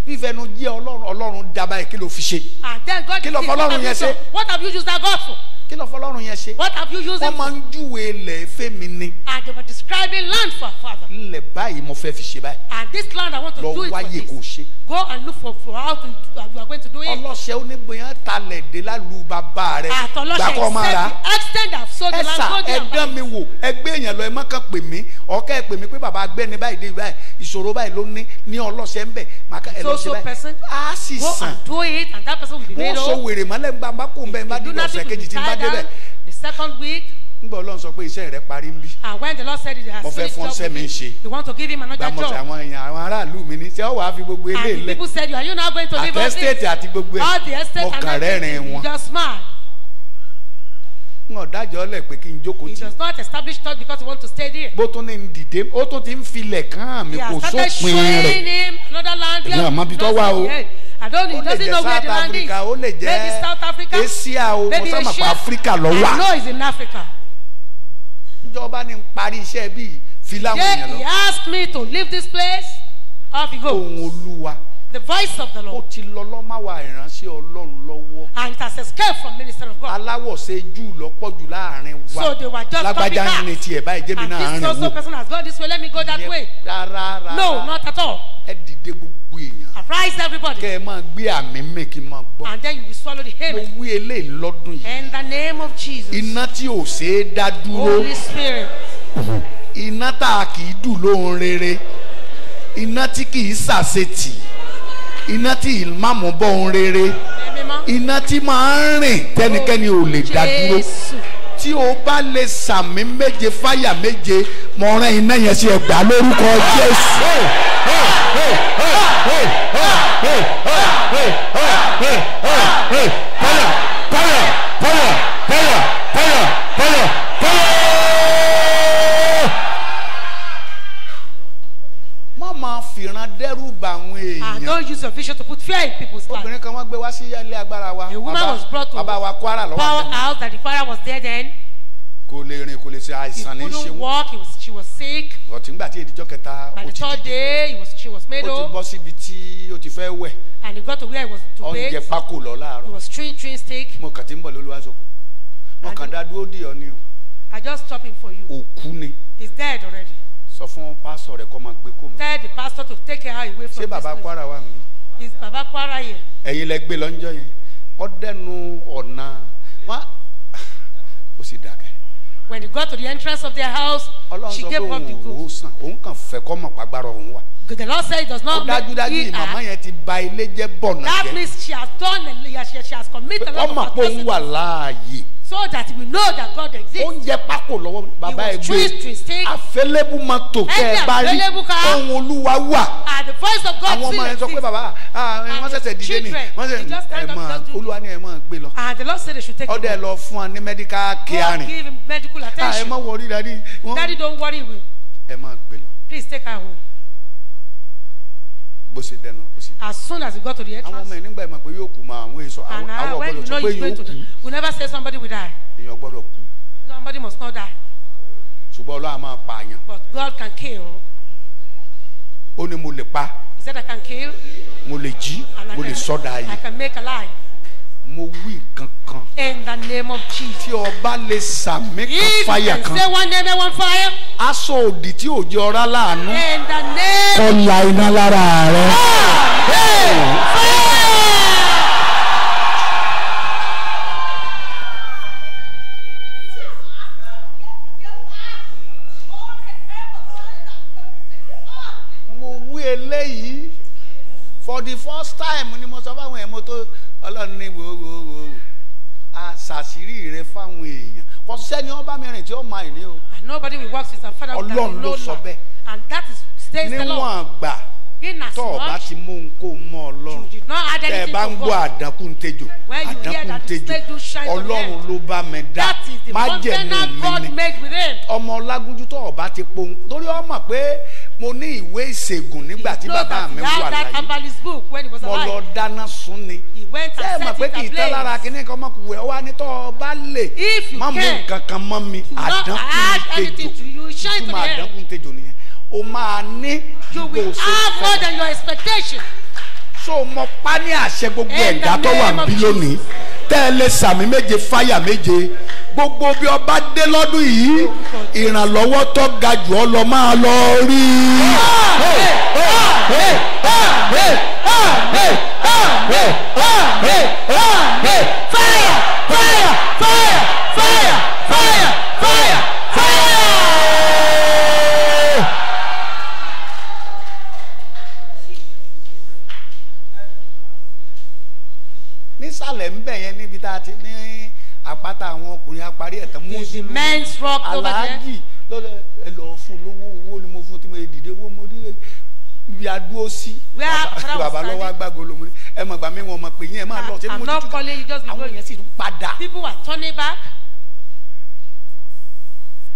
fífẹnu jẹ́ ọlọ́run ọlọ́run dábàá kí ló fi ṣe. and then God is the one who is the one what have you used that God for kí lọ fọlọ́run yẹn ṣe. what have you used it for. wọ́n máa ń júwe ilẹ̀ efe mi ni. and they were describing land for father. ilẹ̀ báyìí mo fẹ́ fi ṣe báyìí. and this land I want to lọ do it for this. lọ wáyé kò ṣe. go and look for for how to you are going to do it. ọlọ́ṣẹ́ onígbìyàn talẹ̀ dé lálùú bàbá rẹ̀. àtọlọ́ṣẹ́ ìṣẹ́ the extent of the land go there. ẹ̀sà ẹ̀dán mi wò ẹgbẹ́ èèyàn lọ ẹ má kàn pè mí ọ̀kẹ́ ẹ pè mí pé bàbá agbẹ́ni báyìí dé báyìí ìṣòro báyìí ló ní ní ọlọ́ṣẹ́ ń màkà ẹ lọ báyìí. go and do it and that person will be made wọ́n sọ wèrè mọ́lẹ́ ń bá kó ń bẹ́ẹ̀ má ọ̀sẹ̀ kejì tí ń débẹ̀. the second week. ngbà ọlọ́run sọ pé iṣẹ́ rẹ parí ń bí. and when the lord said he has finished up with mo fẹ́ fún mi ṣe. you want to give him another job. gbàmọ̀tì àwọn èèyàn àwọn aráàlú mi ní ṣé ọ wàá fi gbogbo eléyìí lẹ. and the people said you are you now going to leave all this. àtẹ́stéètì àti gbogbo ẹ̀. all the estate and everything you just smile n dájọ́ lẹ̀ pé kí n jókòó tì. he does not establish church because he wants to stay there. bó tún ní n dìde ó tún ti ń filẹ̀ kán mi kò sópin rẹ̀. he has started showing him another land. ìyá àmọ́ bí tọ́ o. I don't know. He doesn't know where the land is. Ó lè jẹ́ South Africa, ó lè jẹ́ South Africa, Asia o, mo sábà pa Africa lọ wá. I know he's in Africa. Ìjọba ni n parí iṣẹ́ bíi filamu yẹn lọ. Ṣé he asked me to leave this place? Off he goes. Ohun Olúwa. The voice of the Lord. Ó ti lọ lọ́mọ wa ìránṣẹ́ Ọlọ́run lọ́wọ́. And it has escaped from minister of God. Aláwọ̀ ṣe Júù lọ́pọ̀ láàrin wa. So they were just talking. back. Lágbájá ń tiẹ̀ báyìí, Jẹ́mi náà rìn wò. And this also person has gone this way, let me go that way. Rárá rárá. No, not at all. Ẹ dìde gbogbo èèyàn. Arise everybody. Kẹ́ ẹ máa gbé àmì mi kí n máa gbọ́. And then you will swallow the hail. Mo wí eléyìí lọ́dún yìí. In the name of Jesus. Iná tí ò ṣeé dá dúró. Holy spirit. Iná tá a kì í dùn lóhun rere. Iná tí kì í sàṣetì iná tí ìmáàmù bọ́ ohun rere iná tí máa ń rìn tẹnikẹ́ni ò lè dá tí o bá lè sàmì méje fáyà méje mọ̀ọ́rán iná yẹn sí ẹgbà lórúkọ Jésù. use your vision to put fear in people's hearts. obìnrin kan wọ́n gbé wá sí ilé agbára wa. a woman was brought to baba power house that the father was there then. kò lè rìn kò lè ṣe àìsàn ní ṣe wọ́n. he couldn't walk he was, she was sick. ọ̀tí ngbà tí èdìjọ́ kẹta. by the third day he was, she was made o. ó ti bọ́ síbi tí ó ti fẹ́ wẹ̀. and he got to where he was to bathe. oúnjẹ pákó lọ láàárọ̀. he was chewing chewing steak. mo kàn ti ń bọ̀ lólu aṣọ mo kàn dá dúró dì ọ ní o. I just stop him for you. òkú ni. he is dead already sọ fún pásítọ̀ rẹ̀ kó máa gbé kó mi. tell the pastor to take her away from this place. ṣé bàbá kwara wà mí is baba kwaraye. ẹ̀yin lẹ gbé lọ́njọ́ yẹn ọdẹnu ọ̀nà wọn ó sì dàkẹ́. when he got to the entrance of their house Ọlọ́run she gave up the ghost. ọlọ́run sọ pé òun kàn fẹ́ kọ́ mọ̀ pàgbára òun wà. the lord said he does not make me." her. ó dájúdájú ni màmá yẹn ti ba ilé jẹ́ bọ̀nà jẹ́. that means she has done she has committed a lot of atrocities. ọmọ àpò ń wà láàyè so that we know that God exists. oúnjẹ pákó lọ́wọ́ bàbá ẹ gbé available mọ́tò tẹ́ ẹ bá rí ohun olúwa wà. and the voice of God still exists. àwọn ọmọ yẹn sọ pé bàbá ah, eh, wọ́n ṣẹ̀ṣẹ̀ dìde ni wọ́n ṣẹ̀ṣẹ̀ ẹ̀ mọ̀ olúwa ni ẹ̀ mọ̀ gbé lọ. and the Lord said they should take him. ọdẹ lọ fún wa ní medical care ni. go give him medical attention. Ah, ẹ má worry daddy. daddy don't worry we. ẹ má gbé lọ. please take her home bó ṣe dẹnu ó sì. as soon as we got to the entrance. àwọn ọmọ ẹ̀ nígbà ìmọ̀ pé yóò kú ma àwọn èso àwọn ọ̀gbọ́dọ̀ sọ pé yóò kú. we never say somebody will die. èèyàn gbọ́dọ̀ kú. somebody must not die. ṣùgbọ́n ọlọ́run máa pa àyàn. but God can kill. ó ní mo lè pa. he said I can kill. mo lè jí mo lè sọ́dà ayé. I can make alive mo wí nǹkan in the name of Jesus. tí ọba lè sàmì kan fire. kan. if you say one name and one fire. aṣọ òdì tí ò jẹ ọ̀rá láàánú. in the name. kọlà iná lára rẹ. Ah! mo wí eléyìí for the first time ni mo sọ fáwọn ẹ̀ mo tó ọlọ́run ní wò a ṣàṣírí rẹ fáwọn èèyàn kò sẹ́ni ọba mẹ́rin tí ó máa ìní o. and nobody will work since our father without no lord ọlọ́run ló sọ bẹ́ẹ̀. and that is stays the lord. níwọ̀n àgbà tó o bá ti mú un kó mọ́ ọlọ́run tẹ ẹ bá ń gbọ́ àdákùn tejò àdákùn tejò ọlọ́run ló bá mi dá má mi ni ọmọ ọlágúnjú tó o bá ti pohùn torí ọmọ pé mo ní ìwé ìṣègùn nígbà tí bàbá mi wà láyé mo lọ dáná sun ni ṣé ẹ mọ̀ pé kì í tán lára kíní kan ọmọkùnrin ọwọ́ anítọ́ ọba lè má mú nǹkan kan mọ́ mi àdánkùn tejò ìtumọ̀ àdánkùn tejò nìyẹn o máa ní bó ṣe fẹ́ so mo pa ní àṣẹ gbogbo ẹ̀dá tó wà bí lónìí tẹ́lẹ̀ sàmì méje fáyà méje gbogbo bí ọba dé lọ́dún yìí ìrànlọ́wọ́ tó ga jù ọ lọ máa lọ rí i. fáyà. oṣù mi men's rock over there aláàjì lọ́dọ̀ ẹ lọ́ọ́ fún lówó owó ni mo fún tí mo dìde owó mo dìde ibi adúró sí bàbá lọ́wọ́ agbágo lomi ẹ mọ̀ gbà mí wọn mọ̀ pé yín ẹ máa lọ sẹ́ni mo àwọn èèyàn sì tún padà people were turning back.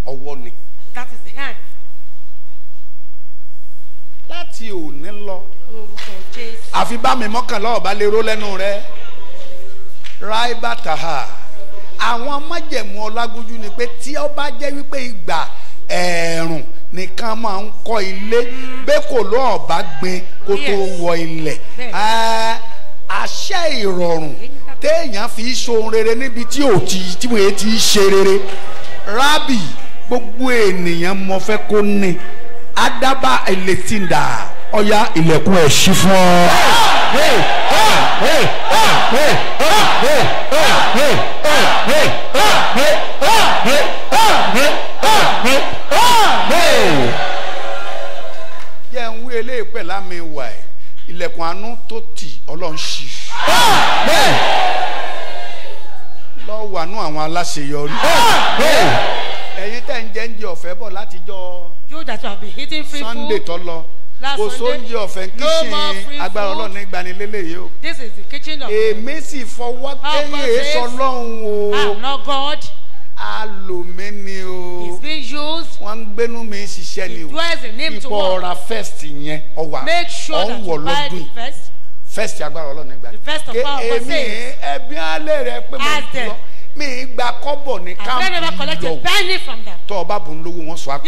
ọwọ́ ni. that is the hand. láti òní lọ àfi bá mi mọ́kànlá ọ̀bá lè ró lẹ́nu rẹ ráì bàtà ha àwọn májẹ̀mú ọlágójú ni pé tí ó bá jẹ́ wípé ìgbà ẹ̀ẹ̀rùn nìkan máa ń kọ́ ilé bẹ́ẹ̀ kò lọ́ọ̀ bá gbin kó tó wọ ilẹ̀ àṣẹ ìrọ̀rùn téèyàn fi ṣohun rere níbi tí ò ti tí wòye ti ṣe rere rábì gbogbo ènìyàn mo fẹ́ kó ní adaba eletinda ọya ilẹ̀kùn ẹ̀ ṣí fún ọ jẹ́ ń wí eléyìí pẹ̀lú àmì ìwà ẹ̀ ilẹ̀kùn àánú tó tì ọlọ́run ṣì. lọ wà nú àwọn aláṣeyọrí. ẹ̀yin tẹ̀ ń jẹ́ ń jẹ ọ̀fẹ́ bọ̀ látijọ́. you that have been eating free food. Sunday tó lọ kò ọ̀fẹ́ kíṣìn agbára ọlọ́run ní gbanilélẹ̀ yìí o. this is the kitchen of God. èmi sì fọwọ́ kẹ́yìn èso ọlọ́run o. I am not God. a lò mí ni o. he is used. wọ́n ń gbénú mi ṣiṣẹ́ ni o. he dwells in him to work. ipò ọ̀ra first yẹn ọ̀wà ọ̀wọ̀ lọ́dún first agbára ọlọ́run ní gbanilélẹ̀. the first of all was saved. èmi ẹbí alẹ́ rẹ pé mo ti lọ mi gba kọ́bọ̀ ní káàmù lọ tọ́ ọba bùn lówó wọn sọ àpò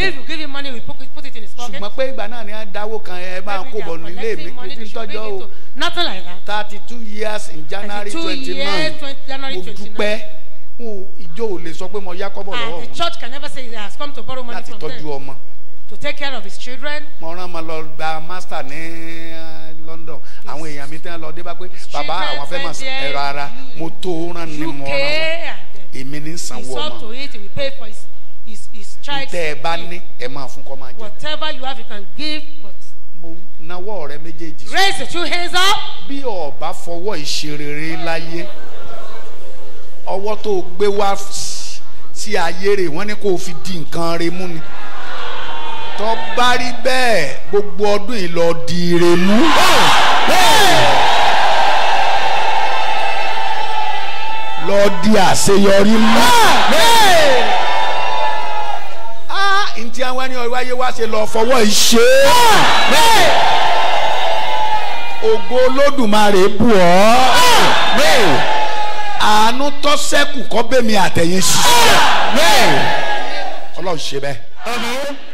ṣùgbọ́n pé ìgbà náà ni a dáwó kan ẹ máa kó nílé mi kí n tọ́jọ́ o thirty two years in January twenty nine mo dúpẹ́ ìjọ ò lè sọ pé mo yá kọ́bọ̀ lọ́wọ́ wọn láti tọ́jú ọmọ to take care of his children. mo rán ma lọ gba master ní eh, London àwọn èèyàn mi tán lọ dé bá pé bàbá àwọn fẹ́ mọ̀ ẹ̀rọ ara mo tó rán ni mo rán wọn uh, èmi ní sanwó ọmọ tẹ́ ẹ bá ní ẹ máa fún kọ́ máa jẹ. whatever you have you can give but. mo nawọ́ rẹ méjèèjì. raise your two hands up. bí o fọwọ́ ìṣerere láyé ọwọ́ tó gbé wá sí ayé rẹ̀ wọ́n ní kó o fi di nǹkan rẹ̀ mú ni tó bá rí bẹ́ẹ̀ gbogbo ọdún yìí lọ di ire mú. lọ di àṣeyọrí mú. ntí àwọn ẹni ọ̀rọ̀ ayé wá ṣe lọ fọwọ́ ìṣe. ògo olódùmarè bù ọ́. àánú tó ṣẹ́kù kọ́ bẹ́mi àtẹ̀yìn sí. ọlọ́run ṣe bẹ́ẹ̀.